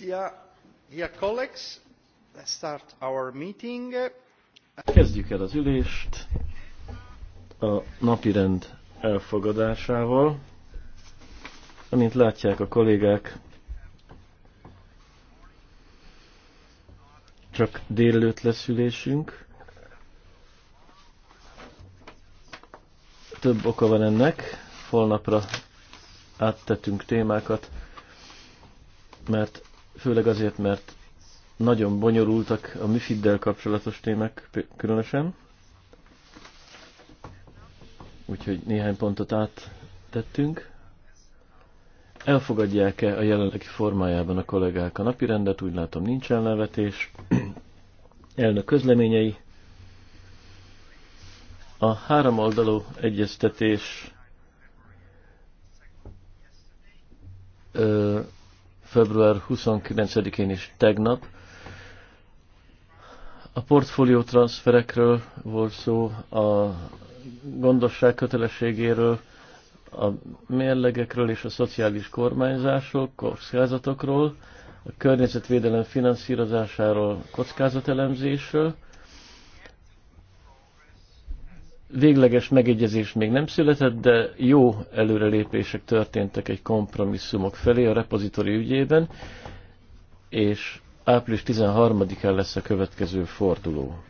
Dear colleagues, let's start our meeting. Kezdjük el az ülést a napirend elfogadásával. Amint látják a kollégák, csak délelőtt lesz ülésünk. Több oka van ennek. Holnapra áttettünk témákat, mert főleg azért, mert nagyon bonyolultak a MIFID-del kapcsolatos témák különösen. Úgyhogy néhány pontot áttettünk. Elfogadják-e a jelenlegi formájában a kollégák a napirendet? Úgy látom, nincs elnevetés. Elnök közleményei. A három oldalú egyeztetés február 29-én is tegnap. A portfólió transferekről volt szó, a gondosság kötelességéről, a mérlegekről és a szociális kormányzásról, kockázatokról, a környezetvédelem finanszírozásáról, kockázatelemzésről, végleges megegyezés még nem született, de jó előrelépések történtek egy kompromisszumok felé a repozitori ügyében, és április 13-án lesz a következő forduló.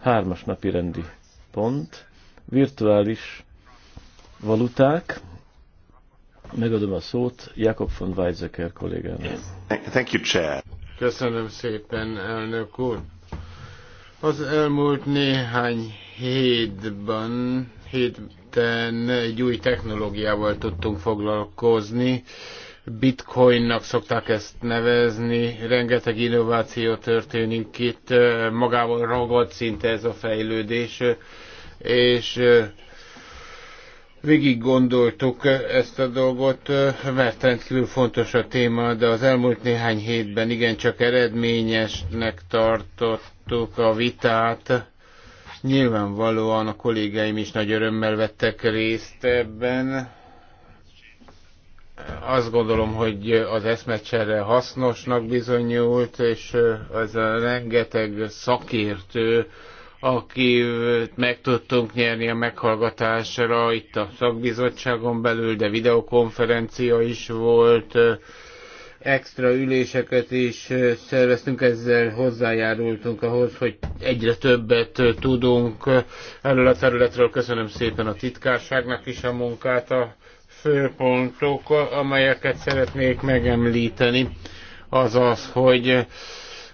Hármas napi rendi pont, virtuális valuták, megadom a szót Jakob von Weizsäcker kollégának. Thank you, Chair. Köszönöm szépen, elnök úr. Az elmúlt néhány hétben, ben egy új technológiával tudtunk foglalkozni. Bitcoinnak szokták ezt nevezni, rengeteg innováció történik itt, magával ragad szinte ez a fejlődés, és végig gondoltuk ezt a dolgot, mert rendkívül fontos a téma, de az elmúlt néhány hétben igencsak eredményesnek tartottuk a vitát, Nyilvánvalóan a kollégáim is nagy örömmel vettek részt ebben. Azt gondolom, hogy az eszmecsere hasznosnak bizonyult, és az a rengeteg szakértő, akit meg tudtunk nyerni a meghallgatásra itt a szakbizottságon belül, de videokonferencia is volt, extra üléseket is szerveztünk, ezzel hozzájárultunk ahhoz, hogy egyre többet tudunk erről a területről. Köszönöm szépen a titkárságnak is a munkát, a főpontok, amelyeket szeretnék megemlíteni, az az, hogy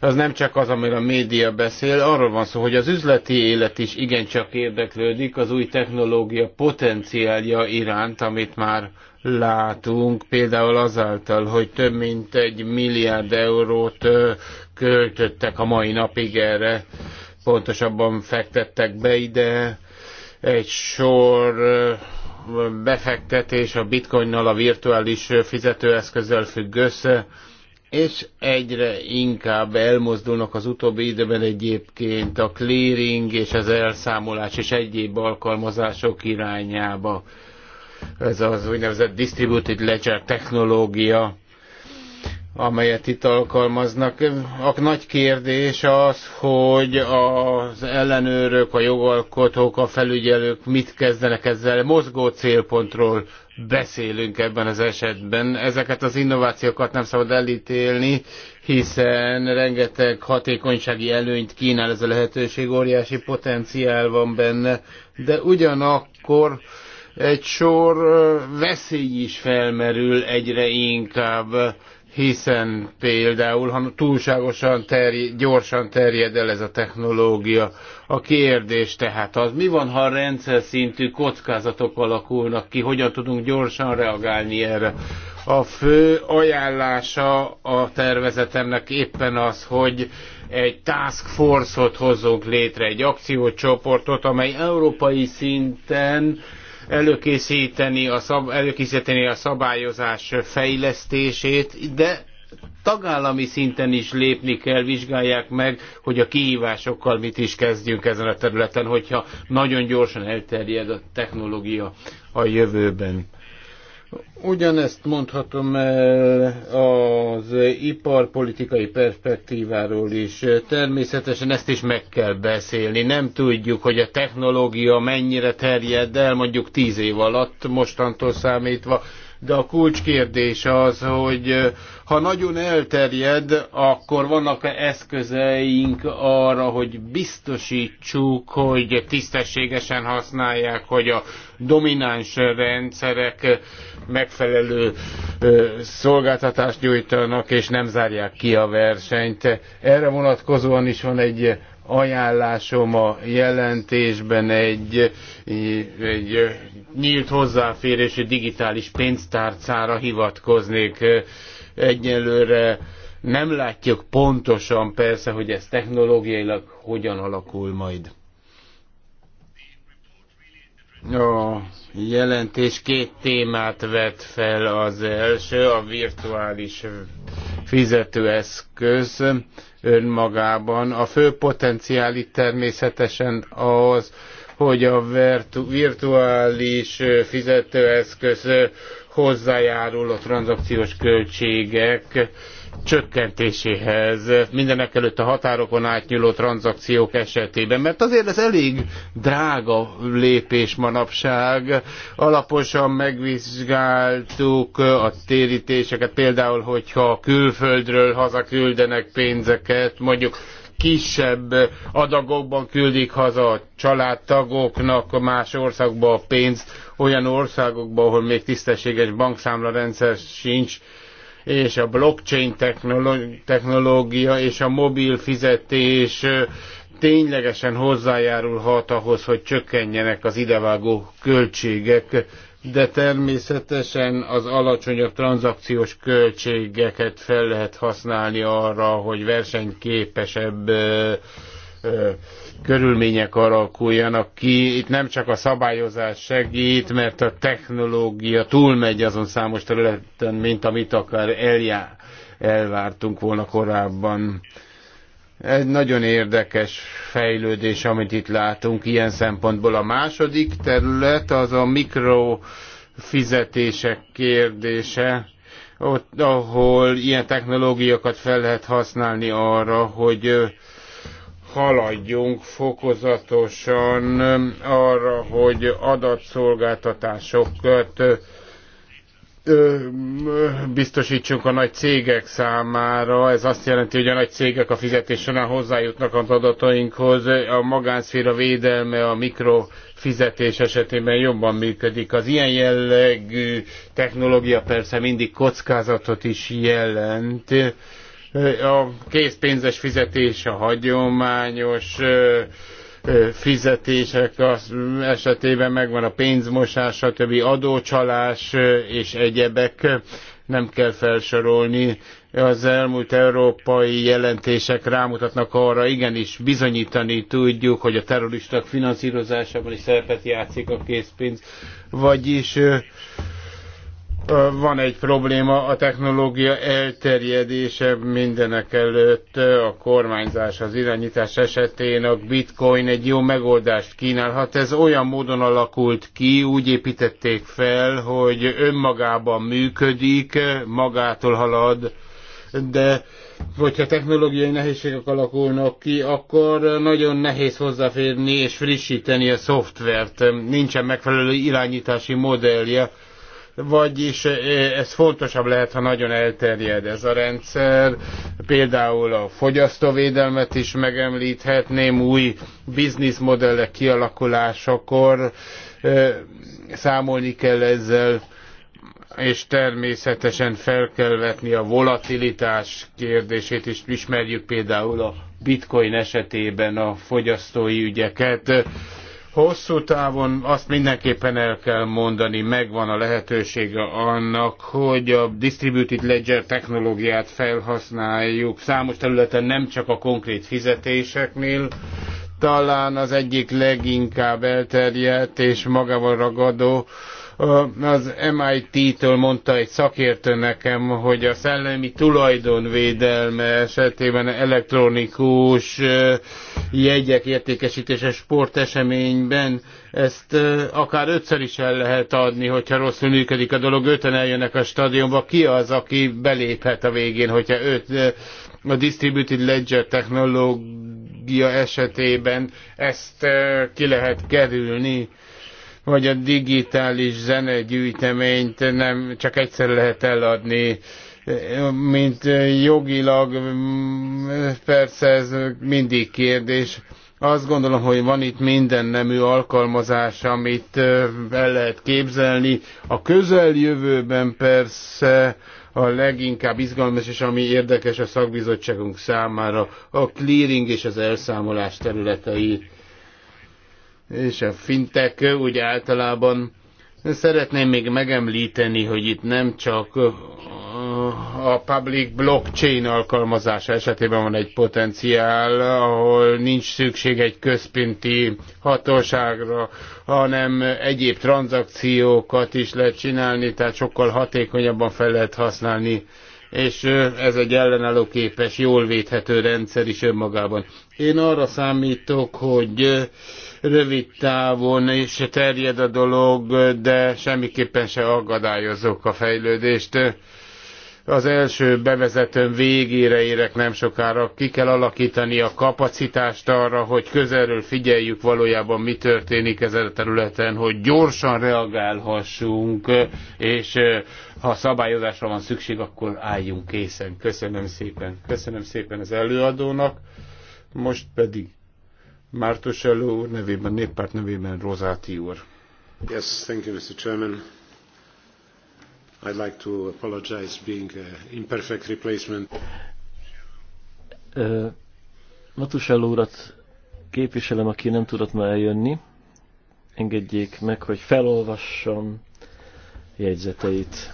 az nem csak az, amiről a média beszél, arról van szó, hogy az üzleti élet is igencsak érdeklődik az új technológia potenciálja iránt, amit már látunk, például azáltal, hogy több mint egy milliárd eurót költöttek a mai napig erre, pontosabban fektettek be ide egy sor befektetés a bitcoinnal, a virtuális fizetőeszközzel függ össze, és egyre inkább elmozdulnak az utóbbi időben egyébként a clearing és az elszámolás és egyéb alkalmazások irányába ez az úgynevezett distributed ledger technológia, amelyet itt alkalmaznak. A nagy kérdés az, hogy az ellenőrök, a jogalkotók, a felügyelők mit kezdenek ezzel. Mozgó célpontról beszélünk ebben az esetben. Ezeket az innovációkat nem szabad elítélni, hiszen rengeteg hatékonysági előnyt kínál ez a lehetőség, óriási potenciál van benne, de ugyanakkor egy sor veszély is felmerül egyre inkább, hiszen például, ha túlságosan terj, gyorsan terjed el ez a technológia, a kérdés tehát az, mi van, ha a rendszer szintű kockázatok alakulnak ki, hogyan tudunk gyorsan reagálni erre. A fő ajánlása a tervezetemnek éppen az, hogy egy task force-ot hozzunk létre, egy akciócsoportot, amely európai szinten előkészíteni a, szab, előkészíteni a szabályozás fejlesztését, de tagállami szinten is lépni kell, vizsgálják meg, hogy a kihívásokkal mit is kezdjünk ezen a területen, hogyha nagyon gyorsan elterjed a technológia a jövőben. Ugyanezt mondhatom el az iparpolitikai perspektíváról is. Természetesen ezt is meg kell beszélni. Nem tudjuk, hogy a technológia mennyire terjed el mondjuk tíz év alatt, mostantól számítva. De a kulcskérdés az, hogy ha nagyon elterjed, akkor vannak -e eszközeink arra, hogy biztosítsuk, hogy tisztességesen használják, hogy a domináns rendszerek megfelelő szolgáltatást nyújtanak, és nem zárják ki a versenyt. Erre vonatkozóan is van egy ajánlásom a jelentésben egy, egy nyílt hozzáférésű digitális pénztárcára hivatkoznék. Egyelőre nem látjuk pontosan persze, hogy ez technológiailag hogyan alakul majd. A jelentés két témát vet fel. Az első a virtuális fizetőeszköz önmagában. A fő potenciál itt természetesen az, hogy a virtuális fizetőeszköz hozzájárul a tranzakciós költségek csökkentéséhez, mindenek előtt a határokon átnyúló tranzakciók esetében, mert azért ez elég drága lépés manapság. Alaposan megvizsgáltuk a térítéseket, például, hogyha külföldről hazaküldenek pénzeket, mondjuk kisebb adagokban küldik haza a családtagoknak más országba a pénzt, olyan országokba, ahol még tisztességes bankszámlarendszer sincs, és a blockchain technológia és a mobil fizetés ténylegesen hozzájárulhat ahhoz, hogy csökkenjenek az idevágó költségek, de természetesen az alacsonyabb tranzakciós költségeket fel lehet használni arra, hogy versenyképesebb körülmények alakuljanak ki. Itt nem csak a szabályozás segít, mert a technológia túlmegy azon számos területen, mint amit akár eljá, elvártunk volna korábban. Egy nagyon érdekes fejlődés, amit itt látunk ilyen szempontból. A második terület az a mikrofizetések kérdése ott, ahol ilyen technológiákat fel lehet használni arra, hogy haladjunk fokozatosan um, arra, hogy adatszolgáltatásokat um, biztosítsunk a nagy cégek számára. Ez azt jelenti, hogy a nagy cégek a fizetés során hozzájutnak az adatainkhoz. A magánszféra védelme a mikrofizetés esetében jobban működik. Az ilyen jellegű technológia persze mindig kockázatot is jelent a készpénzes fizetés, a hagyományos fizetések az esetében megvan a pénzmosás, stb. adócsalás és egyebek, nem kell felsorolni. Az elmúlt európai jelentések rámutatnak arra, igenis bizonyítani tudjuk, hogy a terroristák finanszírozásában is szerepet játszik a készpénz. Vagyis van egy probléma, a technológia elterjedése mindenek előtt a kormányzás, az irányítás esetén a bitcoin egy jó megoldást kínálhat. Ez olyan módon alakult ki, úgy építették fel, hogy önmagában működik, magától halad, de hogyha technológiai nehézségek alakulnak ki, akkor nagyon nehéz hozzáférni és frissíteni a szoftvert. Nincsen megfelelő irányítási modellje vagyis eh, ez fontosabb lehet, ha nagyon elterjed ez a rendszer. Például a fogyasztóvédelmet is megemlíthetném új bizniszmodellek kialakulásakor, eh, számolni kell ezzel, és természetesen fel kell vetni a volatilitás kérdését is. Ismerjük például a bitcoin esetében a fogyasztói ügyeket Hosszú távon azt mindenképpen el kell mondani, megvan a lehetősége annak, hogy a distributed ledger technológiát felhasználjuk számos területen, nem csak a konkrét fizetéseknél, talán az egyik leginkább elterjedt és magával ragadó az MIT-től mondta egy szakértő nekem, hogy a szellemi tulajdonvédelme esetében elektronikus jegyek értékesítése sporteseményben ezt akár ötször is el lehet adni, hogyha rosszul működik a dolog, öten eljönnek a stadionba, ki az, aki beléphet a végén, hogyha öt, a distributed ledger technológia esetében ezt ki lehet kerülni vagy a digitális zenegyűjteményt nem csak egyszer lehet eladni, mint jogilag persze ez mindig kérdés. Azt gondolom, hogy van itt minden nemű alkalmazás, amit el lehet képzelni. A közeljövőben persze a leginkább izgalmas és ami érdekes a szakbizottságunk számára a clearing és az elszámolás területei és a fintek úgy általában szeretném még megemlíteni, hogy itt nem csak a public blockchain alkalmazása esetében van egy potenciál, ahol nincs szükség egy központi hatóságra, hanem egyéb tranzakciókat is lehet csinálni, tehát sokkal hatékonyabban fel lehet használni és ez egy ellenálló képes, jól védhető rendszer is önmagában. Én arra számítok, hogy rövid távon is terjed a dolog, de semmiképpen se aggadályozok a fejlődést. Az első bevezetőn végére érek nem sokára. Ki kell alakítani a kapacitást arra, hogy közelről figyeljük valójában mi történik ezen a területen, hogy gyorsan reagálhassunk, és eh, ha szabályozásra van szükség, akkor álljunk készen. Köszönöm szépen. Köszönöm szépen az előadónak. Most pedig Elő úr nevében, néppárt nevében Rozáti úr. Yes, thank you, Mr. Chairman. I'd like to apologize being an imperfect replacement. Uh, Matusello úrat képviselem, aki nem tudott ma eljönni. Engedjék meg, hogy felolvassam jegyzeteit.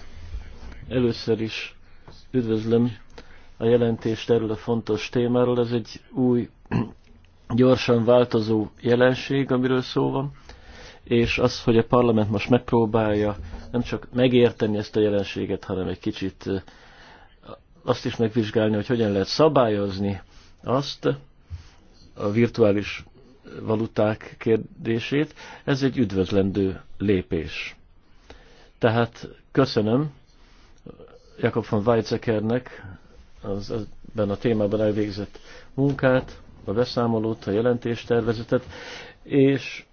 Először is üdvözlöm a jelentést erről a fontos témáról. Ez egy új gyorsan változó jelenség, amiről szó van, és az, hogy a parlament most megpróbálja nem csak megérteni ezt a jelenséget, hanem egy kicsit azt is megvizsgálni, hogy hogyan lehet szabályozni azt a virtuális valuták kérdését, ez egy üdvözlendő lépés. Tehát köszönöm Jakob von Weizsäckernek az ebben a témában elvégzett munkát, a beszámolót, a jelentéstervezetet, és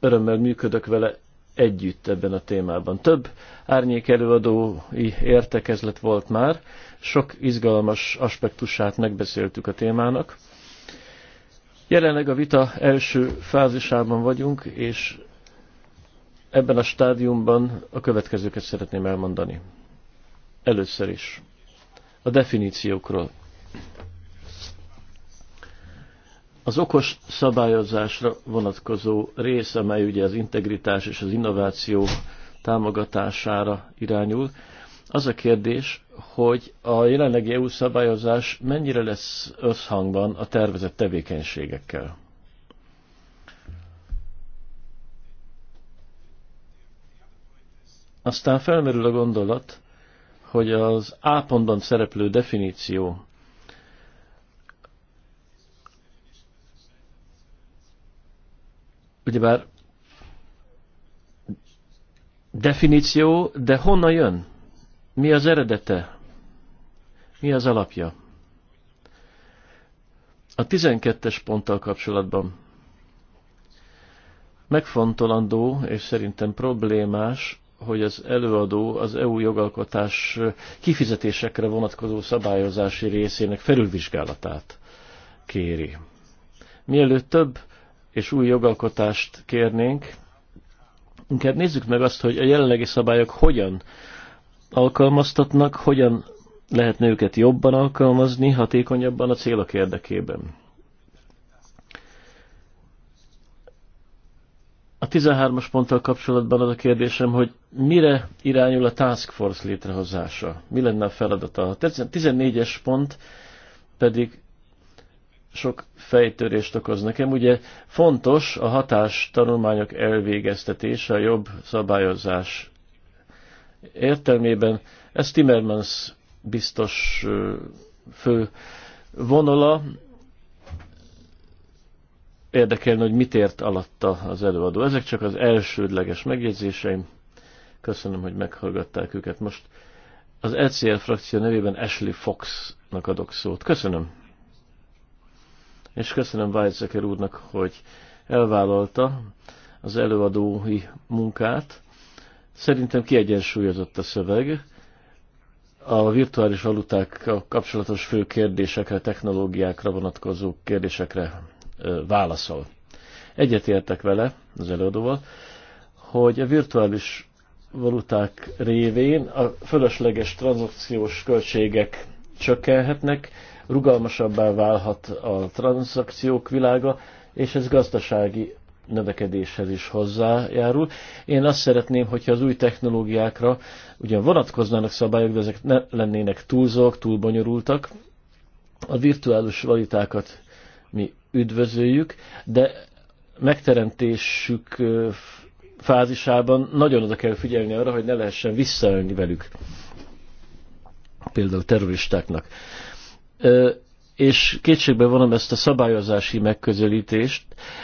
örömmel működök vele együtt ebben a témában. Több árnyék előadói értekezlet volt már, sok izgalmas aspektusát megbeszéltük a témának. Jelenleg a vita első fázisában vagyunk, és ebben a stádiumban a következőket szeretném elmondani. Először is. A definíciókról. Az okos szabályozásra vonatkozó rész, amely ugye az integritás és az innováció támogatására irányul, az a kérdés, hogy a jelenlegi EU szabályozás mennyire lesz összhangban a tervezett tevékenységekkel. Aztán felmerül a gondolat, hogy az A pontban szereplő definíció ugyebár definíció, de honnan jön? Mi az eredete? Mi az alapja? A 12-es ponttal kapcsolatban megfontolandó és szerintem problémás, hogy az előadó az EU jogalkotás kifizetésekre vonatkozó szabályozási részének felülvizsgálatát kéri. Mielőtt több és új jogalkotást kérnénk, inkább nézzük meg azt, hogy a jelenlegi szabályok hogyan alkalmaztatnak, hogyan lehetne őket jobban alkalmazni, hatékonyabban a célok érdekében. A 13-as ponttal kapcsolatban az a kérdésem, hogy mire irányul a task force létrehozása? Mi lenne a feladata? A 14-es pont pedig sok fejtörést okoz nekem. Ugye fontos a hatás tanulmányok elvégeztetése, a jobb szabályozás értelmében. Ez Timmermans biztos fő vonala. Érdekelne, hogy mit ért alatta az előadó. Ezek csak az elsődleges megjegyzéseim. Köszönöm, hogy meghallgatták őket. Most az ECR frakció nevében Ashley Foxnak adok szót. Köszönöm és köszönöm Weizsäcker úrnak, hogy elvállalta az előadói munkát. Szerintem kiegyensúlyozott a szöveg. A virtuális a kapcsolatos fő kérdésekre, technológiákra vonatkozó kérdésekre válaszol. Egyetértek vele, az előadóval, hogy a virtuális valuták révén a fölösleges tranzakciós költségek csökkenhetnek, rugalmasabbá válhat a tranzakciók világa, és ez gazdasági növekedéshez is hozzájárul. Én azt szeretném, hogyha az új technológiákra ugyan vonatkoznának szabályok, de ezek ne lennének túlzók, túl bonyolultak. A virtuális valitákat, mi üdvözöljük, de megteremtésük fázisában nagyon oda kell figyelni arra, hogy ne lehessen visszaölni velük, például terroristáknak és kétségbe vonom ezt a szabályozási megközelítést.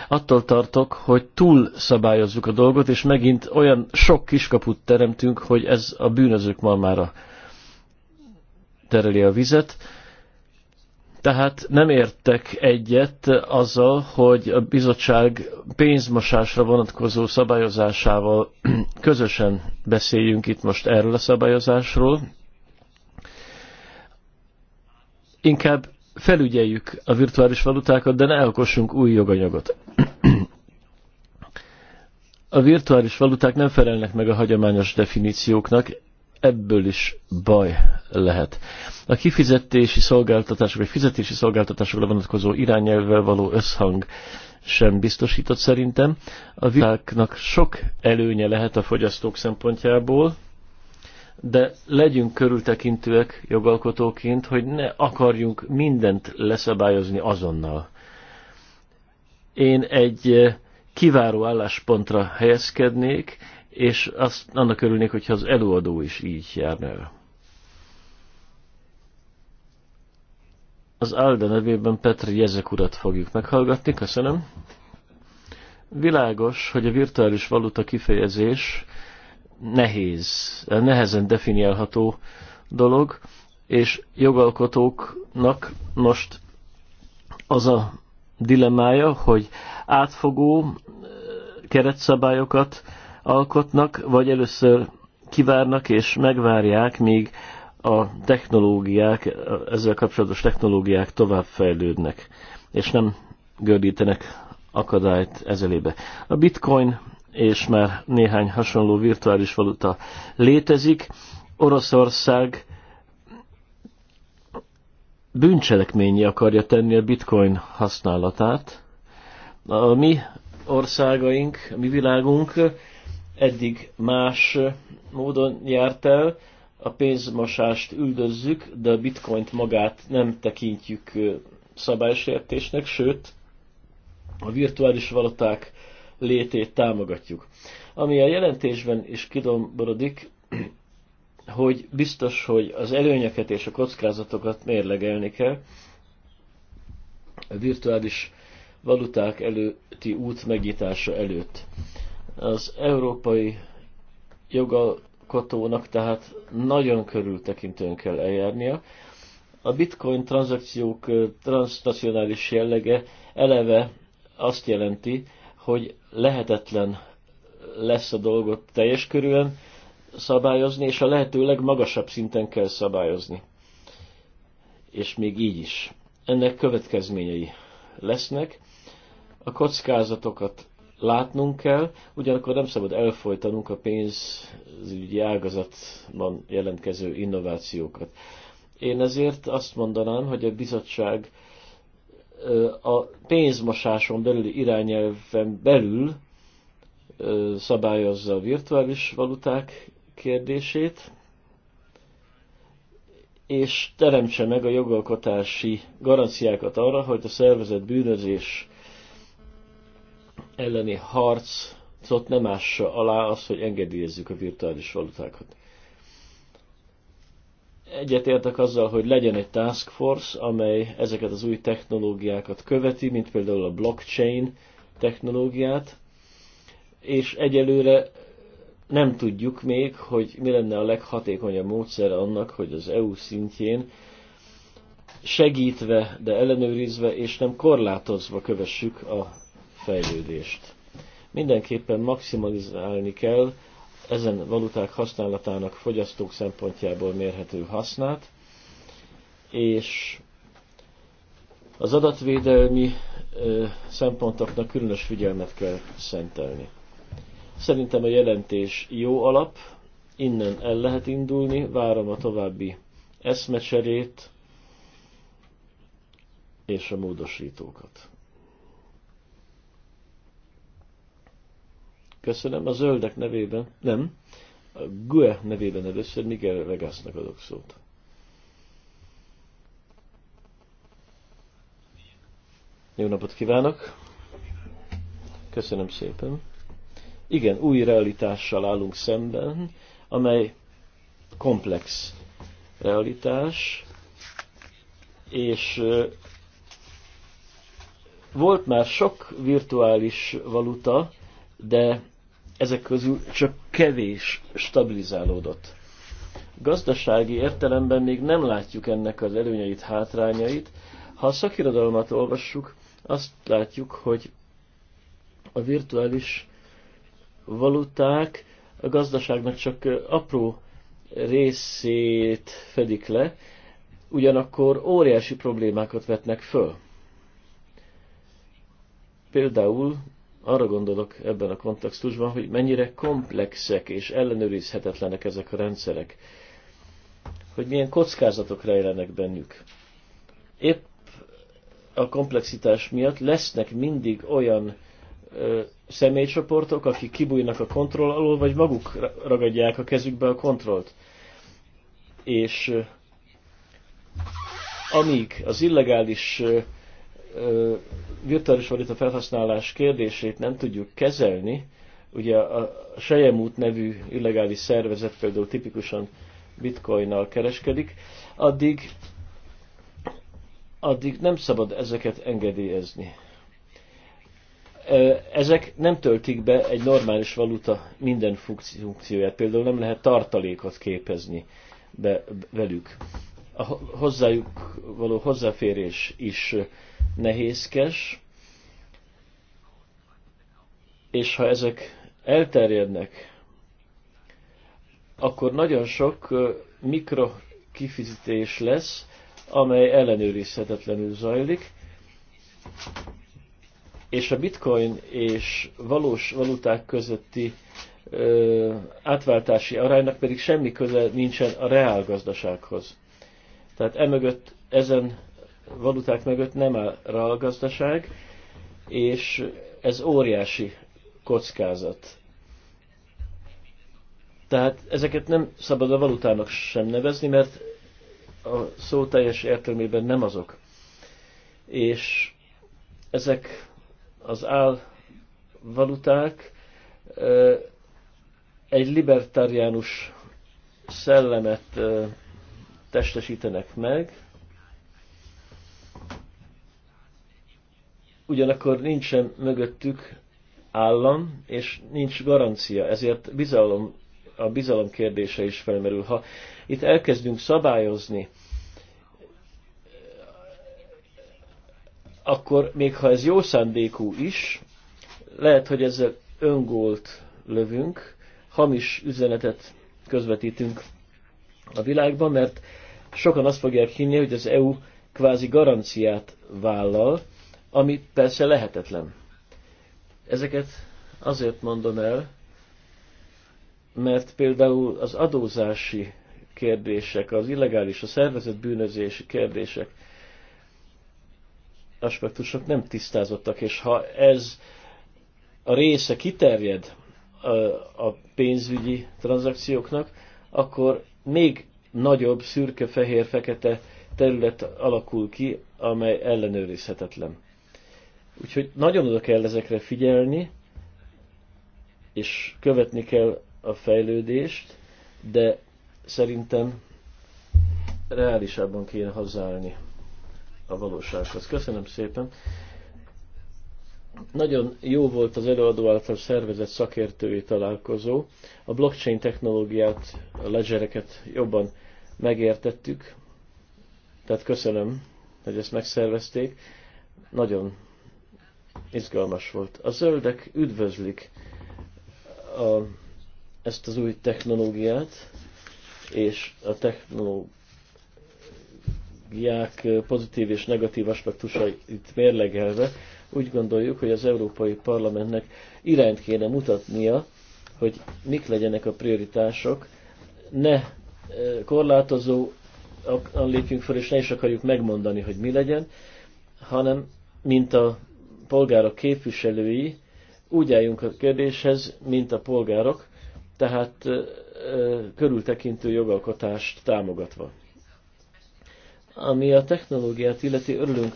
Attól tartok, hogy túl szabályozzuk a dolgot, és megint olyan sok kiskaput teremtünk, hogy ez a bűnözők malmára tereli a vizet. Tehát nem értek egyet azzal, hogy a bizottság pénzmosásra vonatkozó szabályozásával közösen beszéljünk itt most erről a szabályozásról, inkább felügyeljük a virtuális valutákat, de ne alkossunk új joganyagot. A virtuális valuták nem felelnek meg a hagyományos definícióknak, ebből is baj lehet. A kifizetési szolgáltatások vagy fizetési szolgáltatásokra vonatkozó irányelvvel való összhang sem biztosított szerintem. A világnak sok előnye lehet a fogyasztók szempontjából, de legyünk körültekintőek jogalkotóként, hogy ne akarjunk mindent leszabályozni azonnal. Én egy eh, kiváró álláspontra helyezkednék, és azt annak örülnék, hogyha az előadó is így járna el. Az Alda nevében Petri Jezek urat fogjuk meghallgatni, köszönöm. Világos, hogy a virtuális valuta kifejezés nehéz, nehezen definiálható dolog, és jogalkotóknak most az a dilemája, hogy átfogó eh, keretszabályokat alkotnak, vagy először kivárnak és megvárják, míg a technológiák, ezzel kapcsolatos technológiák továbbfejlődnek, és nem gördítenek akadályt ezelébe. A bitcoin és már néhány hasonló virtuális valuta létezik. Oroszország bűncselekményi akarja tenni a bitcoin használatát. A mi országaink, a mi világunk eddig más módon járt el, a pénzmosást üldözzük, de a bitcoint magát nem tekintjük szabálysértésnek, sőt, a virtuális valuták létét támogatjuk. Ami a jelentésben is kidomborodik, hogy biztos, hogy az előnyeket és a kockázatokat mérlegelni kell. A virtuális valuták előtti út megnyitása előtt. Az európai jogalkotónak tehát nagyon körültekintően kell eljárnia. A bitcoin tranzakciók eh, transnacionális jellege eleve azt jelenti, hogy lehetetlen lesz a dolgot teljes körülön szabályozni, és a lehető legmagasabb szinten kell szabályozni. És még így is. Ennek következményei lesznek. A kockázatokat látnunk kell, ugyanakkor nem szabad elfolytanunk a pénzügyi ágazatban jelentkező innovációkat. Én ezért azt mondanám, hogy a bizottság a pénzmosáson belüli irányelven belül szabályozza a virtuális valuták kérdését, és teremtse meg a jogalkotási garanciákat arra, hogy a szervezet bűnözés elleni harcot nem ássa alá az, hogy engedélyezzük a virtuális valutákat egyetértek azzal, hogy legyen egy task force, amely ezeket az új technológiákat követi, mint például a blockchain technológiát, és egyelőre nem tudjuk még, hogy mi lenne a leghatékonyabb módszer annak, hogy az EU szintjén segítve, de ellenőrizve és nem korlátozva kövessük a fejlődést. Mindenképpen maximalizálni kell ezen valuták használatának fogyasztók szempontjából mérhető hasznát, és az adatvédelmi szempontoknak különös figyelmet kell szentelni. Szerintem a jelentés jó alap, innen el lehet indulni, várom a további eszmecserét és a módosítókat. Köszönöm a zöldek nevében, nem, a GUE nevében először Miguel Vegasnak adok szót. Jó napot kívánok! Köszönöm szépen! Igen, új realitással állunk szemben, amely komplex realitás, és volt már sok virtuális valuta, de ezek közül csak kevés stabilizálódott. Gazdasági értelemben még nem látjuk ennek az előnyeit, hátrányait. Ha a szakirodalmat olvassuk, azt látjuk, hogy a virtuális valuták a gazdaságnak csak apró részét fedik le, ugyanakkor óriási problémákat vetnek föl. Például arra gondolok ebben a kontextusban, hogy mennyire komplexek és ellenőrizhetetlenek ezek a rendszerek, hogy milyen kockázatok rejlenek bennük. Épp a komplexitás miatt lesznek mindig olyan ö, személycsoportok, akik kibújnak a kontroll alól, vagy maguk ragadják a kezükbe a kontrollt. És ö, amíg az illegális ö, virtuális a felhasználás kérdését nem tudjuk kezelni, ugye a Sejemút nevű illegális szervezet például tipikusan bitcoinnal kereskedik, addig, addig nem szabad ezeket engedélyezni. Ezek nem töltik be egy normális valuta minden funkcióját, például nem lehet tartalékot képezni be, velük. A hozzájuk való hozzáférés is nehézkes, és ha ezek elterjednek, akkor nagyon sok kifizetés lesz, amely ellenőrizhetetlenül zajlik, és a bitcoin és valós valuták közötti ö, átváltási aránynak pedig semmi köze nincsen a reálgazdasághoz. Tehát emögött ezen valuták mögött nem áll rá a gazdaság, és ez óriási kockázat. Tehát ezeket nem szabad a valutának sem nevezni, mert a szó teljes értelmében nem azok. És ezek az valuták egy libertariánus szellemet testesítenek meg, ugyanakkor nincsen mögöttük állam, és nincs garancia, ezért bizalom, a bizalom kérdése is felmerül. Ha itt elkezdünk szabályozni, akkor még ha ez jó szándékú is, lehet, hogy ezzel öngólt lövünk, hamis üzenetet közvetítünk a világban, mert sokan azt fogják hinni, hogy az EU kvázi garanciát vállal, ami persze lehetetlen. Ezeket azért mondom el, mert például az adózási kérdések, az illegális, a szervezett bűnözési kérdések, aspektusok nem tisztázottak, és ha ez a része kiterjed a pénzügyi tranzakcióknak, akkor még nagyobb szürke, fehér, fekete terület alakul ki, amely ellenőrizhetetlen. Úgyhogy nagyon oda kell ezekre figyelni, és követni kell a fejlődést, de szerintem reálisabban kéne hazállni a valósághoz. Köszönöm szépen! Nagyon jó volt az előadó által szervezett szakértői találkozó. A blockchain technológiát, a ledgereket jobban megértettük, tehát köszönöm, hogy ezt megszervezték. Nagyon izgalmas volt. A zöldek üdvözlik a, ezt az új technológiát, és a technológiák pozitív és negatív aspektusait mérlegelve úgy gondoljuk, hogy az Európai Parlamentnek irányt kéne mutatnia, hogy mik legyenek a prioritások, ne e, korlátozó lépjünk fel, és ne is akarjuk megmondani, hogy mi legyen, hanem mint a polgárok képviselői úgy álljunk a kérdéshez, mint a polgárok, tehát körültekintő jogalkotást támogatva. Ami a technológiát illeti, örülünk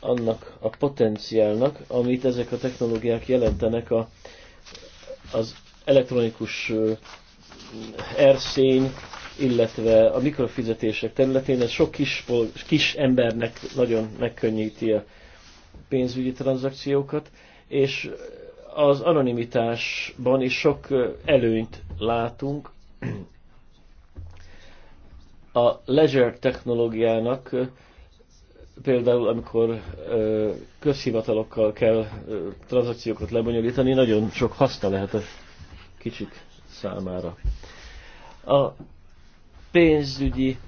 annak a potenciálnak, amit ezek a technológiák jelentenek a, az elektronikus erszény, illetve a mikrofizetések területén. Ez sok kis, kis embernek nagyon megkönnyíti a pénzügyi tranzakciókat, és az anonimitásban is sok előnyt látunk. A ledger technológiának például, amikor közhivatalokkal kell tranzakciókat lebonyolítani, nagyon sok haszna lehet a kicsik számára. A pénzügyi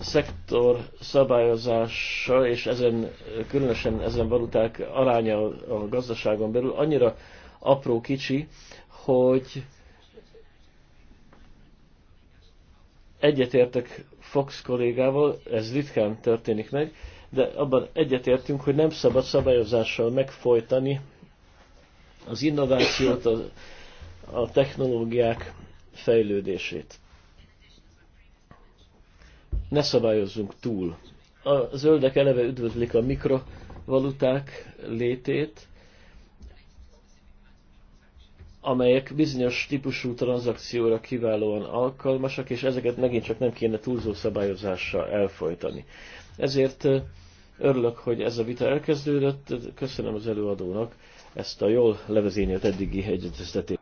szektor szabályozása és ezen, különösen ezen valuták aránya a gazdaságon belül annyira apró kicsi, hogy egyetértek Fox kollégával, ez ritkán történik meg, de abban egyetértünk, hogy nem szabad szabályozással megfojtani az innovációt, a, a technológiák fejlődését ne szabályozzunk túl. A zöldek eleve üdvözlik a mikrovaluták létét, amelyek bizonyos típusú tranzakcióra kiválóan alkalmasak, és ezeket megint csak nem kéne túlzó szabályozással elfolytani. Ezért örülök, hogy ez a vita elkezdődött. Köszönöm az előadónak ezt a jól levezényelt eddigi egyetőztetét.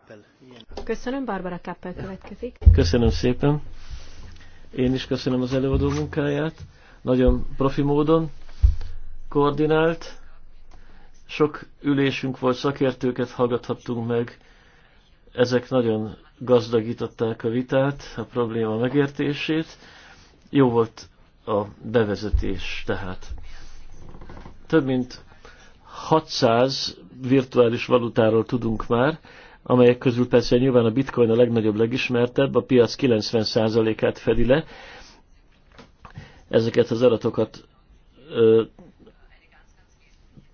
Köszönöm, Barbara Kappel következik. Köszönöm szépen. Én is köszönöm az előadó munkáját. Nagyon profi módon koordinált. Sok ülésünk volt, szakértőket hallgathattunk meg. Ezek nagyon gazdagították a vitát, a probléma megértését. Jó volt a bevezetés tehát. Több mint 600 virtuális valutáról tudunk már, amelyek közül persze nyilván a bitcoin a legnagyobb, legismertebb, a piac 90%-át fedi le. Ezeket az adatokat ö,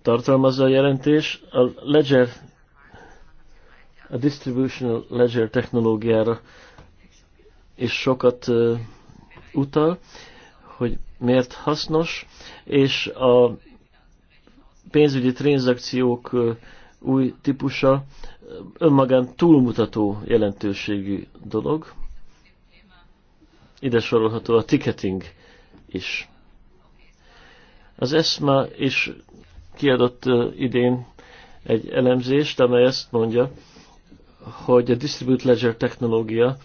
tartalmazza a jelentés. A ledger, a distributional ledger technológiára és sokat ö, utal, hogy miért hasznos, és a pénzügyi tranzakciók új típusa önmagán túlmutató jelentőségű dolog. Ide sorolható a ticketing is. Az ESMA is kiadott idén egy elemzést, amely ezt mondja, hogy a Distribute Ledger technológia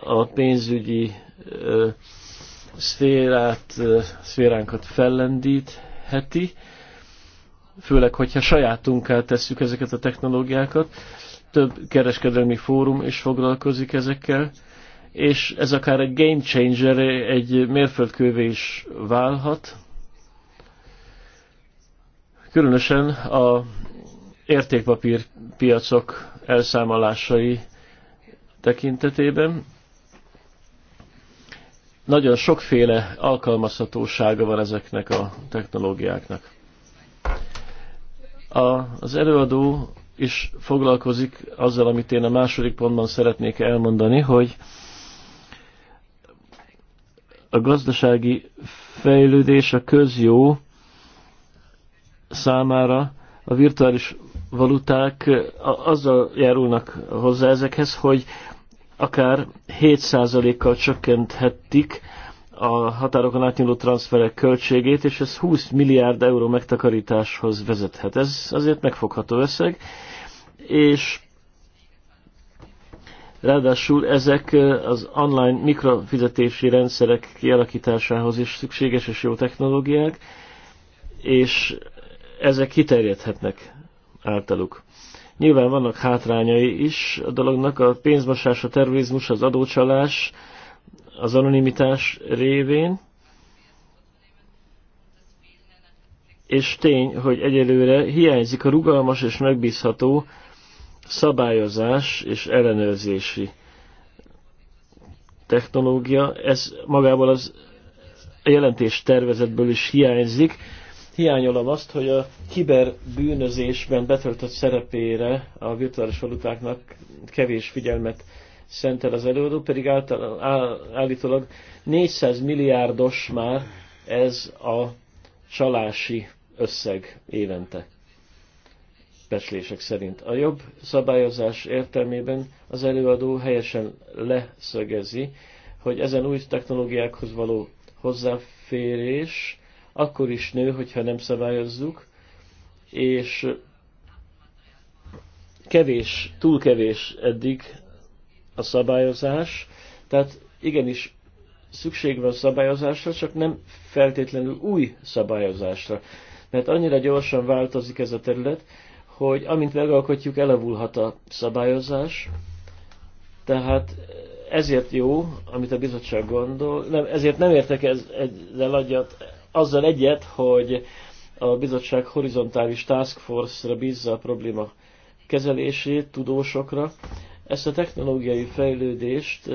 a pénzügyi ö, szférát, ö, szféránkat fellendítheti, főleg, hogyha sajátunkkal tesszük ezeket a technológiákat. Több kereskedelmi fórum is foglalkozik ezekkel, és ez akár egy game changer, egy mérföldkővé is válhat. Különösen a értékpapír piacok elszámolásai tekintetében. Nagyon sokféle alkalmazhatósága van ezeknek a technológiáknak. A, az előadó is foglalkozik azzal, amit én a második pontban szeretnék elmondani, hogy a gazdasági fejlődés a közjó számára a virtuális valuták azzal járulnak hozzá ezekhez, hogy akár 7%-kal csökkenthetik a határokon átnyúló transferek költségét, és ez 20 milliárd euró megtakarításhoz vezethet. Ez azért megfogható összeg, és ráadásul ezek az online mikrofizetési rendszerek kialakításához is szükséges és jó technológiák, és ezek kiterjedhetnek általuk. Nyilván vannak hátrányai is a dolognak, a pénzmosás, a terrorizmus, az adócsalás, az anonimitás révén, és tény, hogy egyelőre hiányzik a rugalmas és megbízható szabályozás és ellenőrzési technológia. Ez magából az a jelentés tervezetből is hiányzik. Hiányolom azt, hogy a kiberbűnözésben betöltött szerepére a virtuális valutáknak kevés figyelmet szentel az előadó, pedig által, áll, állítólag 400 milliárdos már ez a csalási összeg évente becslések szerint. A jobb szabályozás értelmében az előadó helyesen leszögezi, hogy ezen új technológiákhoz való hozzáférés akkor is nő, hogyha nem szabályozzuk, és kevés, túl kevés eddig a szabályozás, tehát igenis szükség van szabályozásra, csak nem feltétlenül új szabályozásra. Mert annyira gyorsan változik ez a terület, hogy amint megalkotjuk, elavulhat a szabályozás. Tehát ezért jó, amit a bizottság gondol, nem, ezért nem értek ez, ezzel agyat, azzal egyet, hogy a bizottság horizontális task force-ra bízza a probléma kezelését tudósokra, ezt a technológiai fejlődést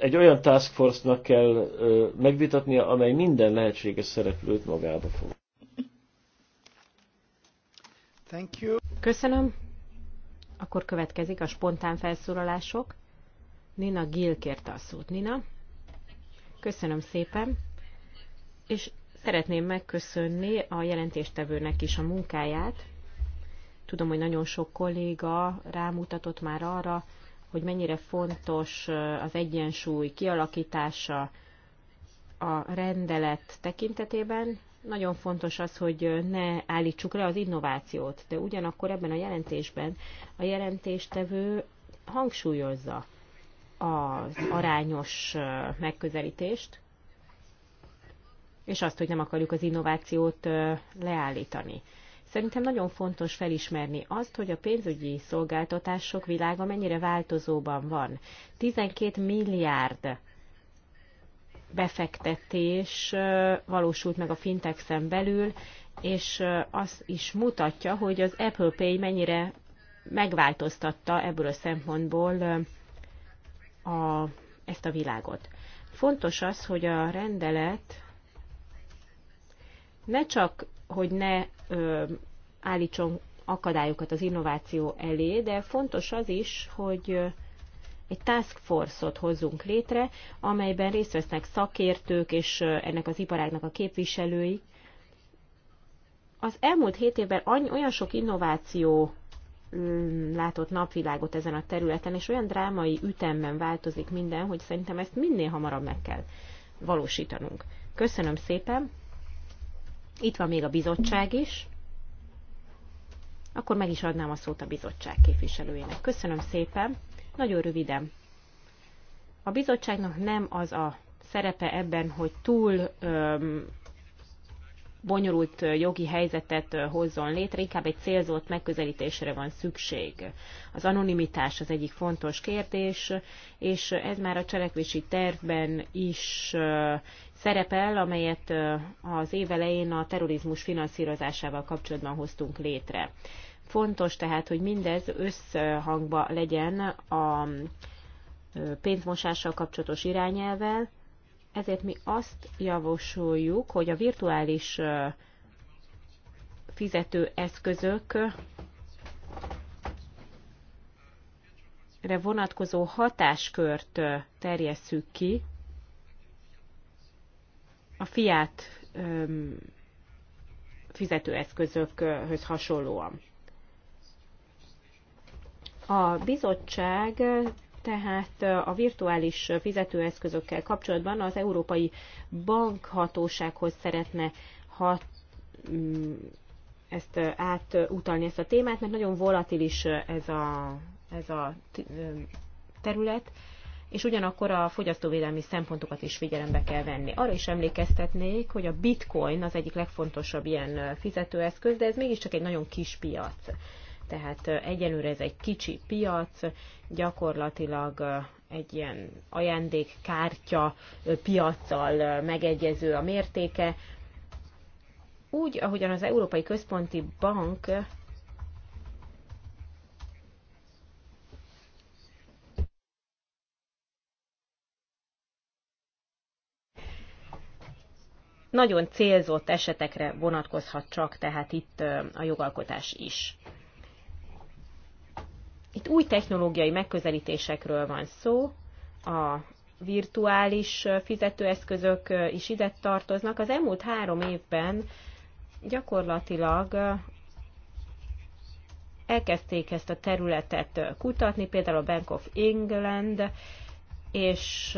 egy olyan task force-nak kell megvitatnia, amely minden lehetséges szereplőt magába fog. Thank you. Köszönöm. Akkor következik a spontán felszólalások. Nina Gill kérte a szót. Nina, köszönöm szépen. És Szeretném megköszönni a jelentéstevőnek is a munkáját. Tudom, hogy nagyon sok kolléga rámutatott már arra, hogy mennyire fontos az egyensúly kialakítása a rendelet tekintetében. Nagyon fontos az, hogy ne állítsuk le az innovációt, de ugyanakkor ebben a jelentésben a jelentéstevő hangsúlyozza az arányos megközelítést, és azt, hogy nem akarjuk az innovációt leállítani. Szerintem nagyon fontos felismerni azt, hogy a pénzügyi szolgáltatások világa mennyire változóban van. 12 milliárd befektetés valósult meg a fintexen belül, és az is mutatja, hogy az Apple Pay mennyire megváltoztatta ebből a szempontból a, ezt a világot. Fontos az, hogy a rendelet ne csak, hogy ne ö, állítson akadályokat az innováció elé, de fontos az is, hogy egy task force-ot hozzunk létre, amelyben részt vesznek szakértők és ennek az iparágnak a képviselői. Az elmúlt hét évben olyan sok innováció mm, látott napvilágot ezen a területen, és olyan drámai ütemben változik minden, hogy szerintem ezt minél hamarabb meg kell valósítanunk. Köszönöm szépen! Itt van még a bizottság is. Akkor meg is adnám a szót a bizottság képviselőjének. Köszönöm szépen. Nagyon röviden. A bizottságnak nem az a szerepe ebben, hogy túl öm, bonyolult jogi helyzetet hozzon létre, inkább egy célzott megközelítésre van szükség. Az anonimitás az egyik fontos kérdés, és ez már a cselekvési tervben is szerepel, amelyet az évelején a terrorizmus finanszírozásával kapcsolatban hoztunk létre. Fontos tehát, hogy mindez összhangba legyen a pénzmosással kapcsolatos irányelvel, ezért mi azt javasoljuk, hogy a virtuális fizetőeszközök vonatkozó hatáskört terjesszük ki, a fiát fizetőeszközökhöz hasonlóan. A bizottság tehát a virtuális fizetőeszközökkel kapcsolatban az Európai Bankhatósághoz szeretne hat, mm, ezt átutalni ezt a témát, mert nagyon volatilis ez a, ez a terület, és ugyanakkor a fogyasztóvédelmi szempontokat is figyelembe kell venni. Arra is emlékeztetnék, hogy a bitcoin az egyik legfontosabb ilyen fizetőeszköz, de ez mégiscsak egy nagyon kis piac. Tehát egyelőre ez egy kicsi piac, gyakorlatilag egy ilyen ajándékkártya piaccal megegyező a mértéke. Úgy, ahogyan az Európai Központi Bank Nagyon célzott esetekre vonatkozhat csak tehát itt a jogalkotás is. Itt új technológiai megközelítésekről van szó, a virtuális fizetőeszközök is ide tartoznak. Az elmúlt három évben gyakorlatilag elkezdték ezt a területet kutatni, például a Bank of England, és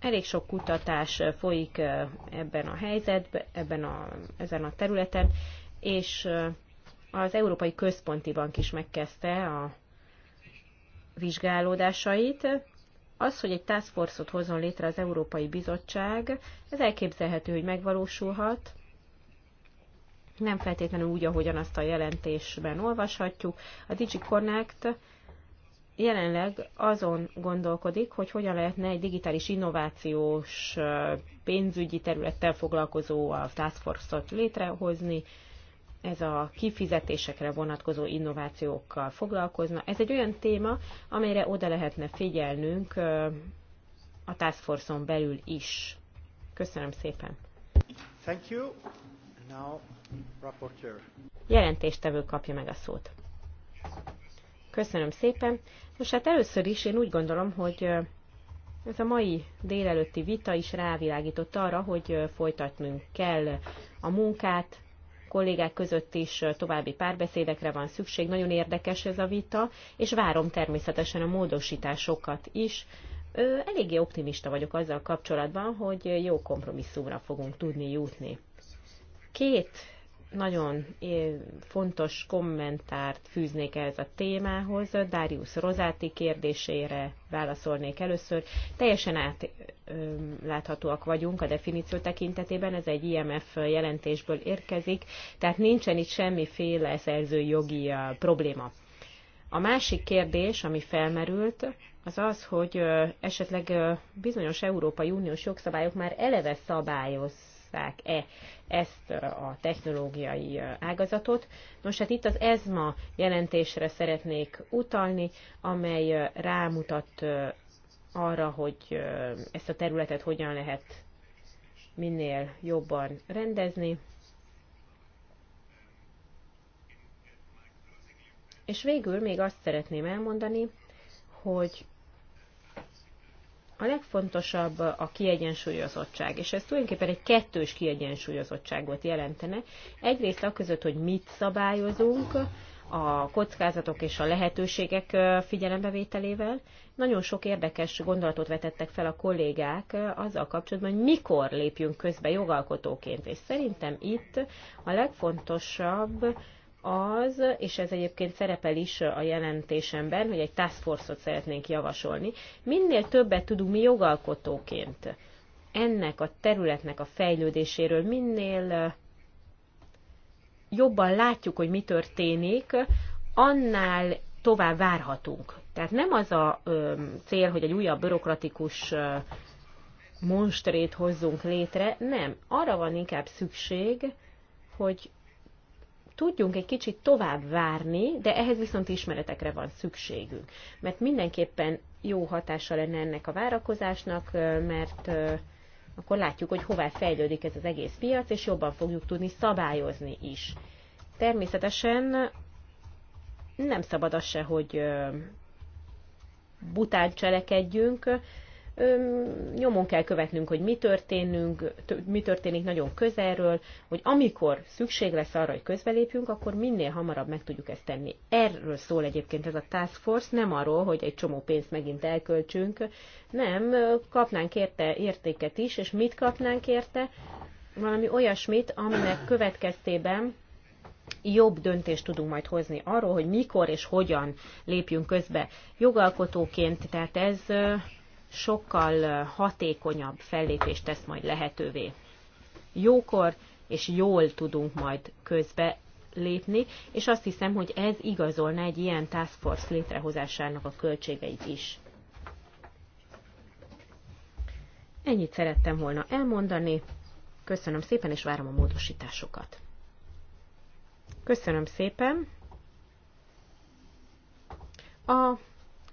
Elég sok kutatás folyik ebben a helyzetben, ebben a, ezen a területen, és az Európai Központi Bank is megkezdte a vizsgálódásait. Az, hogy egy task force-ot hozzon létre az Európai Bizottság, ez elképzelhető, hogy megvalósulhat. Nem feltétlenül úgy, ahogyan azt a jelentésben olvashatjuk. A DigiConnect jelenleg azon gondolkodik, hogy hogyan lehetne egy digitális innovációs pénzügyi területtel foglalkozó a Task Force-ot létrehozni. Ez a kifizetésekre vonatkozó innovációkkal foglalkozna. Ez egy olyan téma, amelyre oda lehetne figyelnünk a Task Force-on belül is. Köszönöm szépen. Thank you. Now, Jelentéstevő kapja meg a szót. Köszönöm szépen. Most hát először is én úgy gondolom, hogy ez a mai délelőtti vita is rávilágított arra, hogy folytatnunk kell a munkát, kollégák között is további párbeszédekre van szükség. Nagyon érdekes ez a vita, és várom természetesen a módosításokat is. Eléggé optimista vagyok azzal kapcsolatban, hogy jó kompromisszumra fogunk tudni jutni. Két nagyon eh, fontos kommentárt fűznék ehhez a témához. Darius Rozáti kérdésére válaszolnék először. Teljesen átláthatóak vagyunk a definíció tekintetében, ez egy IMF jelentésből érkezik, tehát nincsen itt semmiféle szerzőjogi probléma. A másik kérdés, ami felmerült, az az, hogy esetleg bizonyos Európai Uniós jogszabályok már eleve szabályoz alkalmazzák-e ezt a technológiai ágazatot. Nos, hát itt az ESMA jelentésre szeretnék utalni, amely rámutat arra, hogy ezt a területet hogyan lehet minél jobban rendezni. És végül még azt szeretném elmondani, hogy a legfontosabb a kiegyensúlyozottság, és ez tulajdonképpen egy kettős kiegyensúlyozottságot jelentene. Egyrészt a között, hogy mit szabályozunk, a kockázatok és a lehetőségek figyelembevételével. Nagyon sok érdekes gondolatot vetettek fel a kollégák azzal kapcsolatban, hogy mikor lépjünk közbe jogalkotóként, és szerintem itt a legfontosabb az, és ez egyébként szerepel is a jelentésemben, hogy egy task force-ot szeretnénk javasolni. Minél többet tudunk mi jogalkotóként ennek a területnek a fejlődéséről, minél jobban látjuk, hogy mi történik, annál tovább várhatunk. Tehát nem az a ö, cél, hogy egy újabb bürokratikus ö, monstrét hozzunk létre, nem. Arra van inkább szükség, hogy tudjunk egy kicsit tovább várni, de ehhez viszont ismeretekre van szükségünk. Mert mindenképpen jó hatása lenne ennek a várakozásnak, mert akkor látjuk, hogy hová fejlődik ez az egész piac, és jobban fogjuk tudni szabályozni is. Természetesen nem szabad az se, hogy bután cselekedjünk, nyomon kell követnünk, hogy mi, történünk, mi történik nagyon közelről, hogy amikor szükség lesz arra, hogy közbelépjünk, akkor minél hamarabb meg tudjuk ezt tenni. Erről szól egyébként ez a task force, nem arról, hogy egy csomó pénzt megint elköltsünk, nem, kapnánk érte értéket is, és mit kapnánk érte? Valami olyasmit, aminek következtében jobb döntést tudunk majd hozni arról, hogy mikor és hogyan lépjünk közbe jogalkotóként, tehát ez sokkal hatékonyabb fellépést tesz majd lehetővé. Jókor és jól tudunk majd közbe lépni, és azt hiszem, hogy ez igazolna egy ilyen task force létrehozásának a költségeit is. Ennyit szerettem volna elmondani. Köszönöm szépen, és várom a módosításokat. Köszönöm szépen. A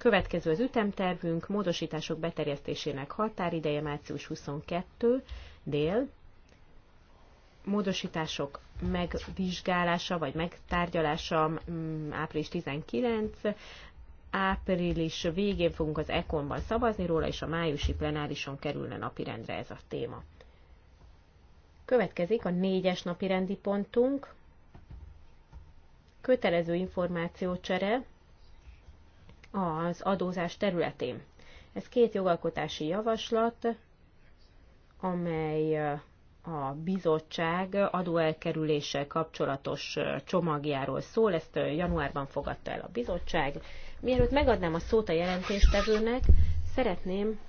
Következő az ütemtervünk, módosítások beterjesztésének határideje március 22 dél, módosítások megvizsgálása vagy megtárgyalása mm, április 19, április végén fogunk az ekonban szavazni róla, és a májusi plenárison kerülne napirendre ez a téma. Következik a négyes napirendi pontunk, kötelező információcsere, az adózás területén. Ez két jogalkotási javaslat, amely a bizottság adóelkerüléssel kapcsolatos csomagjáról szól, ezt januárban fogadta el a bizottság. Mielőtt megadnám a szót a jelentéstevőnek, szeretném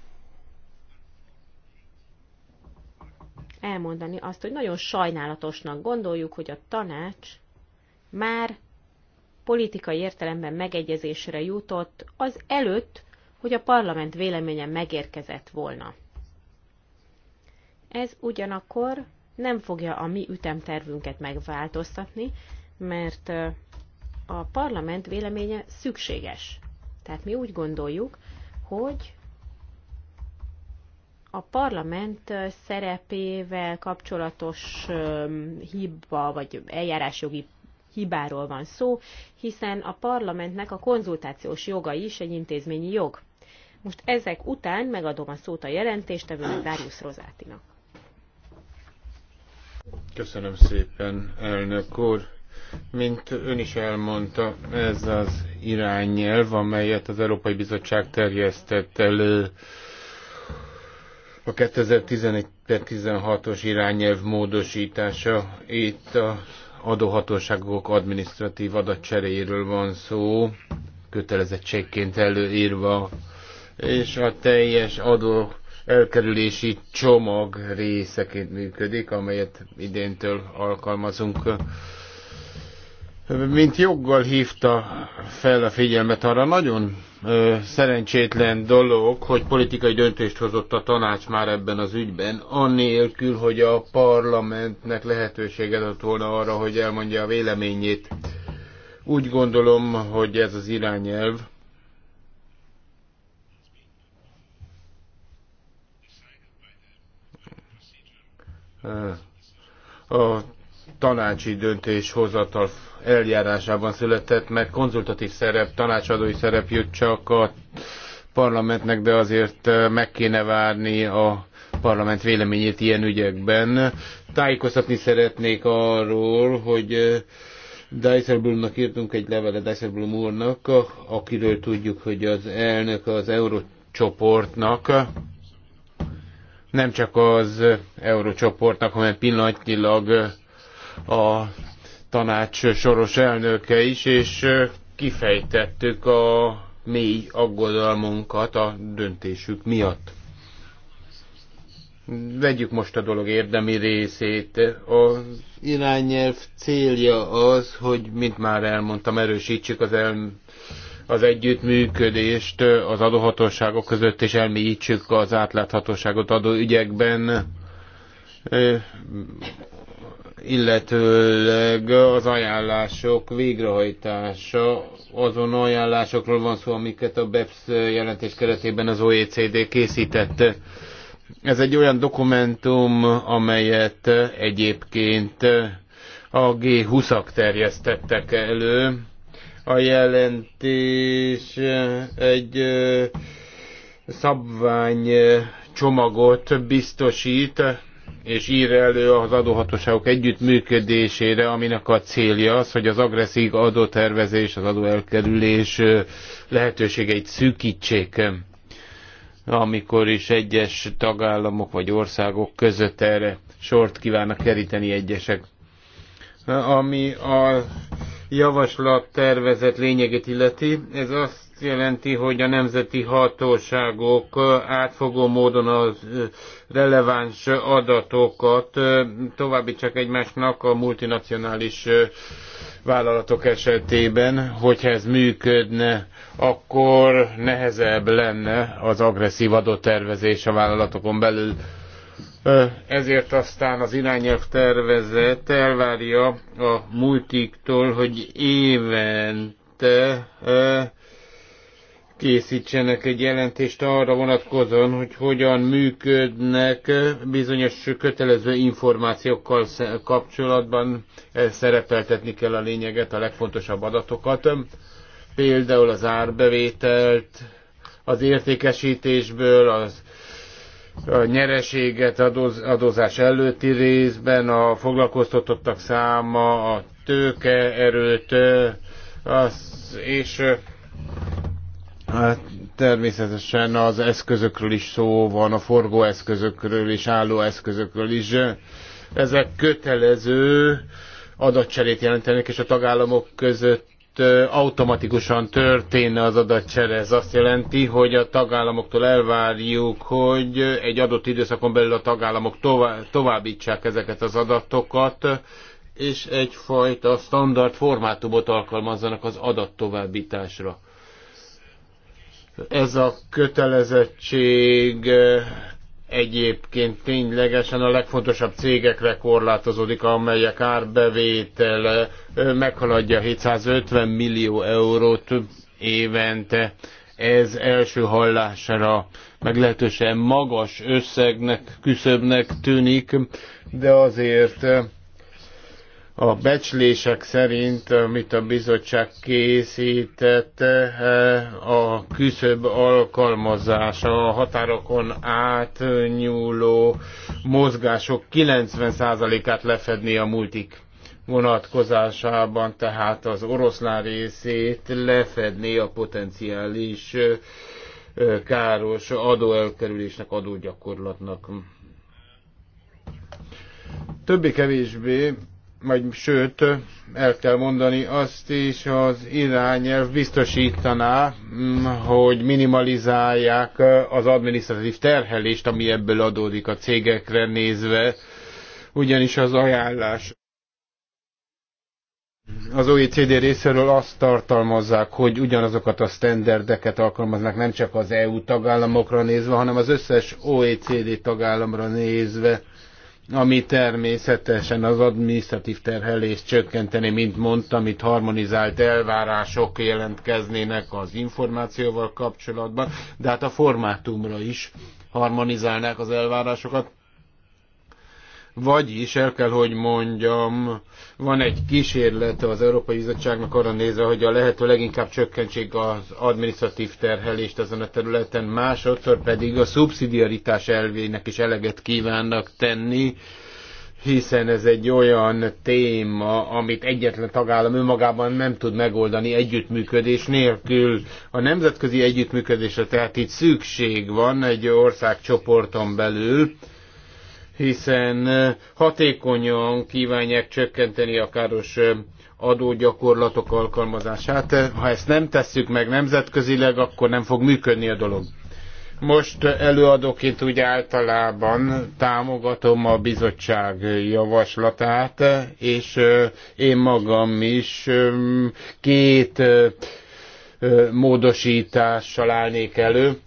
elmondani azt, hogy nagyon sajnálatosnak gondoljuk, hogy a tanács már politikai értelemben megegyezésre jutott az előtt, hogy a parlament véleménye megérkezett volna. Ez ugyanakkor nem fogja a mi ütemtervünket megváltoztatni, mert a parlament véleménye szükséges. Tehát mi úgy gondoljuk, hogy a parlament szerepével kapcsolatos hiba vagy eljárásjogi hibáról van szó, hiszen a parlamentnek a konzultációs joga is egy intézményi jog. Most ezek után megadom a szót a jelentéstevőnek Darius Rozátinak. Köszönöm szépen, elnök úr. Mint ön is elmondta, ez az irányelv, amelyet az Európai Bizottság terjesztett elő a 2011-16-os irányelv módosítása. Itt a adóhatóságok adminisztratív adatcseréjéről van szó, kötelezettségként előírva, és a teljes adó elkerülési csomag részeként működik, amelyet idéntől alkalmazunk mint joggal hívta fel a figyelmet arra nagyon ö, szerencsétlen dolog, hogy politikai döntést hozott a tanács már ebben az ügyben, annélkül, hogy a parlamentnek lehetőséget adott volna arra, hogy elmondja a véleményét. Úgy gondolom, hogy ez az irányelv a tanácsi döntéshozatal eljárásában született meg, konzultatív szerep, tanácsadói szerep jött csak a parlamentnek, de azért eh, meg kéne várni a parlament véleményét ilyen ügyekben. Tájékoztatni szeretnék arról, hogy eh, Dijsselbloemnak írtunk egy levelet Dijsselbloem úrnak, akiről tudjuk, hogy az elnök az eurócsoportnak, nem csak az eurócsoportnak, hanem pillanatnyilag a tanács soros elnöke is, és kifejtettük a mély aggodalmunkat a döntésük miatt. Vegyük most a dolog érdemi részét. Az irányelv célja az, hogy, mint már elmondtam, erősítsük az, el, az együttműködést az adóhatóságok között, és elmélyítsük az átláthatóságot adóügyekben illetőleg az ajánlások végrehajtása, azon ajánlásokról van szó, amiket a BEPS jelentés keretében az OECD készített. Ez egy olyan dokumentum, amelyet egyébként a G20-ak terjesztettek elő. A jelentés egy szabvány csomagot biztosít és ír elő az adóhatóságok együttműködésére, aminek a célja az, hogy az agresszív adótervezés, az adóelkerülés lehetőségeit szűkítsék amikor is egyes tagállamok vagy országok között erre sort kívánnak keríteni egyesek. Ami a javaslat tervezet lényegét illeti, ez azt jelenti, hogy a nemzeti hatóságok átfogó módon az releváns adatokat csak egymásnak a multinacionális vállalatok esetében, hogyha ez működne, akkor nehezebb lenne az agresszív adótervezés a vállalatokon belül. Ezért aztán az irányelv tervezet elvárja a multiktól, hogy évente készítsenek egy jelentést arra vonatkozóan, hogy hogyan működnek bizonyos kötelező információkkal kapcsolatban szerepeltetni kell a lényeget, a legfontosabb adatokat, például az árbevételt, az értékesítésből, az a nyereséget adóz, adózás előtti részben, a foglalkoztatottak száma, a tőkeerőt, az, és Hát természetesen az eszközökről is szó van, a forgó eszközökről és álló eszközökről is. Ezek kötelező adatcserét jelentenek, és a tagállamok között automatikusan történne az adatcsere. Ez azt jelenti, hogy a tagállamoktól elvárjuk, hogy egy adott időszakon belül a tagállamok tovább, továbbítsák ezeket az adatokat, és egyfajta standard formátumot alkalmazzanak az adat továbbításra. Ez a kötelezettség eh, egyébként ténylegesen a legfontosabb cégekre korlátozódik, amelyek árbevétele eh, meghaladja 750 millió eurót évente. Ez első hallásra meglehetősen magas összegnek, küszöbnek tűnik, de azért eh, a becslések szerint, amit a bizottság készített, eh, a küszöb alkalmazása a határokon átnyúló mozgások 90%-át lefedni a multik vonatkozásában, tehát az oroszlán részét lefedni a potenciális eh, káros adóelkerülésnek, adógyakorlatnak. Többi-kevésbé vagy sőt, el kell mondani azt is, az irányelv biztosítaná, mm, hogy minimalizálják eh, az adminisztratív terhelést, ami ebből adódik a cégekre nézve, ugyanis az ajánlás az OECD részéről azt tartalmazzák, hogy ugyanazokat a sztenderdeket alkalmaznak nem csak az EU tagállamokra nézve, hanem az összes OECD tagállamra nézve ami természetesen az adminisztratív terhelést csökkenteni, mint mondtam, itt harmonizált elvárások jelentkeznének az információval kapcsolatban, de hát a formátumra is harmonizálnák az elvárásokat. Vagyis el kell, hogy mondjam, van egy kísérlet az Európai Bizottságnak arra nézve, hogy a lehető leginkább csökkentsék az administratív terhelést azon a területen, másodszor pedig a szubszidiaritás elvének is eleget kívánnak tenni, hiszen ez egy olyan téma, amit egyetlen tagállam önmagában nem tud megoldani együttműködés nélkül. A nemzetközi együttműködésre tehát itt szükség van egy országcsoporton belül, hiszen hatékonyan kívánják csökkenteni a káros adógyakorlatok alkalmazását. Ha ezt nem tesszük meg nemzetközileg, akkor nem fog működni a dolog. Most előadóként úgy általában támogatom a bizottság javaslatát, és én magam is két módosítással állnék elő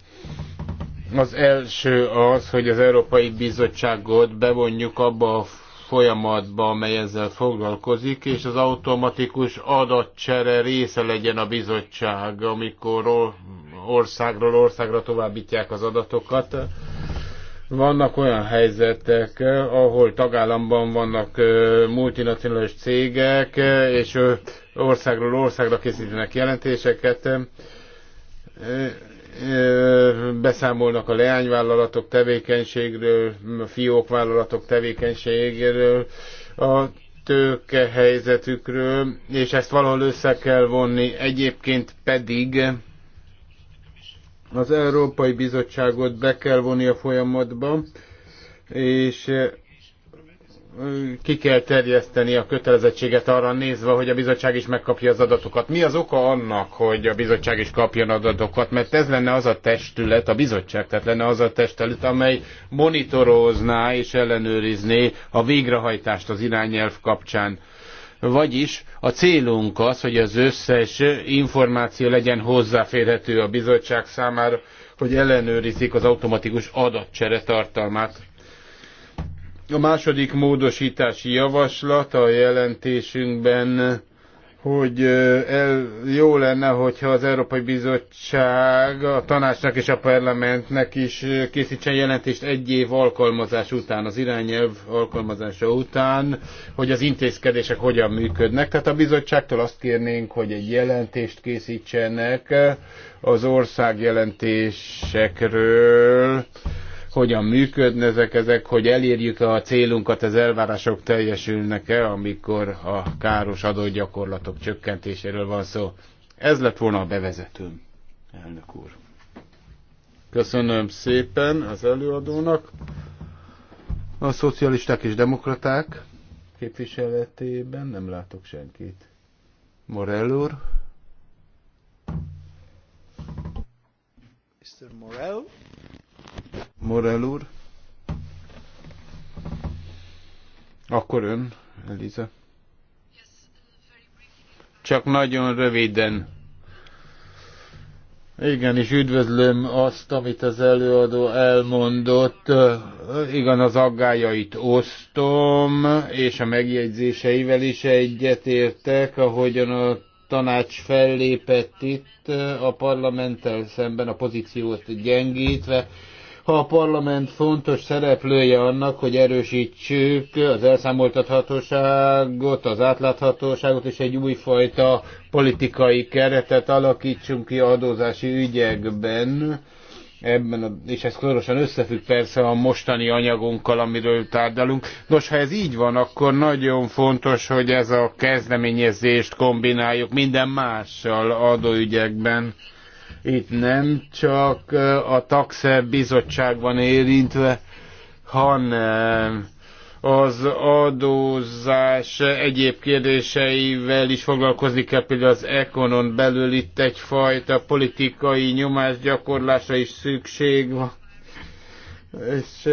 az első az, hogy az Európai Bizottságot bevonjuk abba a folyamatba, amely ezzel foglalkozik, és az automatikus adatcsere része legyen a bizottság, amikor országról országra továbbítják az adatokat. Vannak olyan helyzetek, ahol tagállamban vannak multinacionális cégek, és országról országra készítenek jelentéseket beszámolnak a leányvállalatok tevékenységről, a fiókvállalatok tevékenységéről, a tőke helyzetükről, és ezt valahol össze kell vonni. Egyébként pedig az Európai Bizottságot be kell vonni a folyamatba, és ki kell terjeszteni a kötelezettséget arra nézve, hogy a bizottság is megkapja az adatokat. Mi az oka annak, hogy a bizottság is kapjon adatokat? Mert ez lenne az a testület, a bizottság, tehát lenne az a testület, amely monitorozná és ellenőrizné a végrehajtást az irányelv kapcsán. Vagyis a célunk az, hogy az összes információ legyen hozzáférhető a bizottság számára, hogy ellenőrizzék az automatikus adatcsere tartalmát a második módosítási javaslat a jelentésünkben, hogy el, jó lenne, hogyha az Európai Bizottság a tanácsnak és a parlamentnek is készítsen jelentést egy év alkalmazás után, az irányelv alkalmazása után, hogy az intézkedések hogyan működnek. Tehát a bizottságtól azt kérnénk, hogy egy jelentést készítsenek az országjelentésekről, hogyan működnek ezek, hogy elérjük -e a célunkat, az elvárások teljesülnek-e, amikor a káros adógyakorlatok csökkentéséről van szó. Ez lett volna a bevezetőm, elnök úr. Köszönöm szépen az előadónak. A szocialisták és demokraták képviseletében nem látok senkit. Morell úr. Mr. Morell. Morel úr. Akkor ön, Eliza. Csak nagyon röviden. Igen, és üdvözlöm azt, amit az előadó elmondott. Igen, az aggájait osztom, és a megjegyzéseivel is egyetértek, ahogyan a tanács fellépett itt a parlamenttel szemben a pozíciót gyengítve, ha a parlament fontos szereplője annak, hogy erősítsük az elszámoltathatóságot, az átláthatóságot és egy újfajta politikai keretet alakítsunk ki adózási ügyekben, ebben, a, és ez szorosan összefügg persze a mostani anyagunkkal, amiről tárgyalunk. Nos, ha ez így van, akkor nagyon fontos, hogy ez a kezdeményezést kombináljuk minden mással adóügyekben. Itt nem csak a taxe bizottság van érintve, hanem az adózás egyéb kérdéseivel is foglalkozni kell, például az ekonon belül itt egyfajta politikai nyomás gyakorlása is szükség van. És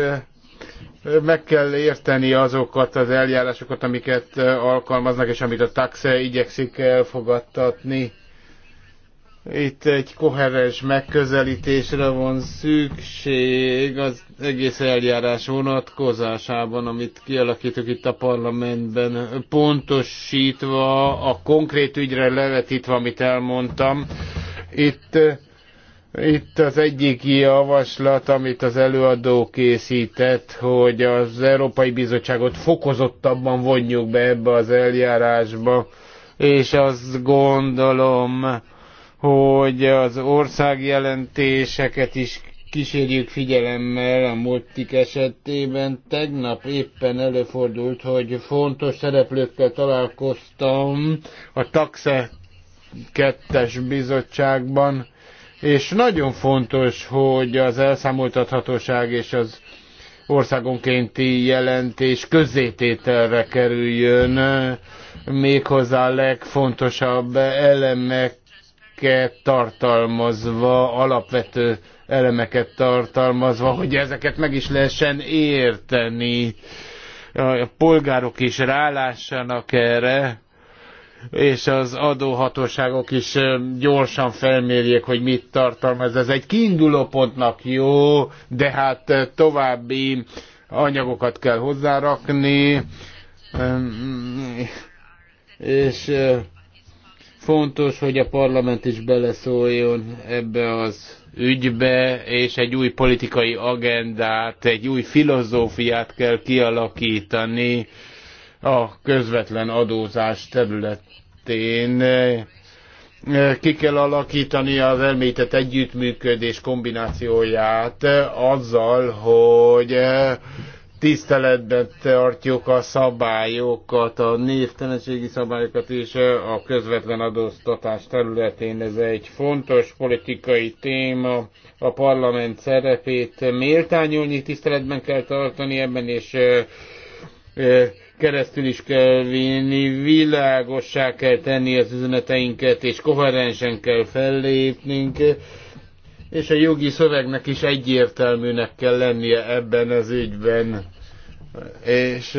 meg kell érteni azokat az eljárásokat, amiket alkalmaznak, és amit a taxe igyekszik elfogadtatni. Itt egy koherens megközelítésre van szükség az egész eljárás vonatkozásában, amit kialakítok itt a parlamentben, pontosítva a konkrét ügyre levetítve, amit elmondtam. Itt itt az egyik javaslat, amit az előadó készített, hogy az Európai Bizottságot fokozottabban vonjuk be ebbe az eljárásba, és azt gondolom, hogy az országjelentéseket is kísérjük figyelemmel a multik esetében. Tegnap éppen előfordult, hogy fontos szereplőkkel találkoztam a Taxe kettes bizottságban, és nagyon fontos, hogy az elszámoltathatóság és az országonkénti jelentés közzétételre kerüljön méghozzá a legfontosabb elemek tartalmazva, alapvető elemeket tartalmazva, hogy ezeket meg is lehessen érteni. A polgárok is rálássanak erre, és az adóhatóságok is gyorsan felmérjék, hogy mit tartalmaz. Ez egy kiinduló pontnak jó, de hát további anyagokat kell hozzárakni, és Fontos, hogy a parlament is beleszóljon ebbe az ügybe, és egy új politikai agendát, egy új filozófiát kell kialakítani a közvetlen adózás területén ki kell alakítani az elmélytett együttműködés kombinációját azzal, hogy tiszteletben tartjuk a szabályokat, a névtelenségi szabályokat és a közvetlen adóztatás területén. Ez egy fontos politikai téma. A parlament szerepét méltányolni tiszteletben kell tartani ebben, és keresztül is kell vinni, világossá kell tenni az üzeneteinket, és koherensen kell fellépnünk és a jogi szövegnek is egyértelműnek kell lennie ebben az ügyben és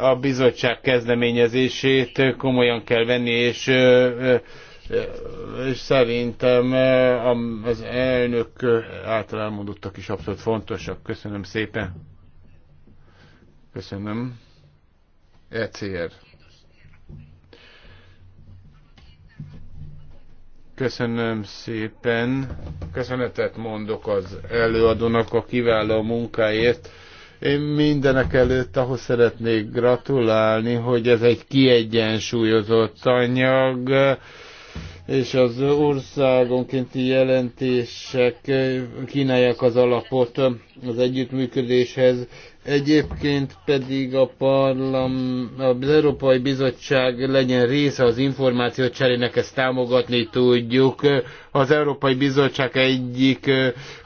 a bizottság kezdeményezését komolyan kell venni, és, és szerintem az elnök által elmondottak is abszolút fontosak. Köszönöm szépen. Köszönöm. ECR. Köszönöm szépen. Köszönetet mondok az előadónak a kiváló munkáért. Én mindenek előtt ahhoz szeretnék gratulálni, hogy ez egy kiegyensúlyozott anyag, és az országonkénti jelentések kínálják az alapot az együttműködéshez. Egyébként pedig a parlam, az Európai Bizottság legyen része az információ cserének, ezt támogatni tudjuk. Az Európai Bizottság egyik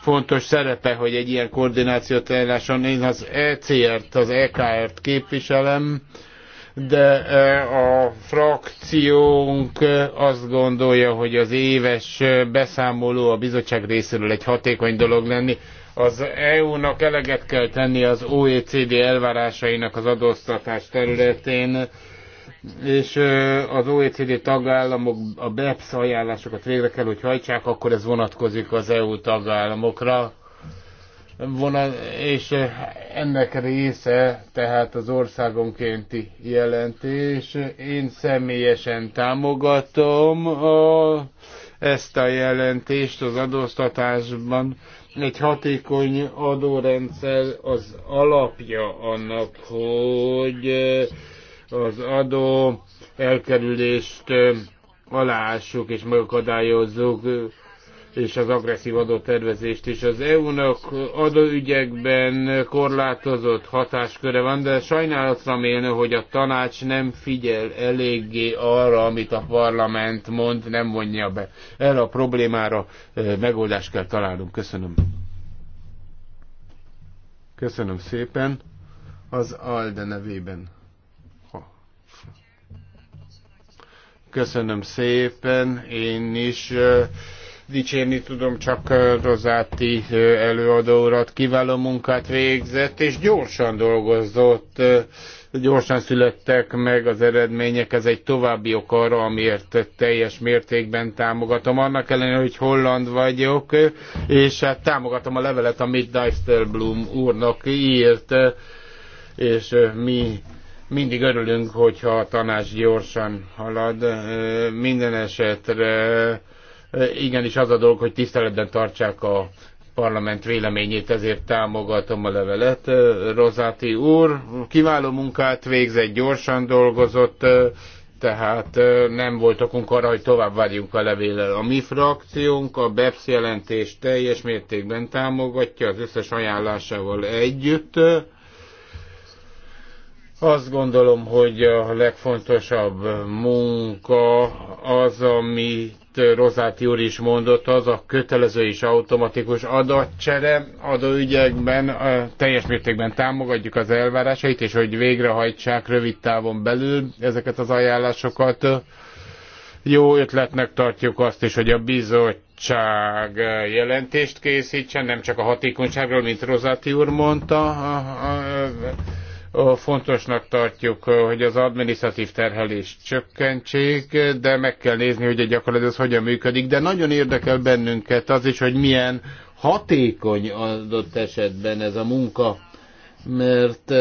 fontos szerepe, hogy egy ilyen koordinációt elláson. Én az ECR-t, az EKR-t képviselem, de a frakciónk azt gondolja, hogy az éves beszámoló a bizottság részéről egy hatékony dolog lenni az EU-nak eleget kell tenni az OECD elvárásainak az adóztatás területén, és az OECD tagállamok a BEPS ajánlásokat végre kell, hogy hajtsák, akkor ez vonatkozik az EU tagállamokra. és ennek része tehát az országonkénti jelentés. Én személyesen támogatom a, ezt a jelentést az adóztatásban, egy hatékony adórendszer az alapja annak, hogy eh, az adó elkerülést eh, alássuk és megakadályozzuk és az agresszív adótervezést is. Az EU-nak adóügyekben korlátozott hatásköre van, de sajnálatra mélne, hogy a tanács nem figyel eléggé arra, amit a parlament mond, nem vonja be. Erre a problémára e, megoldást kell találnunk. Köszönöm. Köszönöm szépen. Az ALDE nevében. Köszönöm szépen. Én is e, Dicsérni tudom csak Rozáti előadó urat, kiváló munkát végzett, és gyorsan dolgozott, gyorsan születtek meg az eredmények, ez egy további ok arra, amiért teljes mértékben támogatom. Annak ellenére, hogy holland vagyok, és hát támogatom a levelet, amit Dijsselbloem úrnak írt, és mi mindig örülünk, hogyha a tanács gyorsan halad. Minden esetre Igenis az a dolog, hogy tiszteletben tartsák a parlament véleményét, ezért támogatom a levelet. Rozáti úr kiváló munkát végzett, gyorsan dolgozott, tehát nem volt okunk arra, hogy tovább várjunk a levéllel. A mi frakciónk a BEPS jelentés teljes mértékben támogatja az összes ajánlásával együtt. Azt gondolom, hogy a legfontosabb munka az, amit Eh, Rozáti úr is mondott, az a kötelező és automatikus adatcsere adóügyekben eh, teljes mértékben támogatjuk az elvárásait, és hogy végrehajtsák rövid távon belül ezeket az ajánlásokat. Jó ötletnek tartjuk azt is, hogy a bizottság eh, jelentést készítsen, nem csak a hatékonyságról, mint Rozáti úr mondta, fontosnak tartjuk, hogy az adminisztratív terhelést csökkentsék, de meg kell nézni, hogy a gyakorlat ez hogyan működik, de nagyon érdekel bennünket az is, hogy milyen hatékony adott esetben ez a munka, mert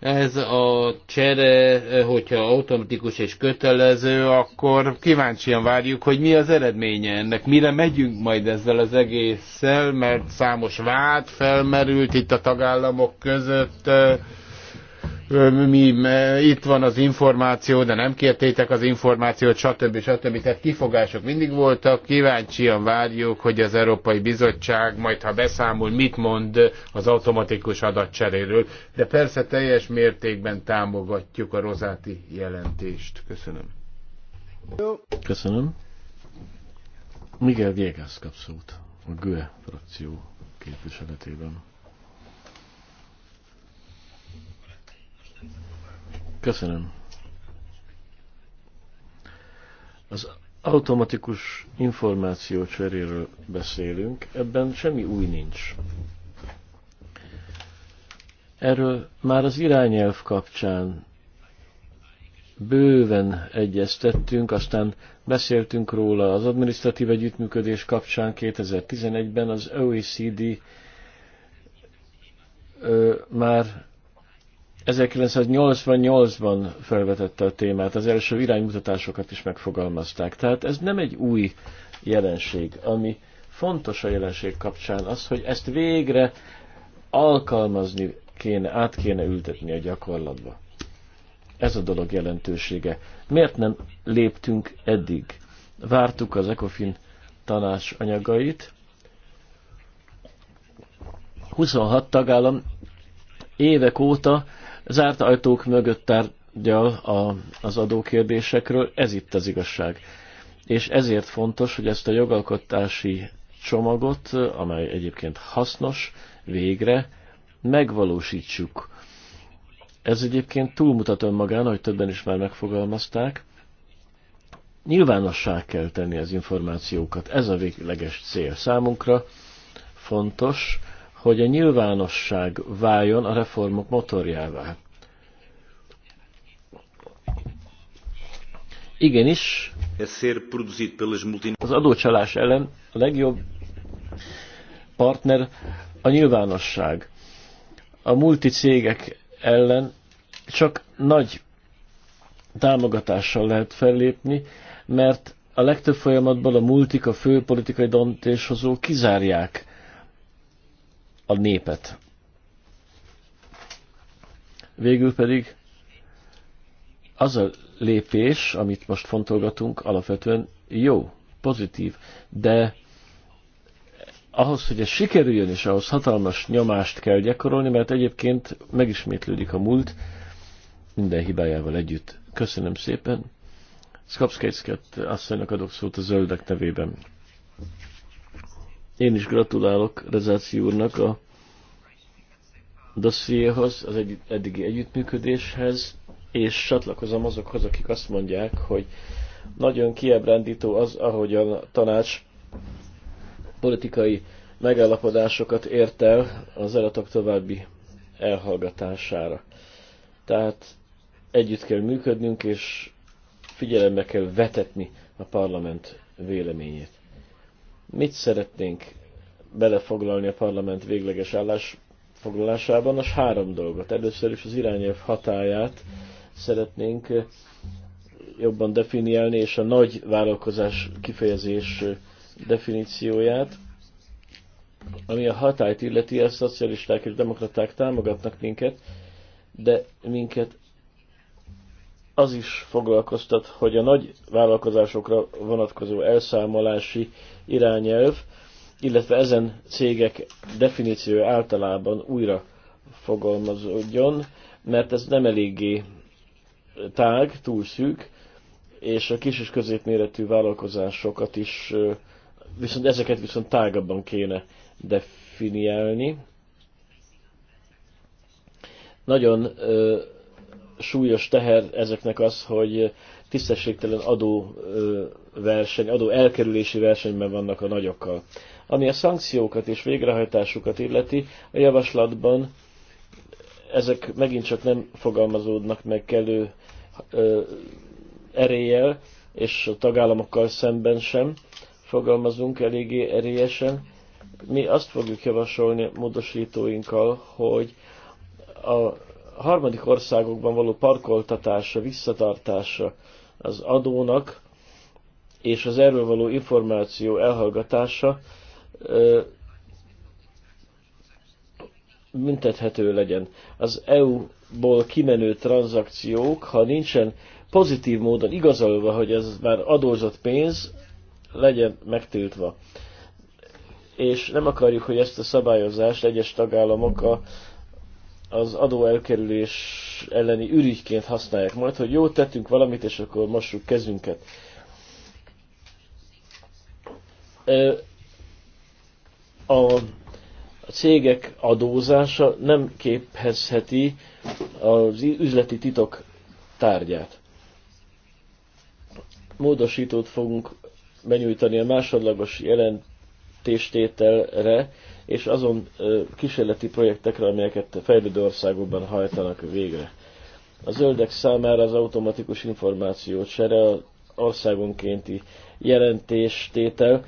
ez a csere, hogyha automatikus és kötelező, akkor kíváncsian várjuk, hogy mi az eredménye ennek, mire megyünk majd ezzel az egésszel, mert számos vád felmerült itt a tagállamok között, mi, itt van az információ, de nem kértétek az információt, stb. stb. Tehát kifogások mindig voltak, kíváncsian várjuk, hogy az Európai Bizottság majd, ha beszámol, mit mond az automatikus adatcseréről. De persze teljes mértékben támogatjuk a rozáti jelentést. Köszönöm. Köszönöm. Miguel Viegas kap szót, a GUE frakció képviseletében. Köszönöm. Az automatikus információ cseréről beszélünk, ebben semmi új nincs. Erről már az irányelv kapcsán bőven egyeztettünk, aztán beszéltünk róla az administratív együttműködés kapcsán 2011-ben az OECD ö, már 1988-ban felvetette a témát, az első iránymutatásokat is megfogalmazták. Tehát ez nem egy új jelenség, ami fontos a jelenség kapcsán az, hogy ezt végre alkalmazni kéne, át kéne ültetni a gyakorlatba. Ez a dolog jelentősége. Miért nem léptünk eddig? Vártuk az ECOFIN tanács anyagait. 26 tagállam évek óta zárt ajtók mögött tárgyal a, az adókérdésekről, ez itt az igazság. És ezért fontos, hogy ezt a jogalkotási csomagot, amely egyébként hasznos, végre megvalósítsuk. Ez egyébként túlmutat önmagán, hogy többen is már megfogalmazták. Nyilvánossá kell tenni az információkat, ez a végleges cél számunkra, fontos, hogy a nyilvánosság váljon a reformok motorjává. Igenis, az adócsalás ellen a legjobb partner a nyilvánosság. A multicégek ellen csak nagy támogatással lehet fellépni, mert a legtöbb folyamatban a multik a fő politikai döntéshozó kizárják a népet. Végül pedig az a lépés, amit most fontolgatunk, alapvetően jó, pozitív, de ahhoz, hogy ez sikerüljön, és ahhoz hatalmas nyomást kell gyakorolni, mert egyébként megismétlődik a múlt minden hibájával együtt. Köszönöm szépen. Skapskejszket asszonynak adok szót a zöldek nevében. Én is gratulálok Rezáci úrnak a dossziéhoz, az egy, eddigi együttműködéshez, és csatlakozom azokhoz, akik azt mondják, hogy nagyon kiebrendító az, ahogyan a tanács politikai megállapodásokat ért el az eratok további elhallgatására. Tehát együtt kell működnünk, és figyelembe kell vetetni a parlament véleményét mit szeretnénk belefoglalni a parlament végleges állásfoglalásában? Most három dolgot. Először is az irányelv hatáját szeretnénk eh, jobban definiálni, és a nagy vállalkozás kifejezés eh, definícióját, ami a hatályt illeti, a szocialisták és demokraták támogatnak minket, de minket az is foglalkoztat, hogy a nagy vállalkozásokra vonatkozó elszámolási irányelv, illetve ezen cégek definíció általában újra fogalmazódjon, mert ez nem eléggé tág, túl szűk, és a kis és középméretű vállalkozásokat is, viszont ezeket viszont tágabban kéne definiálni. Nagyon súlyos teher ezeknek az, hogy tisztességtelen adóverseny, adó elkerülési versenyben vannak a nagyokkal. Ami a szankciókat és végrehajtásukat illeti, a javaslatban ezek megint csak nem fogalmazódnak meg kellő eréllyel, és a tagállamokkal szemben sem fogalmazunk eléggé erélyesen. Mi azt fogjuk javasolni módosítóinkkal, hogy a harmadik országokban való parkoltatása, visszatartása az adónak és az erről való információ elhallgatása büntethető legyen. Az EU-ból kimenő tranzakciók, ha nincsen pozitív módon igazolva, hogy ez már adózott pénz, legyen megtiltva. És nem akarjuk, hogy ezt a szabályozást egyes tagállamok a az adóelkerülés elleni ürügyként használják majd, hogy jó, tettünk valamit, és akkor mossuk kezünket. A cégek adózása nem képezheti az üzleti titok tárgyát. Módosítót fogunk benyújtani a másodlagos jelentéstételre, és azon kísérleti projektekre, amelyeket fejlődő országokban hajtanak végre. A zöldek számára az automatikus információcsere, az országonkénti jelentéstétel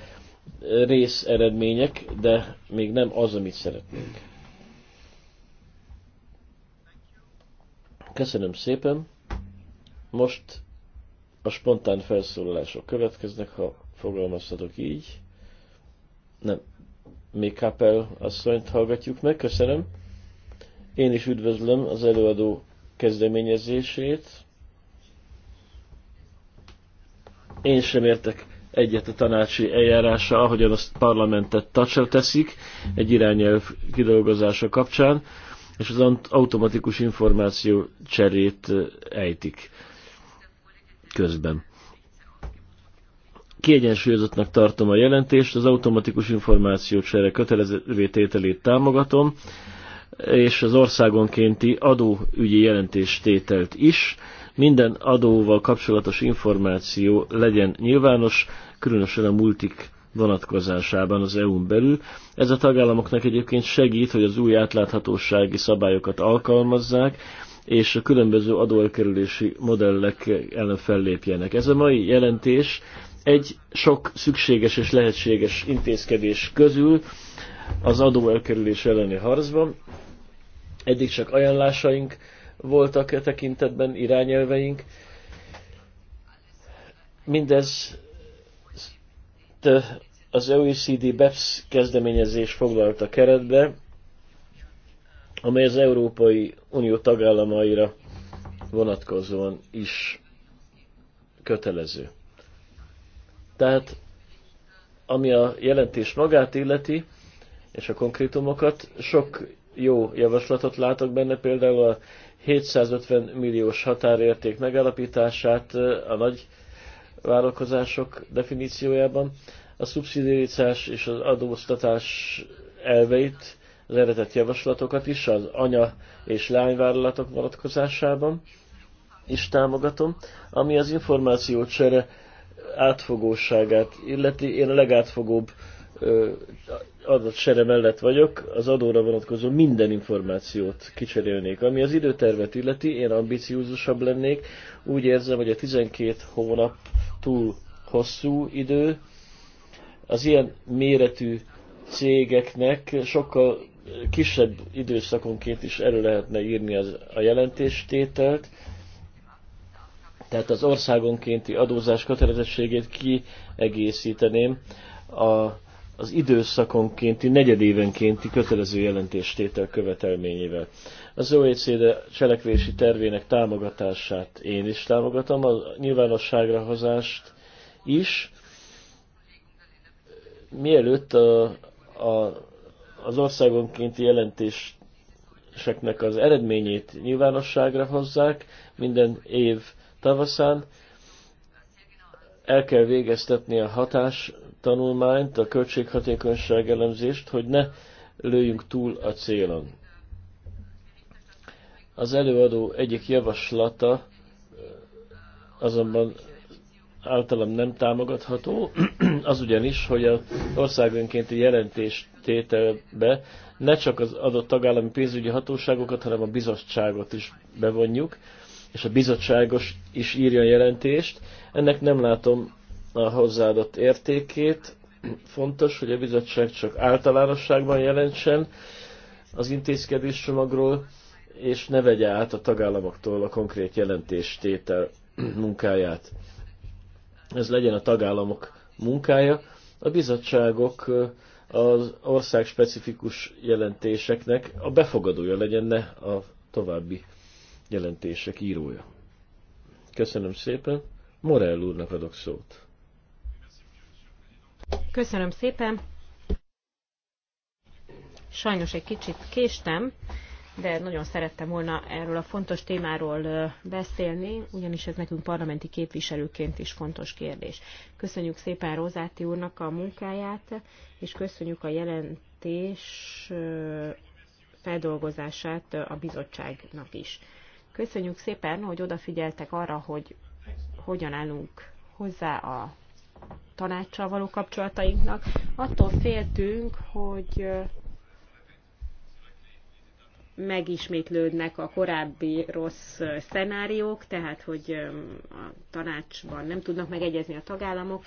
rész eredmények, de még nem az, amit szeretnénk. Köszönöm szépen. Most a spontán felszólalások következnek, ha fogalmazhatok így. Nem, Mikapel asszonyt hallgatjuk meg. Köszönöm. Én is üdvözlöm az előadó kezdeményezését. Én sem értek egyet a tanácsi eljárása, ahogyan azt parlamentet tacsra teszik, egy irányelv kidolgozása kapcsán, és az automatikus információ cserét eh, ejtik közben kiegyensúlyozottnak tartom a jelentést, az automatikus információcsere kötelezővé tételét támogatom, és az országonkénti adóügyi jelentéstételt is. Minden adóval kapcsolatos információ legyen nyilvános, különösen a multik vonatkozásában az EU-n belül. Ez a tagállamoknak egyébként segít, hogy az új átláthatósági szabályokat alkalmazzák, és a különböző adóelkerülési modellek ellen fellépjenek. Ez a mai jelentés egy sok szükséges és lehetséges intézkedés közül az adóelkerülés elleni harcban. Eddig csak ajánlásaink voltak e tekintetben, irányelveink. Mindez az OECD BEPS kezdeményezés foglalta keretbe, amely az Európai Unió tagállamaira vonatkozóan is kötelező. Tehát ami a jelentés magát illeti, és a konkrétumokat, sok jó javaslatot látok benne, például a 750 milliós határérték megállapítását a nagy vállalkozások definíciójában, a szubszidiaritás és az adóztatás elveit, az eredet javaslatokat is, az anya és lányvállalatok vonatkozásában is támogatom, ami az információcsere átfogóságát illeti, én a legátfogóbb adatsere mellett vagyok, az adóra vonatkozó minden információt kicserélnék. Ami az időtervet illeti, én ambiciózusabb lennék, úgy érzem, hogy a 12 hónap túl hosszú idő, az ilyen méretű cégeknek sokkal kisebb időszakonként is elő lehetne írni az, a jelentéstételt, tehát az országonkénti adózás kötelezettségét kiegészíteném a, az időszakonkénti, negyedévenkénti kötelező jelentéstétel követelményével. Az OECD cselekvési tervének támogatását én is támogatom, a nyilvánosságra hozást is, mielőtt a, a, az országonkénti jelentéseknek az eredményét nyilvánosságra hozzák, minden év tavaszán. El kell végeztetni a hatás tanulmányt, a költséghatékonyság elemzést, hogy ne lőjünk túl a célon. Az előadó egyik javaslata azonban általam nem támogatható, az ugyanis, hogy az országönkénti jelentéstételbe ne csak az adott tagállami pénzügyi hatóságokat, hanem a bizottságot is bevonjuk, és a bizottságos is írja a jelentést. Ennek nem látom a hozzáadott értékét. Fontos, hogy a bizottság csak általánosságban jelentsen az intézkedés csomagról, és ne vegye át a tagállamoktól a konkrét jelentéstétel munkáját. Ez legyen a tagállamok munkája. A bizottságok az ország specifikus jelentéseknek a befogadója legyen, ne a további jelentések írója. Köszönöm szépen. Morell úrnak adok szót. Köszönöm szépen. Sajnos egy kicsit késtem, de nagyon szerettem volna erről a fontos témáról beszélni, ugyanis ez nekünk parlamenti képviselőként is fontos kérdés. Köszönjük szépen Rozáti úrnak a munkáját, és köszönjük a jelentés feldolgozását a bizottságnak is. Köszönjük szépen, hogy odafigyeltek arra, hogy hogyan állunk hozzá a tanácssal való kapcsolatainknak. Attól féltünk, hogy megismétlődnek a korábbi rossz szenáriók, tehát hogy a tanácsban nem tudnak megegyezni a tagállamok,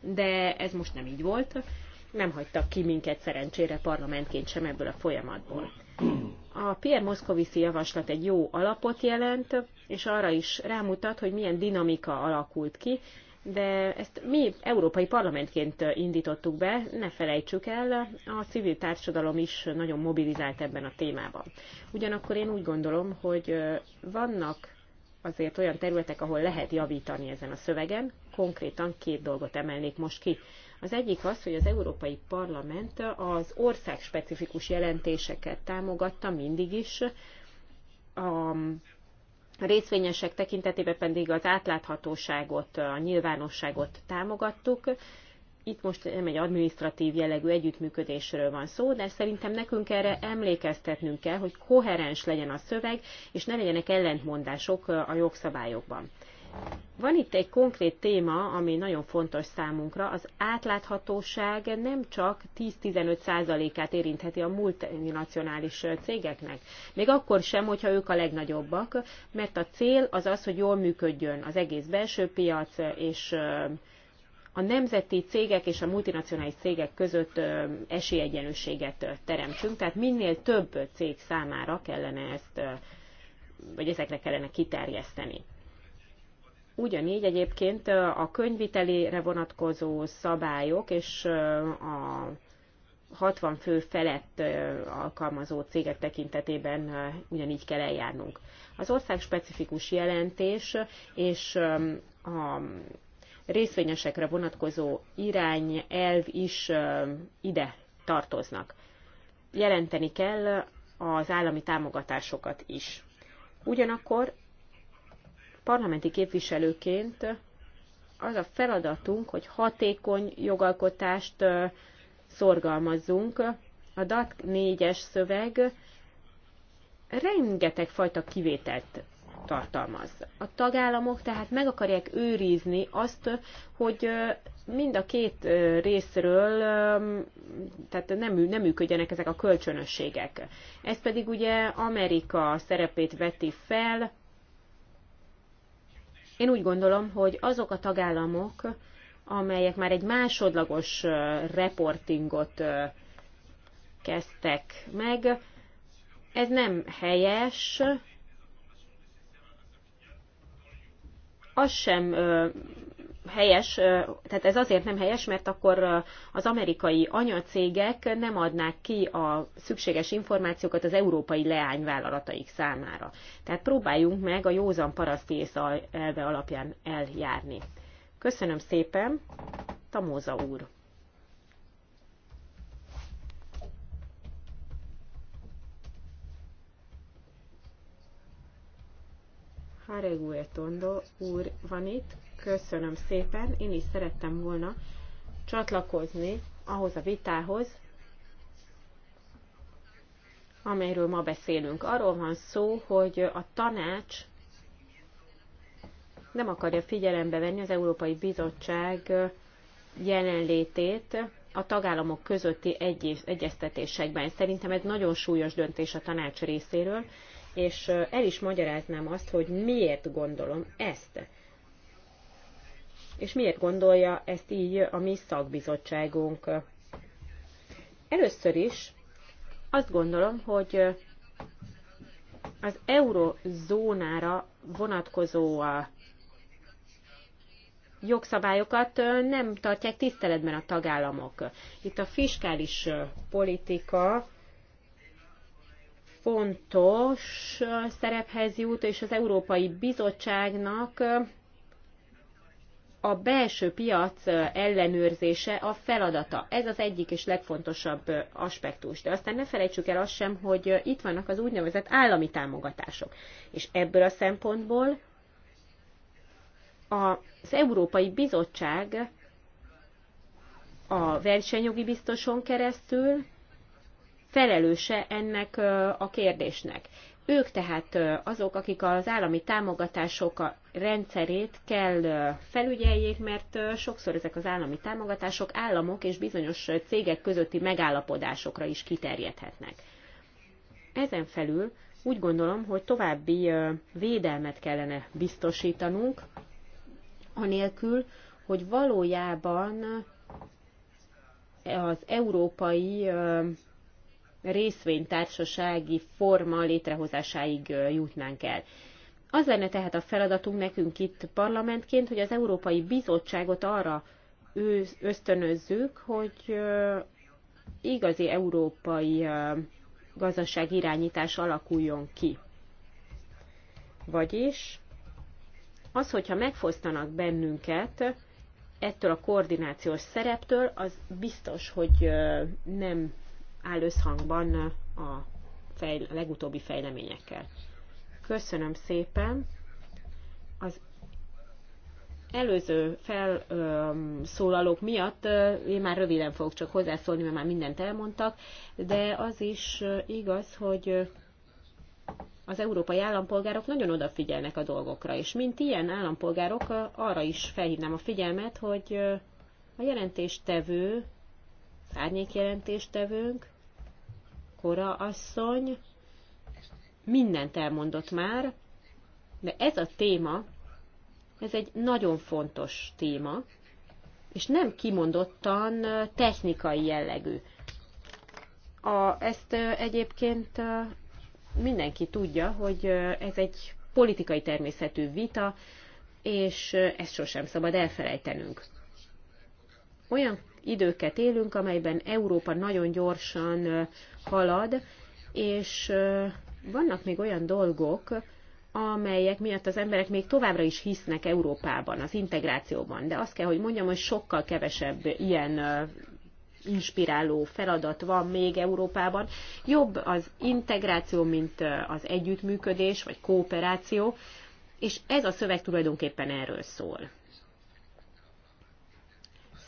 de ez most nem így volt. Nem hagytak ki minket szerencsére parlamentként sem ebből a folyamatból. A Pierre Moszkoviszi javaslat egy jó alapot jelent, és arra is rámutat, hogy milyen dinamika alakult ki, de ezt mi Európai Parlamentként indítottuk be, ne felejtsük el, a civil társadalom is nagyon mobilizált ebben a témában. Ugyanakkor én úgy gondolom, hogy vannak azért olyan területek, ahol lehet javítani ezen a szövegen. Konkrétan két dolgot emelnék most ki. Az egyik az, hogy az Európai Parlament az országspecifikus jelentéseket támogatta mindig is, a részvényesek tekintetében pedig az átláthatóságot, a nyilvánosságot támogattuk. Itt most nem egy administratív jellegű együttműködésről van szó, de szerintem nekünk erre emlékeztetnünk kell, hogy koherens legyen a szöveg, és ne legyenek ellentmondások a jogszabályokban. Van itt egy konkrét téma, ami nagyon fontos számunkra, az átláthatóság nem csak 10-15%-át érintheti a multinacionális cégeknek, még akkor sem, hogyha ők a legnagyobbak, mert a cél az az, hogy jól működjön az egész belső piac, és a nemzeti cégek és a multinacionális cégek között esélyegyenlőséget teremtsünk, tehát minél több cég számára kellene ezt, vagy ezekre kellene kiterjeszteni. Ugyanígy egyébként a könyvitelére vonatkozó szabályok és a 60 fő felett alkalmazó cégek tekintetében ugyanígy kell eljárnunk. Az ország specifikus jelentés és a részvényesekre vonatkozó irányelv is ide tartoznak. Jelenteni kell az állami támogatásokat is. Ugyanakkor parlamenti képviselőként az a feladatunk, hogy hatékony jogalkotást szorgalmazzunk. A DAT 4-es szöveg rengeteg fajta kivételt tartalmaz. A tagállamok tehát meg akarják őrizni azt, hogy mind a két részről tehát nem, nem működjenek ezek a kölcsönösségek. Ez pedig ugye Amerika szerepét veti fel, én úgy gondolom, hogy azok a tagállamok, amelyek már egy másodlagos reportingot kezdtek meg, ez nem helyes, az sem helyes, tehát ez azért nem helyes, mert akkor az amerikai anyacégek nem adnák ki a szükséges információkat az európai leányvállalataik számára. Tehát próbáljunk meg a józan paraszti elve alapján eljárni. Köszönöm szépen, Tamóza úr! Haregue Tondo úr van itt, Köszönöm szépen. Én is szerettem volna csatlakozni ahhoz a vitához, amelyről ma beszélünk. Arról van szó, hogy a tanács nem akarja figyelembe venni az Európai Bizottság jelenlétét a tagállamok közötti egyeztetésekben. Szerintem ez nagyon súlyos döntés a tanács részéről, és el is magyaráznám azt, hogy miért gondolom ezt és miért gondolja ezt így a mi szakbizottságunk. Először is azt gondolom, hogy az eurozónára vonatkozó jogszabályokat nem tartják tiszteletben a tagállamok. Itt a fiskális politika fontos szerephez jut, és az Európai Bizottságnak a belső piac ellenőrzése a feladata. Ez az egyik és legfontosabb aspektus. De aztán ne felejtsük el azt sem, hogy itt vannak az úgynevezett állami támogatások. És ebből a szempontból az Európai Bizottság a versenyjogi biztoson keresztül felelőse ennek a kérdésnek. Ők tehát azok, akik az állami támogatásokat rendszerét kell felügyeljék, mert sokszor ezek az állami támogatások államok és bizonyos cégek közötti megállapodásokra is kiterjedhetnek. Ezen felül úgy gondolom, hogy további védelmet kellene biztosítanunk, anélkül, hogy valójában az európai részvénytársasági forma létrehozásáig jutnánk el. Az lenne tehát a feladatunk nekünk itt parlamentként, hogy az Európai Bizottságot arra ösztönözzük, hogy igazi európai gazdaság irányítás alakuljon ki. Vagyis az, hogyha megfosztanak bennünket ettől a koordinációs szereptől, az biztos, hogy nem áll összhangban a fejl- legutóbbi fejleményekkel. Köszönöm szépen. Az előző felszólalók miatt én már röviden fogok csak hozzászólni, mert már mindent elmondtak, de az is igaz, hogy az európai állampolgárok nagyon odafigyelnek a dolgokra, és mint ilyen állampolgárok arra is felhívnám a figyelmet, hogy a jelentéstevő, az árnyékjelentéstevőnk, Kora asszony, mindent elmondott már, de ez a téma, ez egy nagyon fontos téma, és nem kimondottan technikai jellegű. A, ezt egyébként mindenki tudja, hogy ez egy politikai természetű vita, és ezt sosem szabad elfelejtenünk. Olyan időket élünk, amelyben Európa nagyon gyorsan halad, és vannak még olyan dolgok, amelyek miatt az emberek még továbbra is hisznek Európában, az integrációban. De azt kell, hogy mondjam, hogy sokkal kevesebb ilyen inspiráló feladat van még Európában. Jobb az integráció, mint az együttműködés, vagy kooperáció, és ez a szöveg tulajdonképpen erről szól.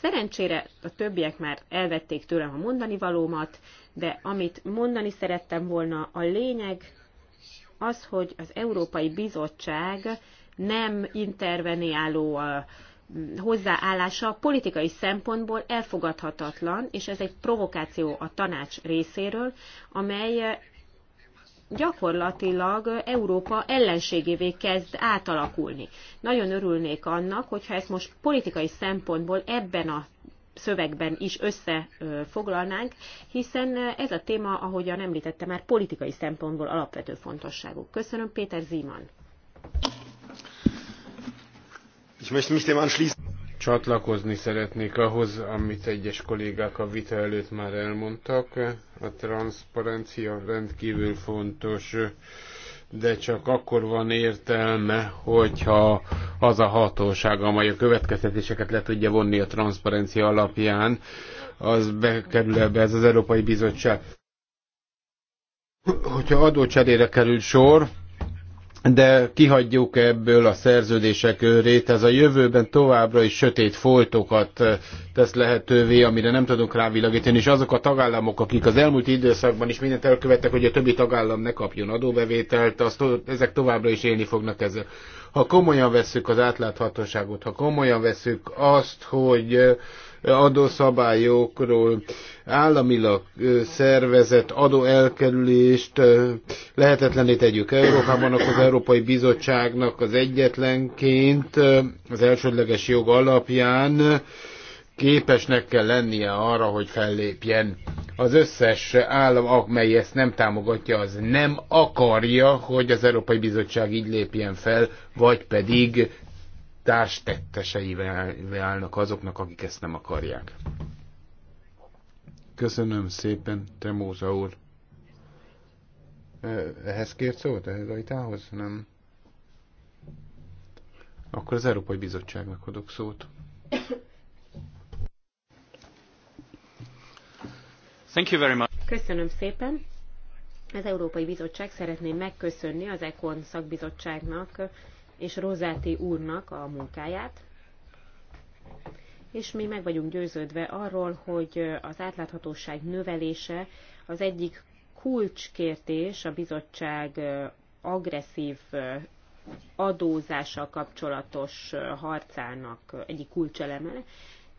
Szerencsére a többiek már elvették tőlem a mondani valómat, de amit mondani szerettem volna, a lényeg az, hogy az Európai Bizottság nem interveniáló hozzáállása politikai szempontból elfogadhatatlan, és ez egy provokáció a tanács részéről, amely gyakorlatilag Európa ellenségévé kezd átalakulni. Nagyon örülnék annak, hogyha ezt most politikai szempontból ebben a szövegben is összefoglalnánk, hiszen ez a téma, ahogyan említette már, politikai szempontból alapvető fontosságú. Köszönöm, Péter Zíman. Csatlakozni szeretnék ahhoz, amit egyes kollégák a vita előtt már elmondtak. A transzparencia rendkívül fontos de csak akkor van értelme, hogyha az a hatóság, amely a következtetéseket le tudja vonni a transzparencia alapján, az bekerül ebbe, ez az Európai Bizottság. Hogyha adócserére kerül sor, de kihagyjuk ebből a szerződések őrét, ez a jövőben továbbra is sötét foltokat tesz lehetővé, amire nem tudunk rávilágítani, és azok a tagállamok, akik az elmúlt időszakban is mindent elkövettek, hogy a többi tagállam ne kapjon adóbevételt, azt, ezek továbbra is élni fognak ezzel. Ha komolyan vesszük az átláthatóságot, ha komolyan vesszük azt, hogy adószabályokról, államilag szervezett adóelkerülést lehetetlené tegyük Európában, akkor az Európai Bizottságnak az egyetlenként az elsődleges jog alapján képesnek kell lennie arra, hogy fellépjen. Az összes állam, amely ezt nem támogatja, az nem akarja, hogy az Európai Bizottság így lépjen fel, vagy pedig társtetteseivel állnak azoknak, akik ezt nem akarják. Köszönöm szépen, Temóza úr. Eh, ehhez kért szót, ehhez a vitához? Nem. Akkor az Európai Bizottságnak adok szót. Thank you very much. Köszönöm szépen. Az Európai Bizottság szeretném megköszönni az ECON szakbizottságnak és Rozáti úrnak a munkáját, és mi meg vagyunk győződve arról, hogy az átláthatóság növelése az egyik kulcskértés a bizottság agresszív adózással kapcsolatos harcának egyik kulcseleme.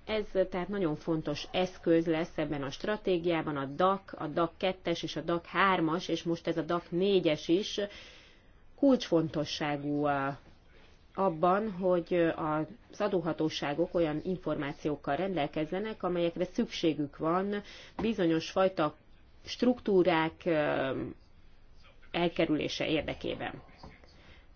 Ez tehát nagyon fontos eszköz lesz ebben a stratégiában, a DAC, a DAC 2-es és a DAC 3-as, és most ez a DAC 4-es is kulcsfontosságú uh, abban, hogy uh, az adóhatóságok olyan információkkal rendelkezzenek, amelyekre szükségük van bizonyos fajta struktúrák uh, elkerülése érdekében.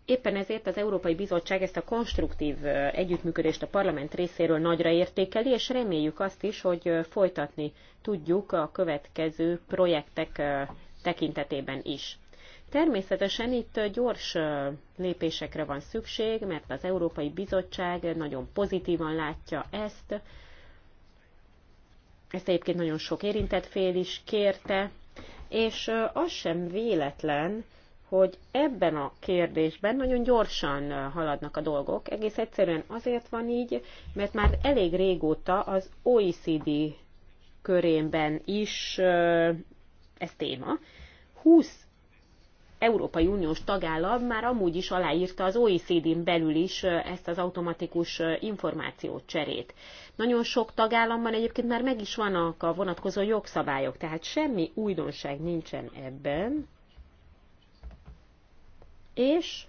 Éppen ezért az Európai Bizottság ezt a konstruktív együttműködést a parlament részéről nagyra értékeli, és reméljük azt is, hogy folytatni tudjuk a következő projektek tekintetében is. Természetesen itt gyors lépésekre van szükség, mert az Európai Bizottság nagyon pozitívan látja ezt. Ezt egyébként nagyon sok érintett fél is kérte, és az sem véletlen, hogy ebben a kérdésben nagyon gyorsan haladnak a dolgok. Egész egyszerűen azért van így, mert már elég régóta az OECD körénben is ez téma. 20 Európai Uniós tagállam már amúgy is aláírta az OECD-n belül is ezt az automatikus információcserét. Nagyon sok tagállamban egyébként már meg is vannak a vonatkozó jogszabályok, tehát semmi újdonság nincsen ebben. És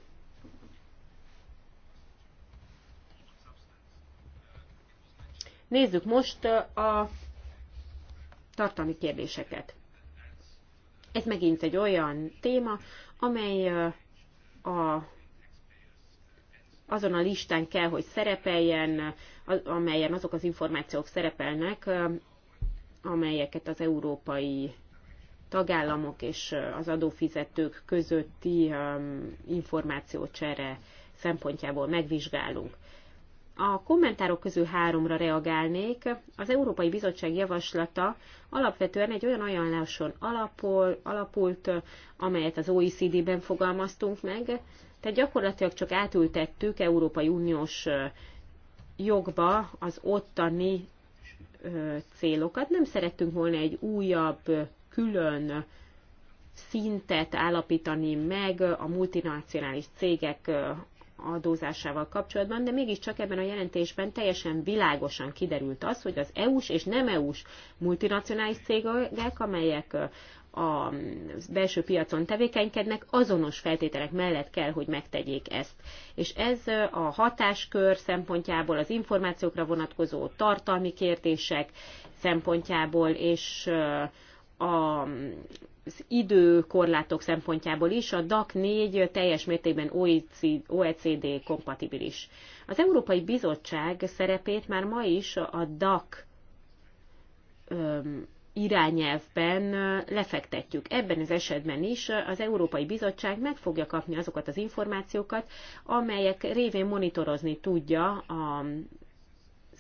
nézzük most a tartalmi kérdéseket. Ez megint egy olyan téma, amely a, azon a listán kell, hogy szerepeljen, amelyen azok az információk szerepelnek, amelyeket az európai tagállamok és az adófizetők közötti információcsere szempontjából megvizsgálunk. A kommentárok közül háromra reagálnék. Az Európai Bizottság javaslata alapvetően egy olyan ajánláson alapul, alapult, amelyet az OECD-ben fogalmaztunk meg, tehát gyakorlatilag csak átültettük Európai Uniós jogba az ottani célokat. Nem szerettünk volna egy újabb, külön szintet állapítani meg a multinacionális cégek adózásával kapcsolatban, de mégiscsak ebben a jelentésben teljesen világosan kiderült az, hogy az EU-s és nem EU-s multinacionális cégek, amelyek a belső piacon tevékenykednek, azonos feltételek mellett kell, hogy megtegyék ezt. És ez a hatáskör szempontjából, az információkra vonatkozó tartalmi kérdések szempontjából és a az időkorlátok szempontjából is a DAC 4 teljes mértékben OECD kompatibilis. Az Európai Bizottság szerepét már ma is a DAC irányelvben lefektetjük. Ebben az esetben is az Európai Bizottság meg fogja kapni azokat az információkat, amelyek révén monitorozni tudja a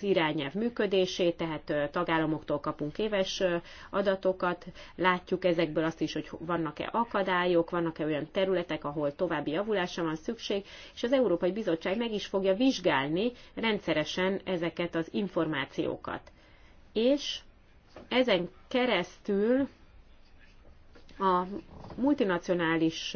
irányelv működését, tehát tagállamoktól kapunk éves adatokat, látjuk ezekből azt is, hogy vannak-e akadályok, vannak-e olyan területek, ahol további javulásra van szükség, és az Európai Bizottság meg is fogja vizsgálni rendszeresen ezeket az információkat. És ezen keresztül a multinacionális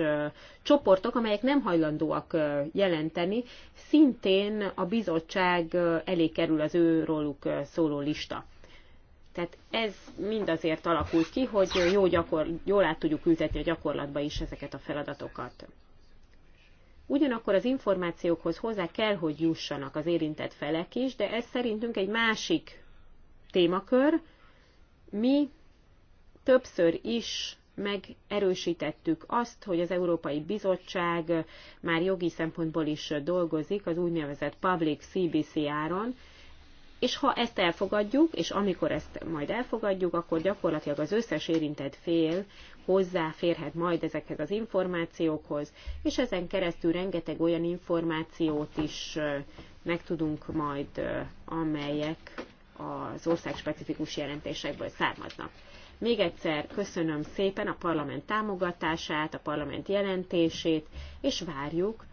csoportok, amelyek nem hajlandóak jelenteni, szintén a bizottság elé kerül az róluk szóló lista. Tehát ez mind azért alakult ki, hogy jó gyakor, jól át tudjuk ültetni a gyakorlatba is ezeket a feladatokat. Ugyanakkor az információkhoz hozzá kell, hogy jussanak az érintett felek is, de ez szerintünk egy másik témakör. Mi többször is megerősítettük azt, hogy az Európai Bizottság már jogi szempontból is dolgozik az úgynevezett Public CBCR-on, és ha ezt elfogadjuk, és amikor ezt majd elfogadjuk, akkor gyakorlatilag az összes érintett fél hozzáférhet majd ezekhez az információkhoz, és ezen keresztül rengeteg olyan információt is meg tudunk majd, amelyek az országspecifikus jelentésekből származnak. Még egyszer köszönöm szépen a parlament támogatását, a parlament jelentését, és várjuk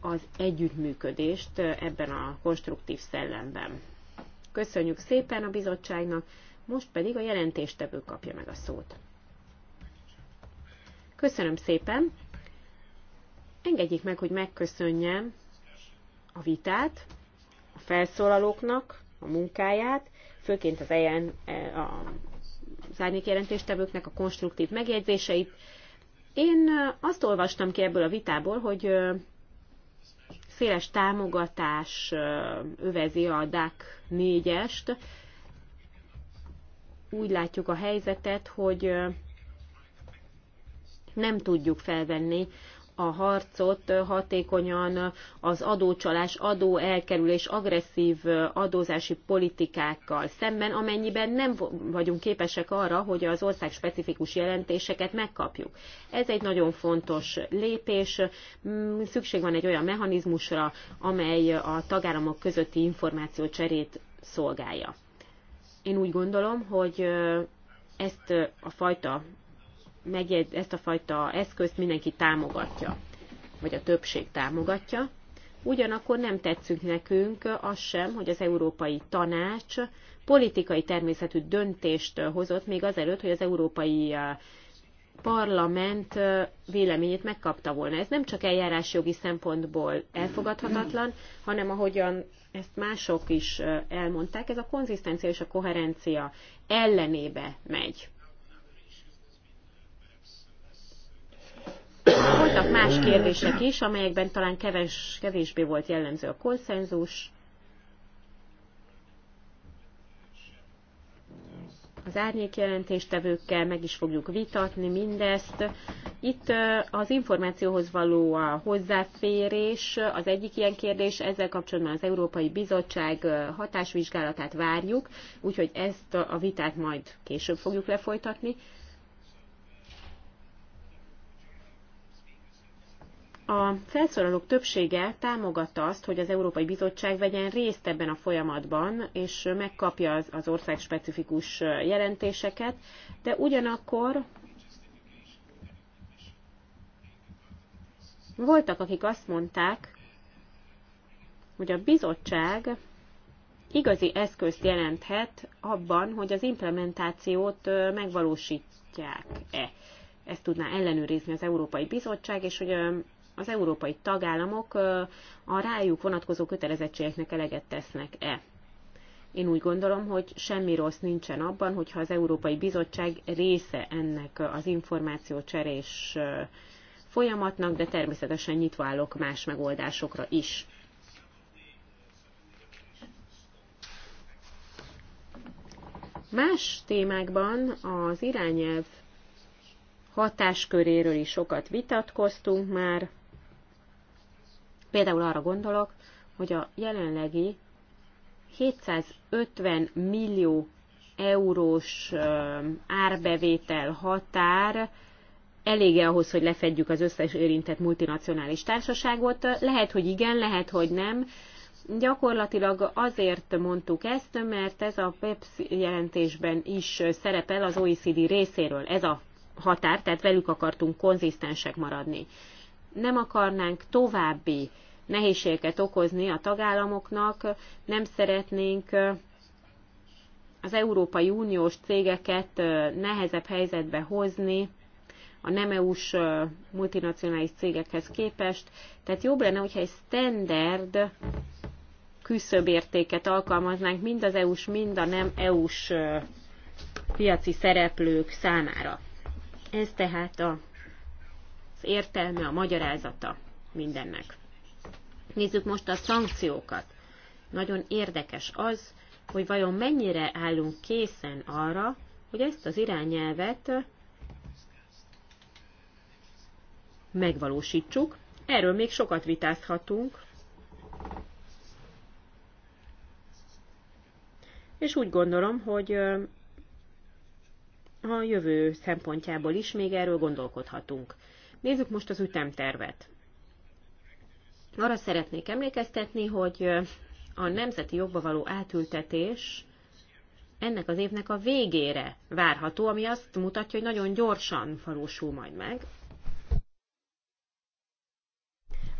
az együttműködést ebben a konstruktív szellemben. Köszönjük szépen a bizottságnak, most pedig a jelentéstevő kapja meg a szót. Köszönöm szépen! Engedjék meg, hogy megköszönjem a vitát, a felszólalóknak a munkáját, főként az EN, e, a az árnyékjelentéstevőknek a konstruktív megjegyzéseit. Én azt olvastam ki ebből a vitából, hogy széles támogatás övezi a DAC 4-est. Úgy látjuk a helyzetet, hogy nem tudjuk felvenni a harcot hatékonyan az adócsalás, adóelkerülés, agresszív adózási politikákkal szemben, amennyiben nem vagyunk képesek arra, hogy az ország specifikus jelentéseket megkapjuk. Ez egy nagyon fontos lépés. Mm, szükség van egy olyan mechanizmusra, amely a tagállamok közötti információcserét szolgálja. Én úgy gondolom, hogy ezt a fajta megjegy, ezt a fajta eszközt mindenki támogatja, vagy a többség támogatja. Ugyanakkor nem tetszünk nekünk az sem, hogy az Európai Tanács politikai természetű döntést hozott, még azelőtt, hogy az Európai uh, Parlament uh, véleményét megkapta volna. Ez nem csak eljárásjogi szempontból elfogadhatatlan, hanem ahogyan ezt mások is uh, elmondták, ez a konzisztencia és a koherencia ellenébe megy. Voltak más kérdések is, amelyekben talán keves, kevésbé volt jellemző a konszenzus. Az árnyék jelentéstevőkkel meg is fogjuk vitatni mindezt. Itt az információhoz való a hozzáférés az egyik ilyen kérdés, ezzel kapcsolatban az Európai Bizottság hatásvizsgálatát várjuk, úgyhogy ezt a vitát majd később fogjuk lefolytatni. A felszólalók többsége támogatta azt, hogy az Európai Bizottság vegyen részt ebben a folyamatban, és megkapja az, az ország specifikus jelentéseket, de ugyanakkor voltak, akik azt mondták, hogy a bizottság igazi eszközt jelenthet abban, hogy az implementációt megvalósítják-e. Ezt tudná ellenőrizni az Európai Bizottság, és hogy az európai tagállamok a rájuk vonatkozó kötelezettségeknek eleget tesznek-e. Én úgy gondolom, hogy semmi rossz nincsen abban, hogyha az Európai Bizottság része ennek az információcserés folyamatnak, de természetesen nyitva állok más megoldásokra is. Más témákban az irányelv hatásköréről is sokat vitatkoztunk már, Például arra gondolok, hogy a jelenlegi 750 millió eurós árbevétel határ elég-e ahhoz, hogy lefedjük az összes érintett multinacionális társaságot? Lehet, hogy igen, lehet, hogy nem. Gyakorlatilag azért mondtuk ezt, mert ez a PEPS jelentésben is szerepel az OECD részéről. Ez a határ, tehát velük akartunk konzisztensek maradni nem akarnánk további nehézségeket okozni a tagállamoknak, nem szeretnénk az Európai Uniós cégeket nehezebb helyzetbe hozni a nem EU-s multinacionális cégekhez képest. Tehát jobb lenne, hogyha egy standard küszöbértéket alkalmaznánk mind az EU-s, mind a nem EU-s piaci szereplők számára. Ez tehát a értelme, a magyarázata mindennek. Nézzük most a szankciókat. Nagyon érdekes az, hogy vajon mennyire állunk készen arra, hogy ezt az irányelvet megvalósítsuk. Erről még sokat vitázhatunk. És úgy gondolom, hogy a jövő szempontjából is még erről gondolkodhatunk. Nézzük most az ütemtervet. Arra szeretnék emlékeztetni, hogy a nemzeti jogba való átültetés ennek az évnek a végére várható, ami azt mutatja, hogy nagyon gyorsan valósul majd meg.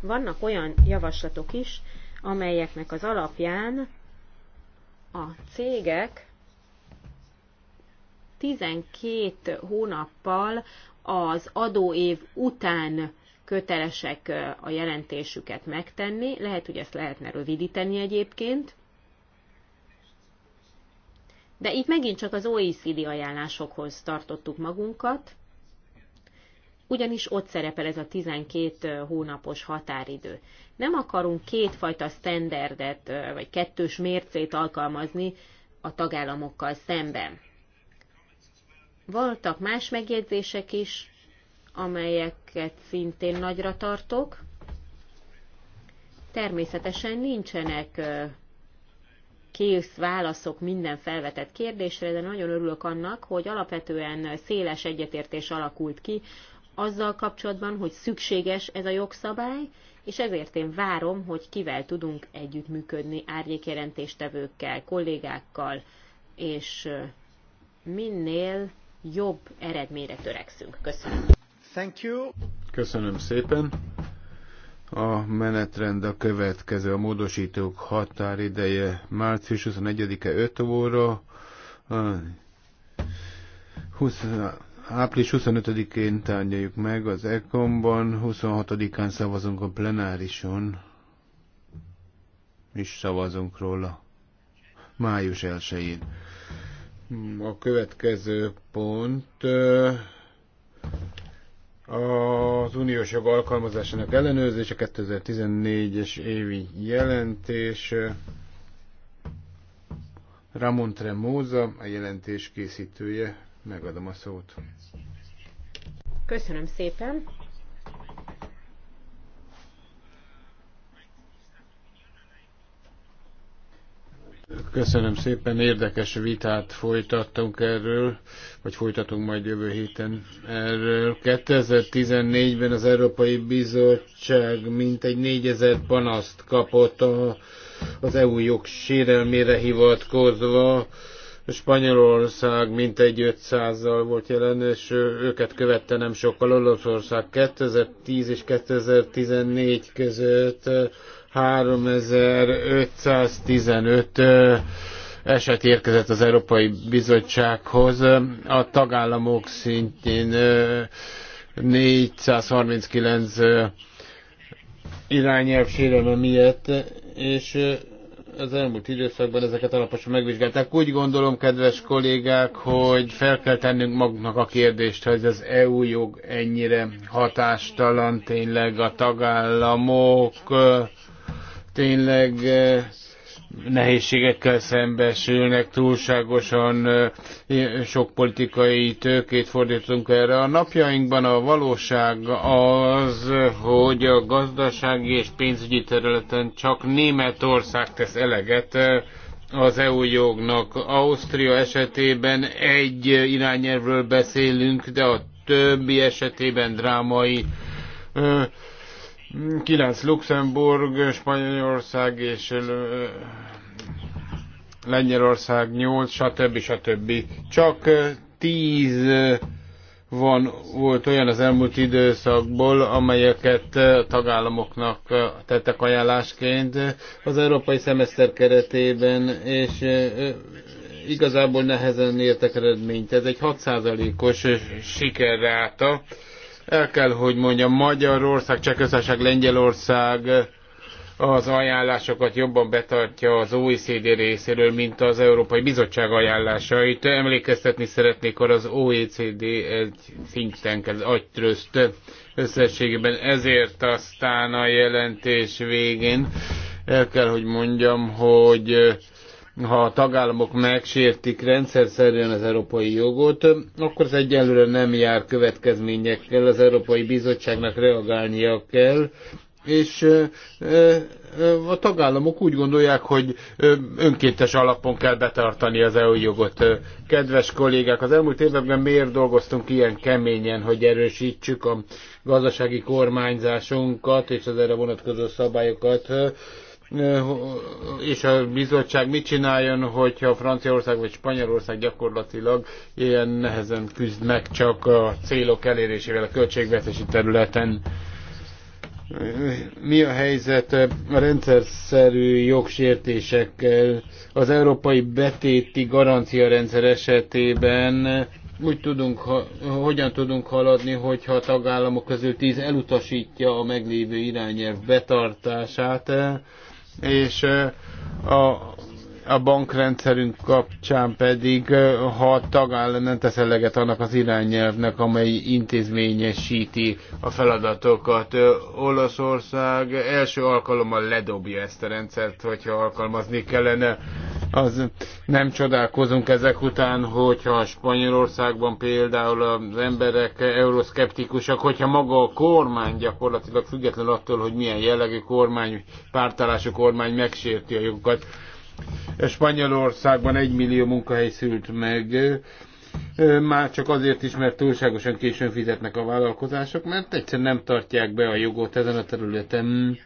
Vannak olyan javaslatok is, amelyeknek az alapján a cégek 12 hónappal az adóév után kötelesek a jelentésüket megtenni. Lehet, hogy ezt lehetne rövidíteni egyébként. De itt megint csak az OECD ajánlásokhoz tartottuk magunkat, ugyanis ott szerepel ez a 12 hónapos határidő. Nem akarunk kétfajta standardet, vagy kettős mércét alkalmazni a tagállamokkal szemben. Voltak más megjegyzések is, amelyeket szintén nagyra tartok. Természetesen nincsenek kész válaszok minden felvetett kérdésre, de nagyon örülök annak, hogy alapvetően széles egyetértés alakult ki azzal kapcsolatban, hogy szükséges ez a jogszabály, és ezért én várom, hogy kivel tudunk együttműködni árnyékjelentéstevőkkel, kollégákkal, és minél jobb eredményre törekszünk. Köszönöm. Thank you. Köszönöm szépen. A menetrend a következő. A módosítók határideje március 21-e 5 óra. 20, április 25-én tárgyaljuk meg az ECOM-ban, 26-án szavazunk a plenárison, és szavazunk róla május 1-én. A következő pont az uniós jog alkalmazásának ellenőrzése 2014-es évi jelentés. Ramon Tremóza, a jelentés készítője. Megadom a szót. Köszönöm szépen. Köszönöm szépen, érdekes vitát folytattunk erről, vagy folytatunk majd jövő héten erről. 2014-ben az Európai Bizottság mintegy 4000 panaszt kapott a, az EU jog sérelmére hivatkozva. Spanyolország mintegy 500-zal volt jelen, és őket követte nem sokkal Olaszország 2010 és 2014 között 3515 eset érkezett az Európai Bizottsághoz. A tagállamok szintjén 439 irányelv sérelme miatt, és az elmúlt időszakban ezeket alaposan megvizsgálták. Úgy gondolom, kedves kollégák, hogy fel kell tennünk magunknak a kérdést, hogy az EU jog ennyire hatástalan tényleg a tagállamok tényleg eh, nehézségekkel szembesülnek, túlságosan eh, sok politikai tőkét fordítunk erre. A napjainkban a valóság az, hogy a gazdasági és pénzügyi területen csak Németország tesz eleget eh, az EU jognak. Ausztria esetében egy irányelvről beszélünk, de a többi esetében drámai 9 Luxemburg, Spanyolország és Lengyelország 8, stb. stb. Csak 10 van, volt olyan az elmúlt időszakból, amelyeket a tagállamoknak tettek ajánlásként az európai szemeszter keretében, és igazából nehezen értek eredményt. Ez egy 6%-os sikerráta. El kell, hogy mondjam, Magyarország, Csehköztársaság, Lengyelország az ajánlásokat jobban betartja az OECD részéről, mint az Európai Bizottság ajánlásait. Emlékeztetni szeretnék arra az OECD egy think tank, az agytrözt összességében. Ezért aztán a jelentés végén el kell, hogy mondjam, hogy ha a tagállamok megsértik rendszer szerűen az európai jogot, akkor ez egyelőre nem jár következményekkel, az Európai Bizottságnak reagálnia kell, és a tagállamok úgy gondolják, hogy önkéntes alapon kell betartani az EU jogot. Kedves kollégák, az elmúlt években miért dolgoztunk ilyen keményen, hogy erősítsük a gazdasági kormányzásunkat és az erre vonatkozó szabályokat? Eh, és a bizottság mit csináljon, hogyha Franciaország vagy Spanyolország gyakorlatilag ilyen nehezen küzd meg csak a célok elérésével a költségvetési területen. Mi a helyzet a rendszerszerű jogsértésekkel? Az európai betéti garancia rendszer esetében úgy tudunk, ha, hogyan tudunk haladni, hogyha a tagállamok közül tíz elutasítja a meglévő irányelv betartását, és a a bankrendszerünk kapcsán pedig ha tagállam nem tesz eleget annak az irányelvnek, amely intézményesíti a feladatokat. Olaszország első alkalommal ledobja ezt a rendszert, hogyha alkalmazni kellene. Az nem csodálkozunk ezek után, hogyha Spanyolországban például az emberek euroszkeptikusak, hogyha maga a kormány gyakorlatilag független attól, hogy milyen jellegű kormány, pártállású kormány megsérti a jogokat, Spanyolországban egy millió munkahely szült meg, már csak azért is, mert túlságosan későn fizetnek a vállalkozások, mert egyszerűen nem tartják be a jogot ezen a területen.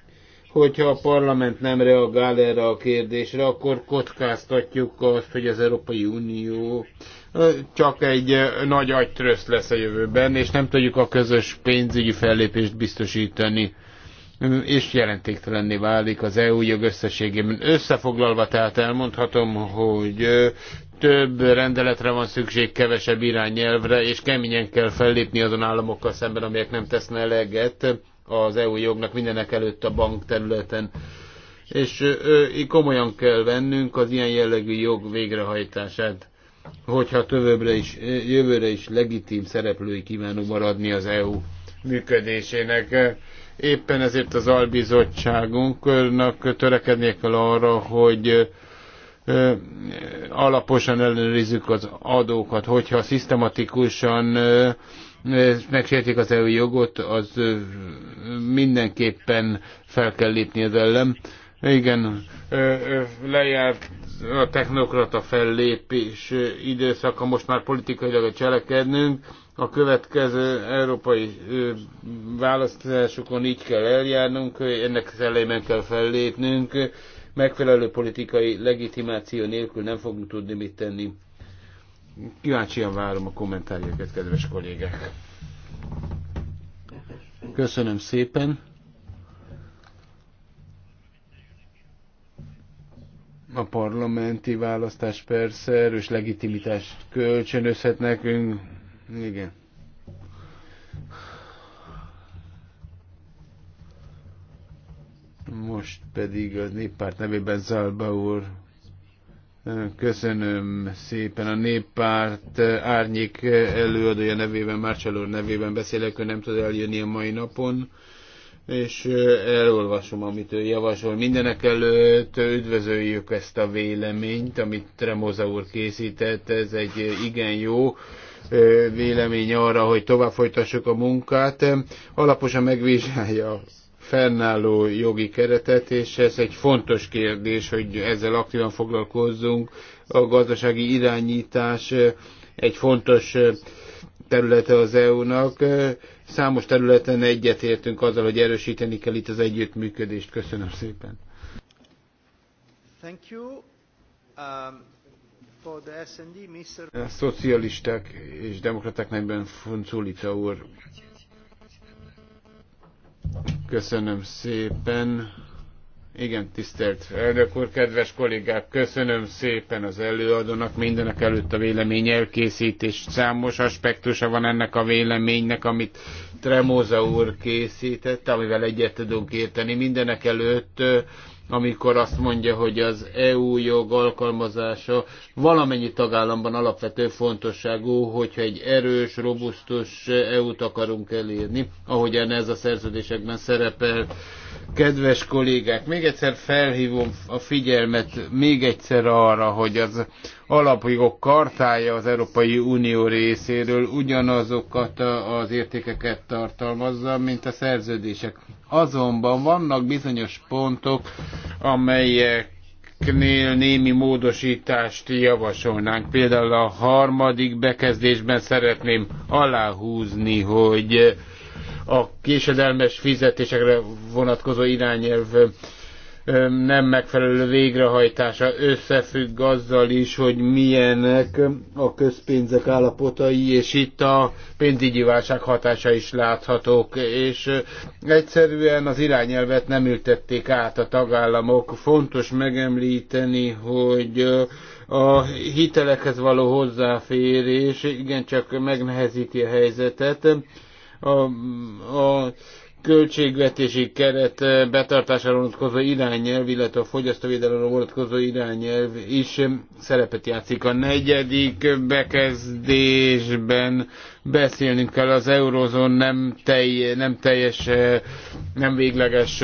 Hogyha a parlament nem reagál erre a kérdésre, akkor kockáztatjuk azt, hogy az Európai Unió csak egy nagy agytröszt lesz a jövőben, és nem tudjuk a közös pénzügyi fellépést biztosítani és jelentéktelenné válik az EU jog összességében. Összefoglalva tehát elmondhatom, hogy több rendeletre van szükség, kevesebb irányelvre, és keményen kell fellépni azon államokkal szemben, amelyek nem tesznek eleget az EU jognak mindenek előtt a bank területen. És ö, komolyan kell vennünk az ilyen jellegű jog végrehajtását, hogyha tövőbbre is, jövőre is legitim szereplői kívánunk maradni az EU működésének Éppen ezért az albizottságunknak törekednie kell arra, hogy alaposan ellenőrizzük az adókat, hogyha szisztematikusan megsértik az EU jogot, az mindenképpen fel kell lépni az ellen. Igen, lejárt a technokrata fellépés időszaka, most már politikailag a cselekednünk, a következő európai választásokon így kell eljárnunk, ennek az elejében kell fellépnünk, megfelelő politikai legitimáció nélkül nem fogunk tudni mit tenni. Kíváncsian várom a kommentárjukat, kedves kollégák. Köszönöm szépen. a parlamenti választás persze erős legitimitást kölcsönözhet nekünk, igen. Most pedig az néppárt nevében Zalba úr. Köszönöm szépen a néppárt árnyék előadója nevében, Márcsal úr nevében beszélek, ő nem tud eljönni a mai napon és elolvasom, amit ő javasol. Mindenek előtt üdvözöljük ezt a véleményt, amit Tremoza úr készített, ez egy igen jó véleménye arra, hogy tovább folytassuk a munkát. Alaposan megvizsgálja a fennálló jogi keretet, és ez egy fontos kérdés, hogy ezzel aktívan foglalkozzunk. A gazdasági irányítás egy fontos területe az EU-nak. Számos területen egyetértünk azzal, hogy erősíteni kell itt az együttműködést. Köszönöm szépen. Thank you. Um... A szocialisták és demokraták nemben Funculica úr. Köszönöm szépen. Igen, tisztelt elnök úr, kedves kollégák, köszönöm szépen az előadónak mindenek előtt a vélemény elkészítés. Számos aspektusa van ennek a véleménynek, amit Tremóza úr készített, amivel egyet tudunk érteni. Mindenek előtt amikor azt mondja, hogy az EU jog alkalmazása valamennyi tagállamban alapvető fontosságú, hogyha egy erős, robusztus EU-t akarunk elérni, ahogyan ez a szerződésekben szerepel Kedves kollégák, még egyszer felhívom a figyelmet még egyszer arra, hogy az alapjogok kartája az Európai Unió részéről ugyanazokat az értékeket tartalmazza, mint a szerződések. Azonban vannak bizonyos pontok, amelyek Nél némi módosítást javasolnánk. Például a harmadik bekezdésben szeretném aláhúzni, hogy a késedelmes fizetésekre vonatkozó irányelv nem megfelelő végrehajtása összefügg azzal is, hogy milyenek a közpénzek állapotai, és itt a pénzügyi válság hatása is láthatók, és egyszerűen az irányelvet nem ültették át a tagállamok. Fontos megemlíteni, hogy a hitelekhez való hozzáférés igencsak megnehezíti a helyzetet, a, a költségvetési keret betartására vonatkozó irányelv, illetve a fogyasztóvédelemre vonatkozó irányelv is szerepet játszik. A negyedik bekezdésben beszélnünk kell az eurozón nem, telj, nem teljes, nem végleges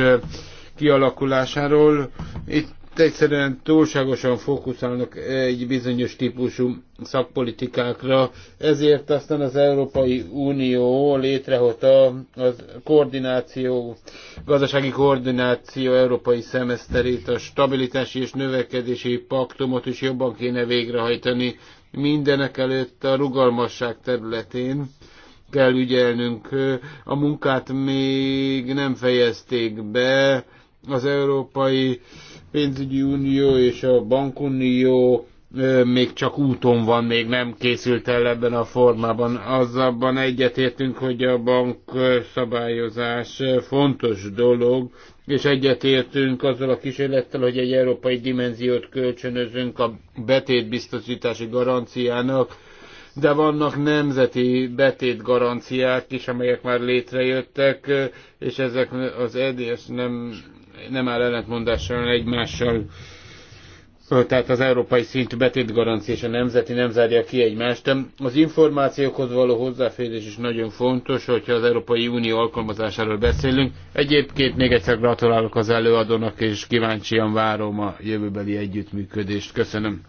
kialakulásáról. Itt egyszerűen túlságosan fókuszálnak egy bizonyos típusú szakpolitikákra, ezért aztán az Európai Unió létrehozta a koordináció, gazdasági koordináció európai szemeszterét, a stabilitási és növekedési paktumot is jobban kéne végrehajtani mindenek előtt a rugalmasság területén kell ügyelnünk. A munkát még nem fejezték be, az európai pénzügyi unió és a bankunió még csak úton van, még nem készült el ebben a formában. Az abban egyetértünk, hogy a bank szabályozás fontos dolog, és egyetértünk azzal a kísérlettel, hogy egy európai dimenziót kölcsönözünk a betétbiztosítási garanciának, de vannak nemzeti betétgaranciák is, amelyek már létrejöttek, és ezek az EDS nem nem áll ellentmondással egymással. Tehát az európai szintű garancia és a nemzeti nem zárja ki egymást. Az információkhoz való hozzáférés is nagyon fontos, hogyha az Európai Unió alkalmazásáról beszélünk. Egyébként még egyszer gratulálok az előadónak, és kíváncsian várom a jövőbeli együttműködést. Köszönöm.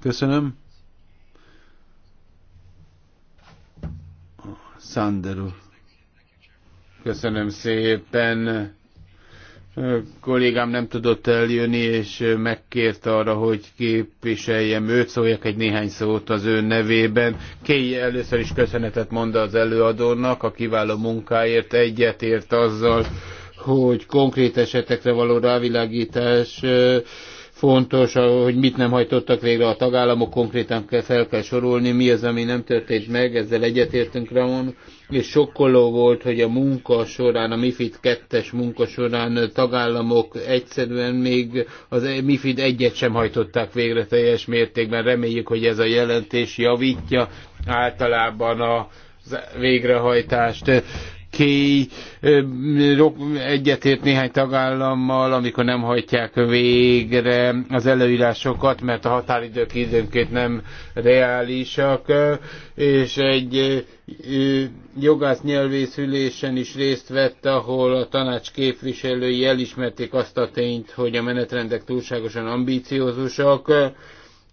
Köszönöm. Sander Köszönöm szépen kollégám nem tudott eljönni, és megkért arra, hogy képviseljem őt, szóljak egy néhány szót az ő nevében. Kéj először is köszönetet mond az előadónak, a kiváló munkáért egyetért azzal, hogy konkrét esetekre való rávilágítás fontos, hogy mit nem hajtottak végre a tagállamok, konkrétan fel kell sorolni, mi az, ami nem történt meg, ezzel egyetértünk, Ramon és sokkoló volt, hogy a munka során, a MIFID 2-es munka során tagállamok egyszerűen még az MIFID 1-et sem hajtották végre teljes mértékben. Reméljük, hogy ez a jelentés javítja általában a végrehajtást. Ki egyetért néhány tagállammal, amikor nem hajtják végre az előírásokat, mert a határidők időnként nem reálisak, és egy jogász nyelvészülésen is részt vett, ahol a tanács képviselői elismerték azt a tényt, hogy a menetrendek túlságosan ambíciózusak,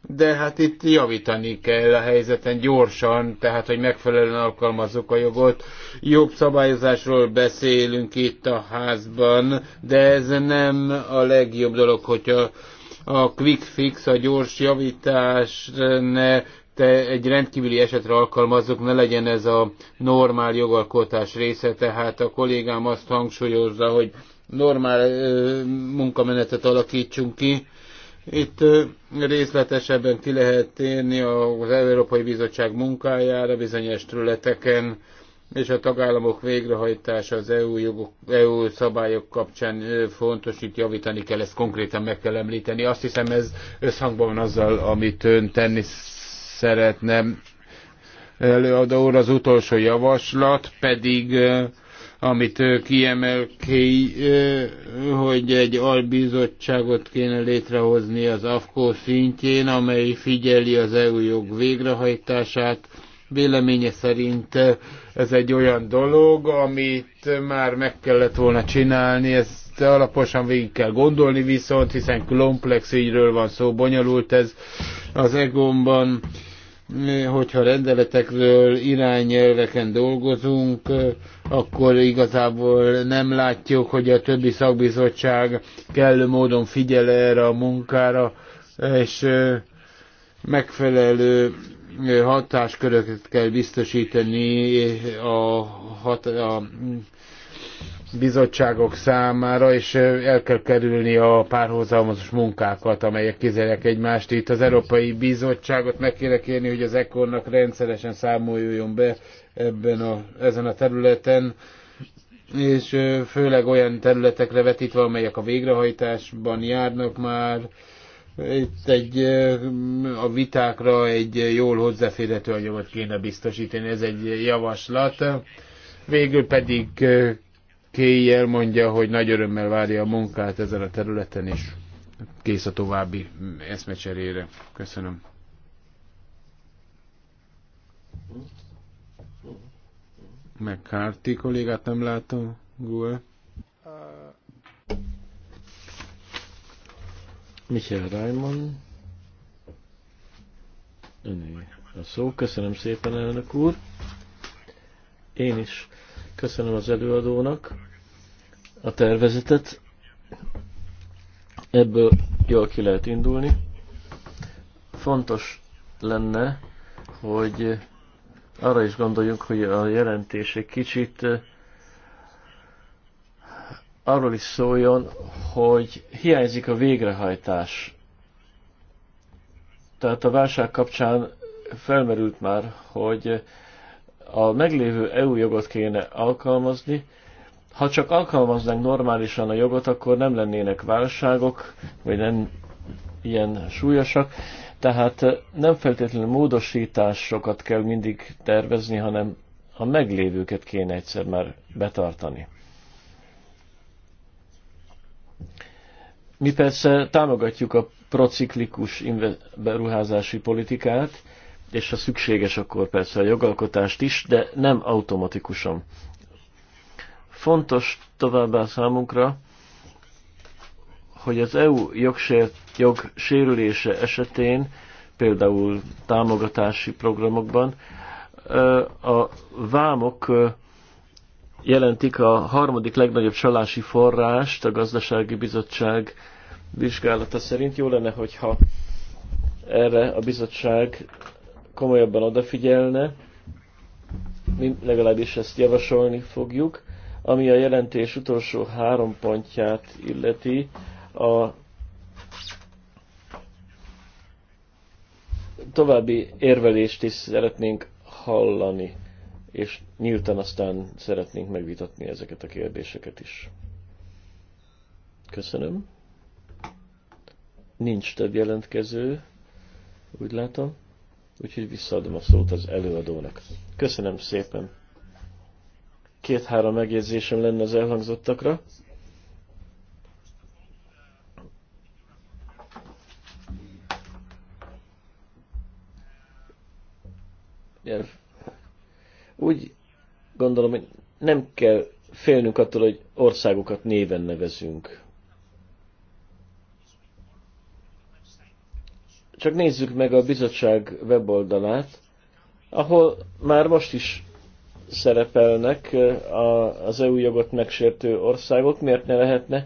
de hát itt javítani kell a helyzeten gyorsan, tehát hogy megfelelően alkalmazzuk a jogot. Jobb szabályozásról beszélünk itt a házban, de ez nem a legjobb dolog, hogyha a quick fix, a gyors javítás ne te egy rendkívüli esetre alkalmazzuk, ne legyen ez a normál jogalkotás része, tehát a kollégám azt hangsúlyozza, hogy normál ö, munkamenetet alakítsunk ki, itt részletesebben ki lehet térni az Európai Bizottság munkájára bizonyos területeken, és a tagállamok végrehajtása az EU, jogok, EU szabályok kapcsán fontos, itt javítani kell, ezt konkrétan meg kell említeni. Azt hiszem ez összhangban van azzal, amit ön tenni szeretne. Előadó úr, az utolsó javaslat pedig amit kiemel ki, hogy egy albizottságot kéne létrehozni az AFKO szintjén, amely figyeli az EU jog végrehajtását. Véleménye szerint ez egy olyan dolog, amit már meg kellett volna csinálni, ezt alaposan végig kell gondolni viszont, hiszen komplex ügyről van szó, bonyolult ez az egomban. ban hogyha rendeletekről, irányelveken dolgozunk, akkor igazából nem látjuk, hogy a többi szakbizottság kellő módon figyel erre a munkára, és megfelelő hatásköröket kell biztosítani a, hat, a bizottságok számára, és el kell kerülni a párhuzamos munkákat, amelyek kizelek egymást. Itt az Európai Bizottságot meg kéne kérni, hogy az ekornak rendszeresen számoljon be ebben a, ezen a területen, és főleg olyan területekre vetítve, amelyek a végrehajtásban járnak már, itt egy, a vitákra egy jól hozzáférhető anyagot kéne biztosítani, ez egy javaslat. Végül pedig kéjjel mondja, hogy nagy örömmel várja a munkát ezen a területen, és kész a további eszmecserére. Köszönöm. Megkárti kollégát nem látom, Google. Michel Raymond. Öné a szó. Köszönöm szépen, elnök úr. Én is Köszönöm az előadónak a tervezetet. Ebből jól ki lehet indulni. Fontos lenne, hogy arra is gondoljunk, hogy a jelentés egy kicsit eh, arról is szóljon, hogy hiányzik a végrehajtás. Tehát a válság kapcsán felmerült már, hogy a meglévő EU jogot kéne alkalmazni. Ha csak alkalmaznánk normálisan a jogot, akkor nem lennének válságok, vagy nem ilyen súlyosak. Tehát nem feltétlenül módosításokat kell mindig tervezni, hanem a meglévőket kéne egyszer már betartani. Mi persze támogatjuk a prociklikus beruházási politikát, és ha szükséges, akkor persze a jogalkotást is, de nem automatikusan. Fontos továbbá számunkra, hogy az EU jogsért, jog sérülése esetén, például támogatási programokban, a vámok jelentik a harmadik legnagyobb csalási forrást a gazdasági bizottság vizsgálata szerint. Jó lenne, hogyha erre a bizottság komolyabban odafigyelne, mi legalábbis ezt javasolni fogjuk, ami a jelentés utolsó három pontját illeti, a további érvelést is szeretnénk hallani, és nyíltan aztán szeretnénk megvitatni ezeket a kérdéseket is. Köszönöm. Nincs több jelentkező, úgy látom. Úgyhogy visszaadom a szót az előadónak. Köszönöm szépen. Két-három megjegyzésem lenne az elhangzottakra. Úgy gondolom, hogy nem kell félnünk attól, hogy országokat néven nevezünk. Csak nézzük meg a bizottság weboldalát, ahol már most is szerepelnek az EU jogot megsértő országok, miért ne lehetne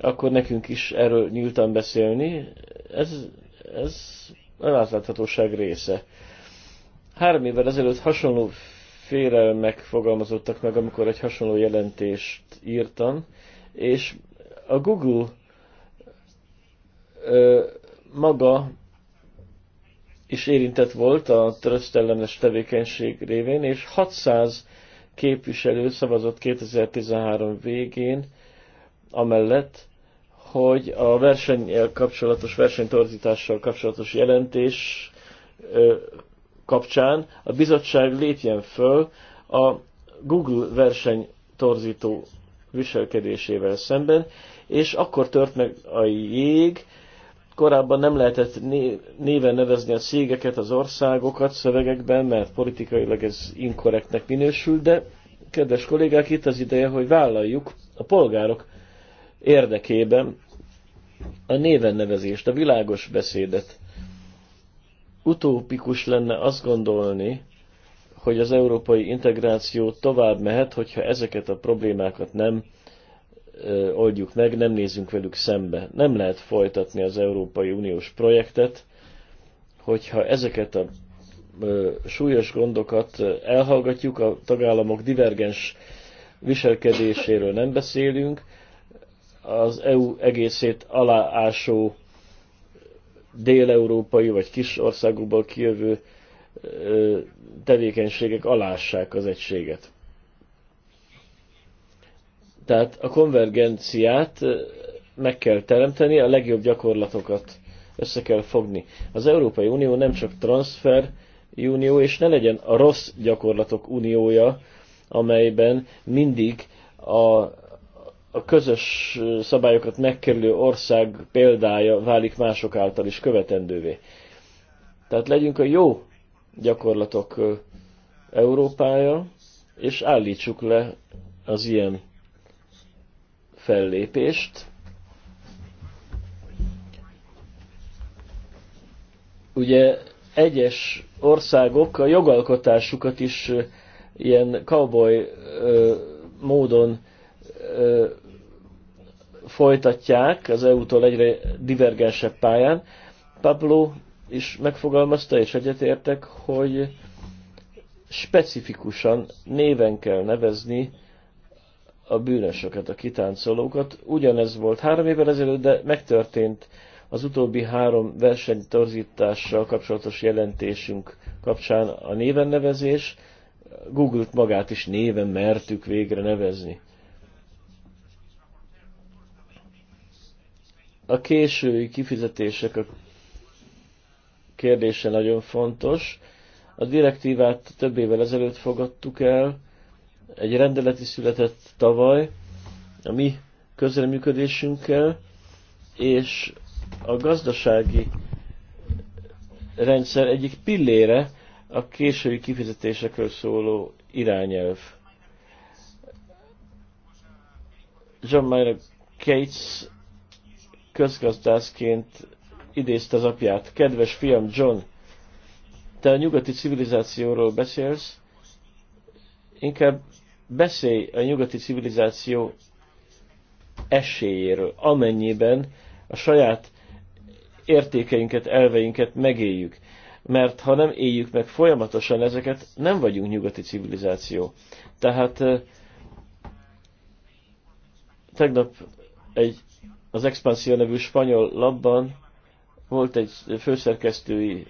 akkor nekünk is erről nyíltan beszélni. Ez, ez a látláthatóság része. Három évvel ezelőtt hasonló félelmek fogalmazottak meg, amikor egy hasonló jelentést írtam, és a Google ö, maga is érintett volt a trösztellenes tevékenység révén, és 600 képviselő szavazott 2013 végén amellett, hogy a versenyel kapcsolatos, versenytorzítással kapcsolatos jelentés kapcsán a bizottság lépjen föl a Google versenytorzító viselkedésével szemben, és akkor tört meg a jég, korábban nem lehetett néven nevezni a cégeket, az országokat szövegekben, mert politikailag ez inkorrektnek minősül, de kedves kollégák, itt az ideje, hogy vállaljuk a polgárok érdekében a néven nevezést, a világos beszédet. Utópikus lenne azt gondolni, hogy az európai integráció tovább mehet, hogyha ezeket a problémákat nem oldjuk meg, nem nézzünk velük szembe. Nem lehet folytatni az Európai Uniós projektet, hogyha ezeket a súlyos gondokat elhallgatjuk, a tagállamok divergens viselkedéséről nem beszélünk, az EU egészét aláásó déleurópai vagy kis országokból kijövő tevékenységek alássák az egységet. Tehát a konvergenciát meg kell teremteni, a legjobb gyakorlatokat össze kell fogni. Az Európai Unió nem csak transfer unió, és ne legyen a rossz gyakorlatok uniója, amelyben mindig a, a közös szabályokat megkerülő ország példája válik mások által is követendővé. Tehát legyünk a jó gyakorlatok Európája, és állítsuk le az ilyen fellépést. Ugye egyes országok a jogalkotásukat is ilyen cowboy módon folytatják az EU-tól egyre divergensebb pályán. Pablo is megfogalmazta, és egyetértek, hogy specifikusan néven kell nevezni a bűnösöket, a kitáncolókat. Ugyanez volt három évvel ezelőtt, de megtörtént az utóbbi három versenytorzítással kapcsolatos jelentésünk kapcsán a néven nevezés. Google-t magát is néven mertük végre nevezni. A késői kifizetések a kérdése nagyon fontos. A direktívát több évvel ezelőtt fogadtuk el, egy rendelet is született tavaly a mi közreműködésünkkel, és a gazdasági rendszer egyik pillére a késői kifizetésekről szóló irányelv. John Mayer Cates közgazdászként idézte az apját. Kedves fiam John, te a nyugati civilizációról beszélsz, inkább beszélj a nyugati civilizáció esélyéről, amennyiben a saját értékeinket, elveinket megéljük. Mert ha nem éljük meg folyamatosan ezeket, nem vagyunk nyugati civilizáció. Tehát tegnap egy, az Expansión nevű spanyol labban volt egy főszerkesztői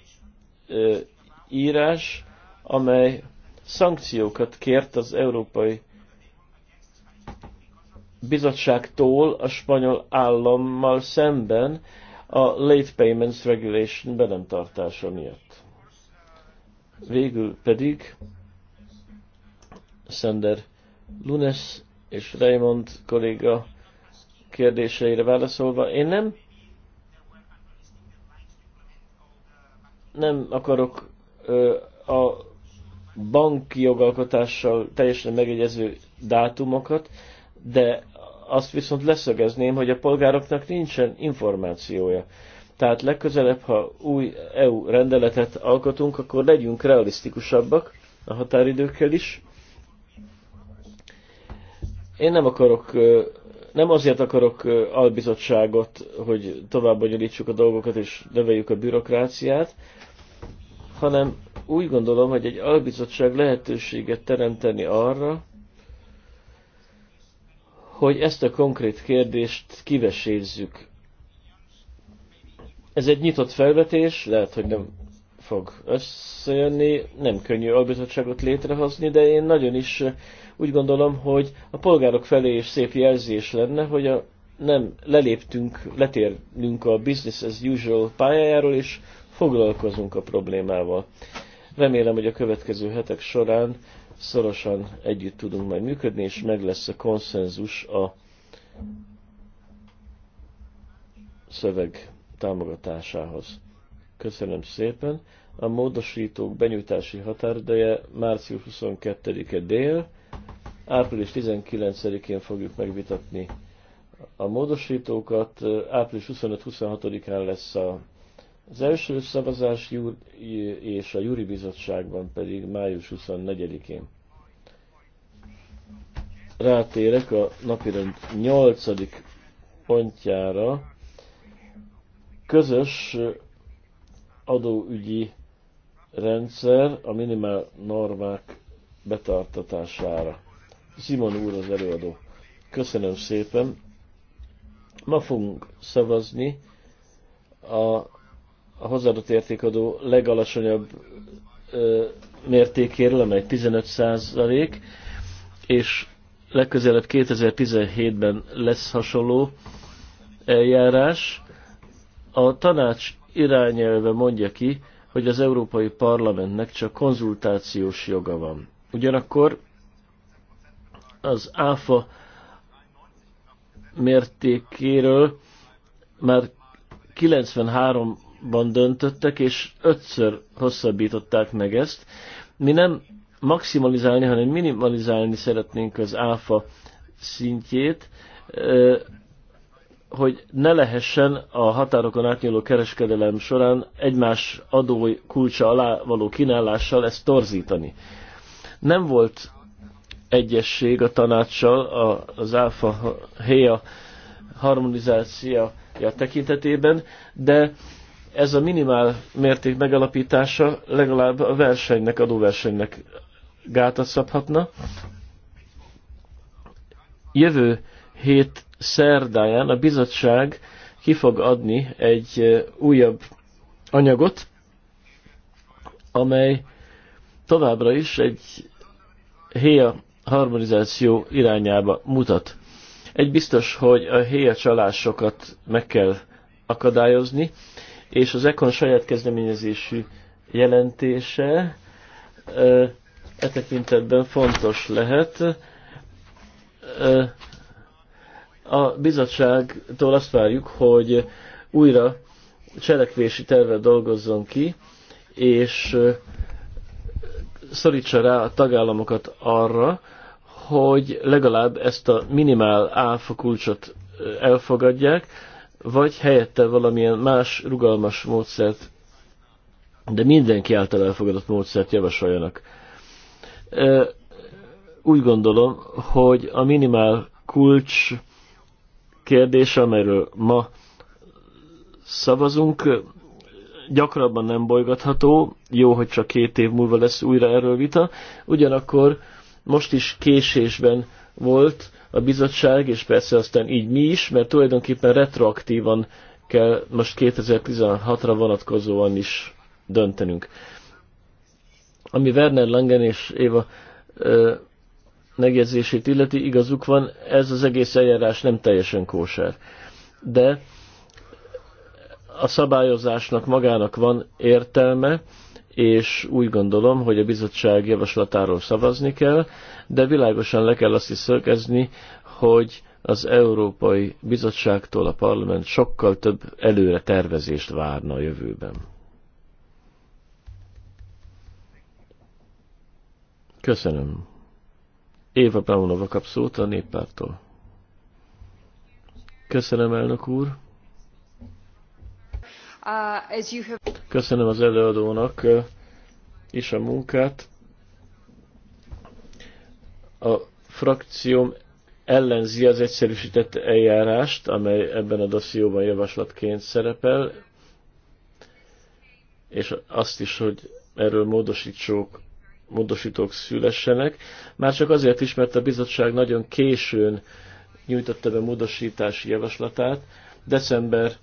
írás, amely szankciókat kért az Európai Bizottságtól a spanyol állammal szemben a Late Payments Regulation be nem tartása miatt. Végül pedig Sander Lunes és Raymond kolléga kérdéseire válaszolva, én nem nem akarok ö, a banki jogalkotással teljesen megegyező dátumokat, de azt viszont leszögezném, hogy a polgároknak nincsen információja. Tehát legközelebb, ha új EU rendeletet alkotunk, akkor legyünk realisztikusabbak a határidőkkel is. Én nem akarok, nem azért akarok albizottságot, hogy tovább bonyolítsuk a dolgokat és növeljük a bürokráciát, hanem úgy gondolom, hogy egy albizottság lehetőséget teremteni arra, hogy ezt a konkrét kérdést kivesézzük. Ez egy nyitott felvetés, lehet, hogy nem fog összejönni, nem könnyű albizottságot létrehozni, de én nagyon is úgy gondolom, hogy a polgárok felé is szép jelzés lenne, hogy a, nem leléptünk, letérnünk a business as usual pályájáról, és foglalkozunk a problémával. Remélem, hogy a következő hetek során szorosan együtt tudunk majd működni, és meg lesz a konszenzus a szöveg támogatásához. Köszönöm szépen. A módosítók benyújtási határideje március 22-e dél, április 19-én fogjuk megvitatni a módosítókat, április 25-26-án lesz a az első szavazás és a Júri Bizottságban pedig május 24-én. Rátérek a napirend 8. pontjára. Közös adóügyi rendszer a minimál normák betartatására. Simon úr az előadó. Köszönöm szépen. Ma fogunk szavazni a a hozzáadott értékadó legalacsonyabb ö, mértékéről, amely 15 százalék, és legközelebb 2017-ben lesz hasonló eljárás. A tanács irányelve mondja ki, hogy az Európai Parlamentnek csak konzultációs joga van. Ugyanakkor az ÁFA mértékéről már 93 ban döntöttek, és ötször hosszabbították meg ezt. Mi nem maximalizálni, hanem minimalizálni szeretnénk az áfa szintjét, hogy ne lehessen a határokon átnyúló kereskedelem során egymás adói kulcsa alá való kínálással ezt torzítani. Nem volt egyesség a tanácssal az áfa héja harmonizációja tekintetében, de ez a minimál mérték megalapítása legalább a versenynek, adóversenynek gátat szabhatna. Jövő hét szerdáján a bizottság ki fog adni egy újabb anyagot, amely továbbra is egy héja harmonizáció irányába mutat. Egy biztos, hogy a héja csalásokat meg kell akadályozni, és az Ekon saját kezdeményezésű jelentése e tekintetben fontos lehet. A bizottságtól azt várjuk, hogy újra cselekvési terve dolgozzon ki, és szorítsa rá a tagállamokat arra, hogy legalább ezt a minimál áfa kulcsot elfogadják, vagy helyette valamilyen más rugalmas módszert, de mindenki által elfogadott módszert javasoljanak. Úgy gondolom, hogy a minimál kulcs kérdése, amelyről ma szavazunk, gyakrabban nem bolygatható, jó, hogy csak két év múlva lesz újra erről vita, ugyanakkor most is késésben volt a bizottság, és persze aztán így mi is, mert tulajdonképpen retroaktívan kell most 2016-ra vonatkozóan is döntenünk. Ami Werner Langen és Éva ö, megjegyzését illeti, igazuk van, ez az egész eljárás nem teljesen kóser. De a szabályozásnak magának van értelme, és úgy gondolom, hogy a bizottság javaslatáról szavazni kell, de világosan le kell azt is szögezni, hogy az Európai Bizottságtól a parlament sokkal több előre tervezést várna a jövőben. Köszönöm. Éva Braunova kap szót a néppártól. Köszönöm, elnök úr. Uh, Köszönöm az előadónak és uh, a munkát. A frakcióm ellenzi az egyszerűsített eljárást, amely ebben a dosszióban javaslatként szerepel, és azt is, hogy erről módosítsók, módosítók szülessenek. Már csak azért is, mert a bizottság nagyon későn nyújtotta be módosítási javaslatát. December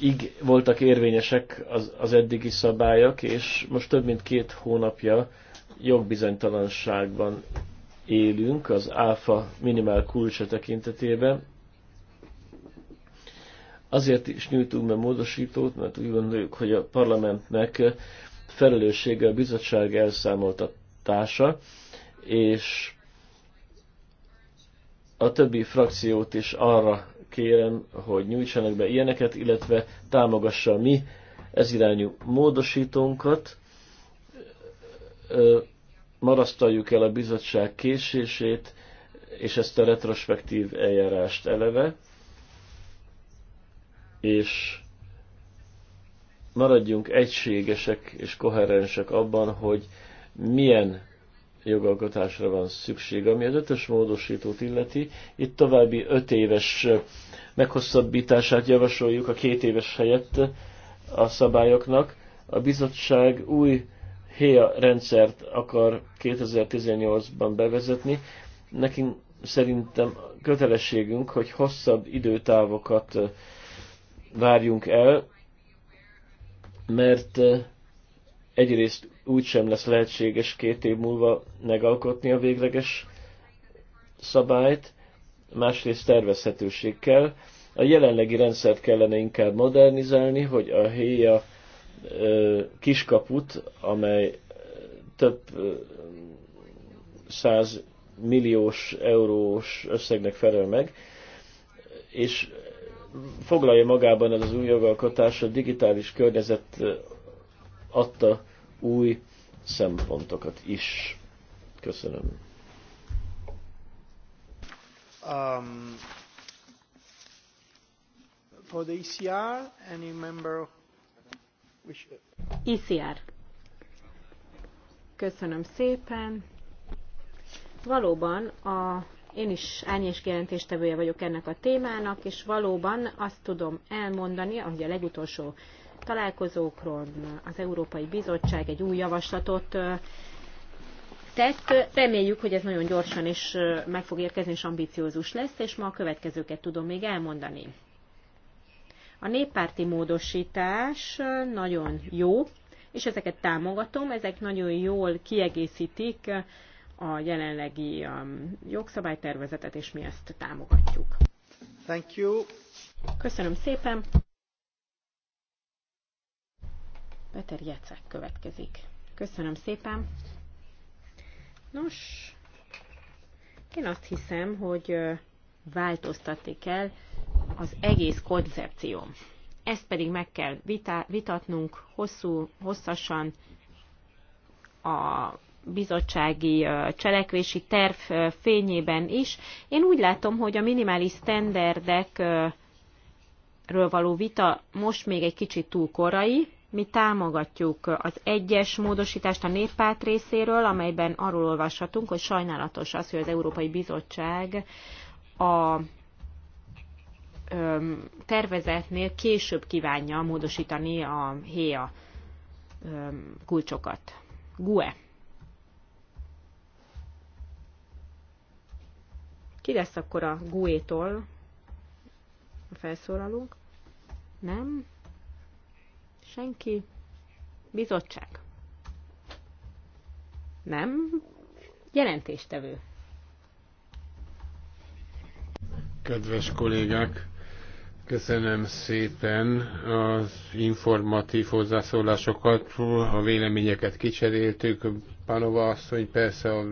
ig voltak érvényesek az, az eddigi szabályok, és most több mint két hónapja jogbizonytalanságban élünk az áfa minimál kulcsa tekintetében. Azért is nyújtunk be módosítót, mert úgy gondoljuk, hogy a parlamentnek felelőssége a bizottság elszámoltatása, és a többi frakciót is arra kérem, hogy nyújtsanak be ilyeneket, illetve támogassa a mi ez irányú módosítónkat. Marasztaljuk el a bizottság késését, és ezt a retrospektív eljárást eleve, és maradjunk egységesek és koherensek abban, hogy milyen jogalkotásra van szükség. Ami az ötös módosítót illeti, itt további öt éves meghosszabbítását javasoljuk a két éves helyett a szabályoknak. A bizottság új HÉA e rendszert akar 2018-ban bevezetni. Nekünk szerintem kötelességünk, hogy hosszabb időtávokat várjunk el, mert egyrészt úgy sem lesz lehetséges két év múlva megalkotni a végleges szabályt, másrészt tervezhetőség kell. A jelenlegi rendszert kellene inkább modernizálni, hogy a héja kiskaput, amely több száz milliós eurós összegnek felel meg, és foglalja magában ez az új jogalkotás a digitális környezet adta új szempontokat is. Köszönöm. Um, for the ECR, any member of ECR. Köszönöm szépen. Valóban a én is árnyés jelentéstevője vagyok ennek a témának, és valóban azt tudom elmondani, ahogy a legutolsó találkozókról az Európai Bizottság egy új javaslatot tett. Reméljük, hogy ez nagyon gyorsan is meg fog érkezni, és ambiciózus lesz, és ma a következőket tudom még elmondani. A néppárti módosítás nagyon jó, és ezeket támogatom, ezek nagyon jól kiegészítik a jelenlegi jogszabálytervezetet, és mi ezt támogatjuk. Thank you. Köszönöm szépen. Peter Jecek következik. Köszönöm szépen. Nos, én azt hiszem, hogy változtatni kell az egész koncepcióm. Ezt pedig meg kell vitatnunk hosszú, hosszasan a bizottsági cselekvési terv fényében is. Én úgy látom, hogy a minimális standardekről való vita most még egy kicsit túl korai, mi támogatjuk az egyes módosítást a néppárt részéről, amelyben arról olvashatunk, hogy sajnálatos az, hogy az Európai Bizottság a tervezetnél később kívánja módosítani a héja e kulcsokat. GUE. Ki lesz akkor a GUE-tól a Nem? Senki? Bizottság? Nem? Jelentéstevő. Kedves kollégák, köszönöm szépen az informatív hozzászólásokat, a véleményeket kicseréltük. Panova asszony persze a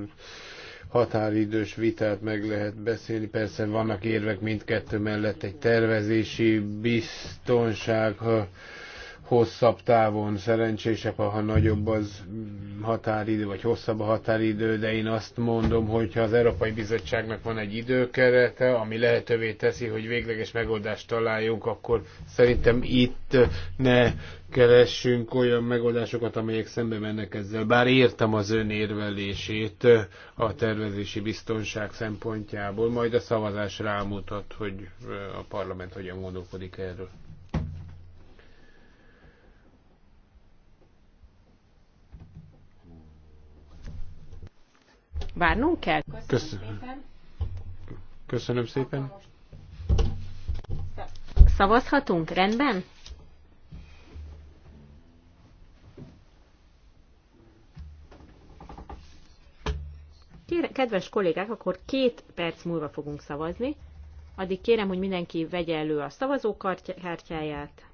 határidős vitát meg lehet beszélni. Persze vannak érvek mindkettő mellett egy tervezési biztonság, ha hosszabb távon szerencsések, ha nagyobb az határidő, vagy hosszabb a határidő, de én azt mondom, hogy ha az Európai Bizottságnak van egy időkerete, ami lehetővé teszi, hogy végleges megoldást találjunk, akkor szerintem itt ne keressünk olyan megoldásokat, amelyek szembe mennek ezzel. Bár értem az ön érvelését a tervezési biztonság szempontjából, majd a szavazás rámutat, hogy a parlament hogyan gondolkodik erről. Várnunk kell? Köszönöm. Köszönöm szépen. Szavazhatunk? Rendben? Kedves kollégák, akkor két perc múlva fogunk szavazni. Addig kérem, hogy mindenki vegye elő a szavazókártyáját,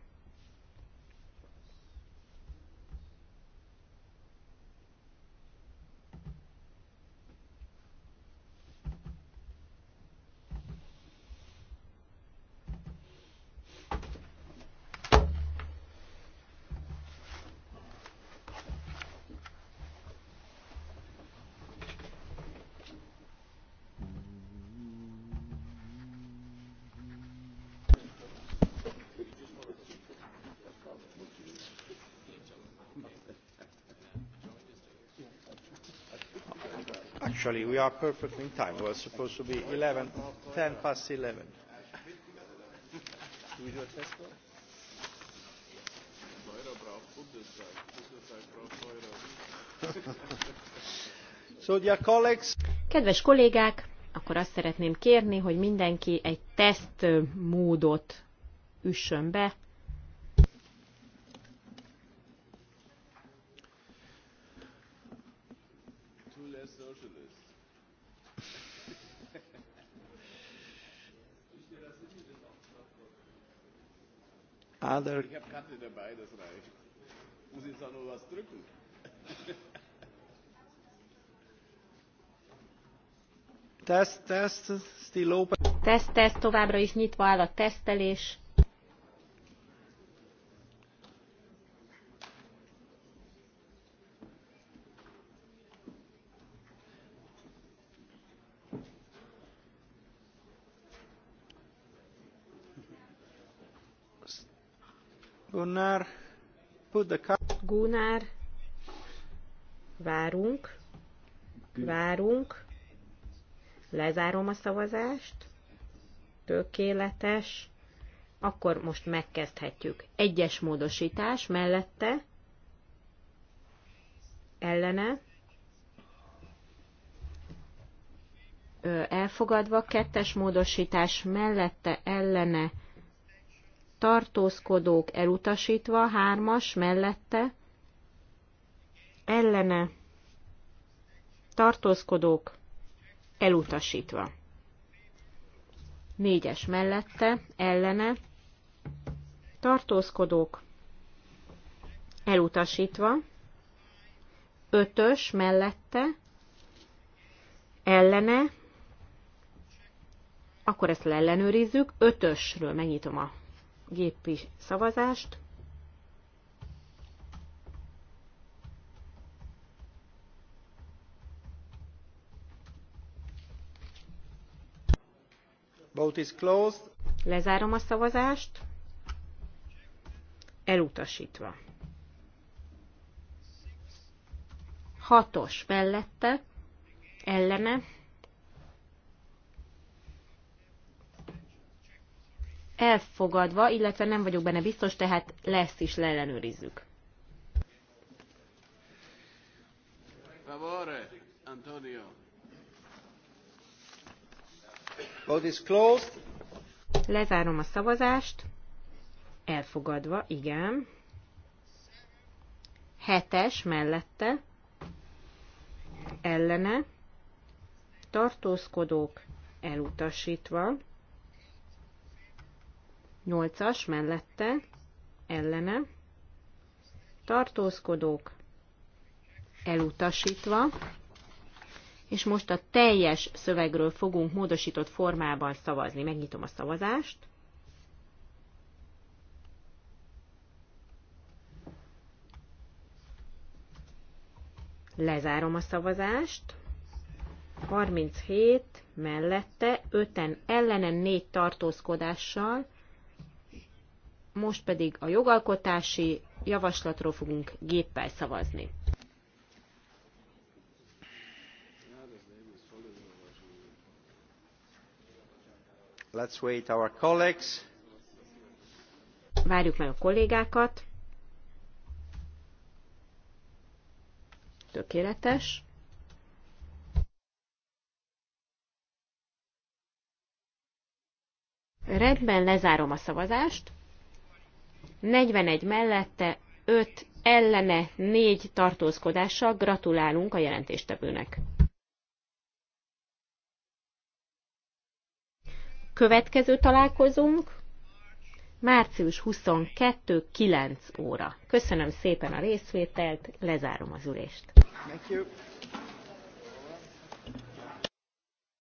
early. We are perfectly in time. We are supposed to be eleven ten past eleven. So, dear colleagues. Kedves kollégák, akkor azt szeretném kérni, hogy mindenki egy tesztmódot üssön be, other. Ich habe Karte dabei, das reicht. Muss was drücken. Test, test, still open. Test, test, továbbra is nyitva áll a tesztelés. Gunár, várunk, várunk, lezárom a szavazást, tökéletes, akkor most megkezdhetjük. Egyes módosítás mellette, ellene, elfogadva, kettes módosítás mellette, ellene, tartózkodók elutasítva, hármas mellette, ellene, tartózkodók elutasítva. Négyes mellette, ellene, tartózkodók elutasítva, ötös mellette, ellene, akkor ezt leellenőrizzük, ötösről megnyitom a gépi szavazást. Vote is closed. Lezárom a szavazást. Elutasítva. Hatos mellette, ellene, elfogadva, illetve nem vagyok benne biztos, tehát lesz is leellenőrizzük. Favore, Antonio. Vote is closed. Lezárom a szavazást. Elfogadva, igen. Hetes mellette. Ellene. Tartózkodók elutasítva. 8-as mellette, ellene, tartózkodók elutasítva, és most a teljes szövegről fogunk módosított formában szavazni. Megnyitom a szavazást. Lezárom a szavazást. 37 mellette, 5-en ellenen, 4 tartózkodással most pedig a jogalkotási javaslatról fogunk géppel szavazni. Let's wait our colleagues. Várjuk meg a kollégákat. Tökéletes. Rendben, lezárom a szavazást. 41 mellette, 5 ellene, 4 tartózkodással gratulálunk a jelentéstevőnek. Következő találkozunk március 22 9 óra. Köszönöm szépen a részvételt, lezárom az ülést. Thank you.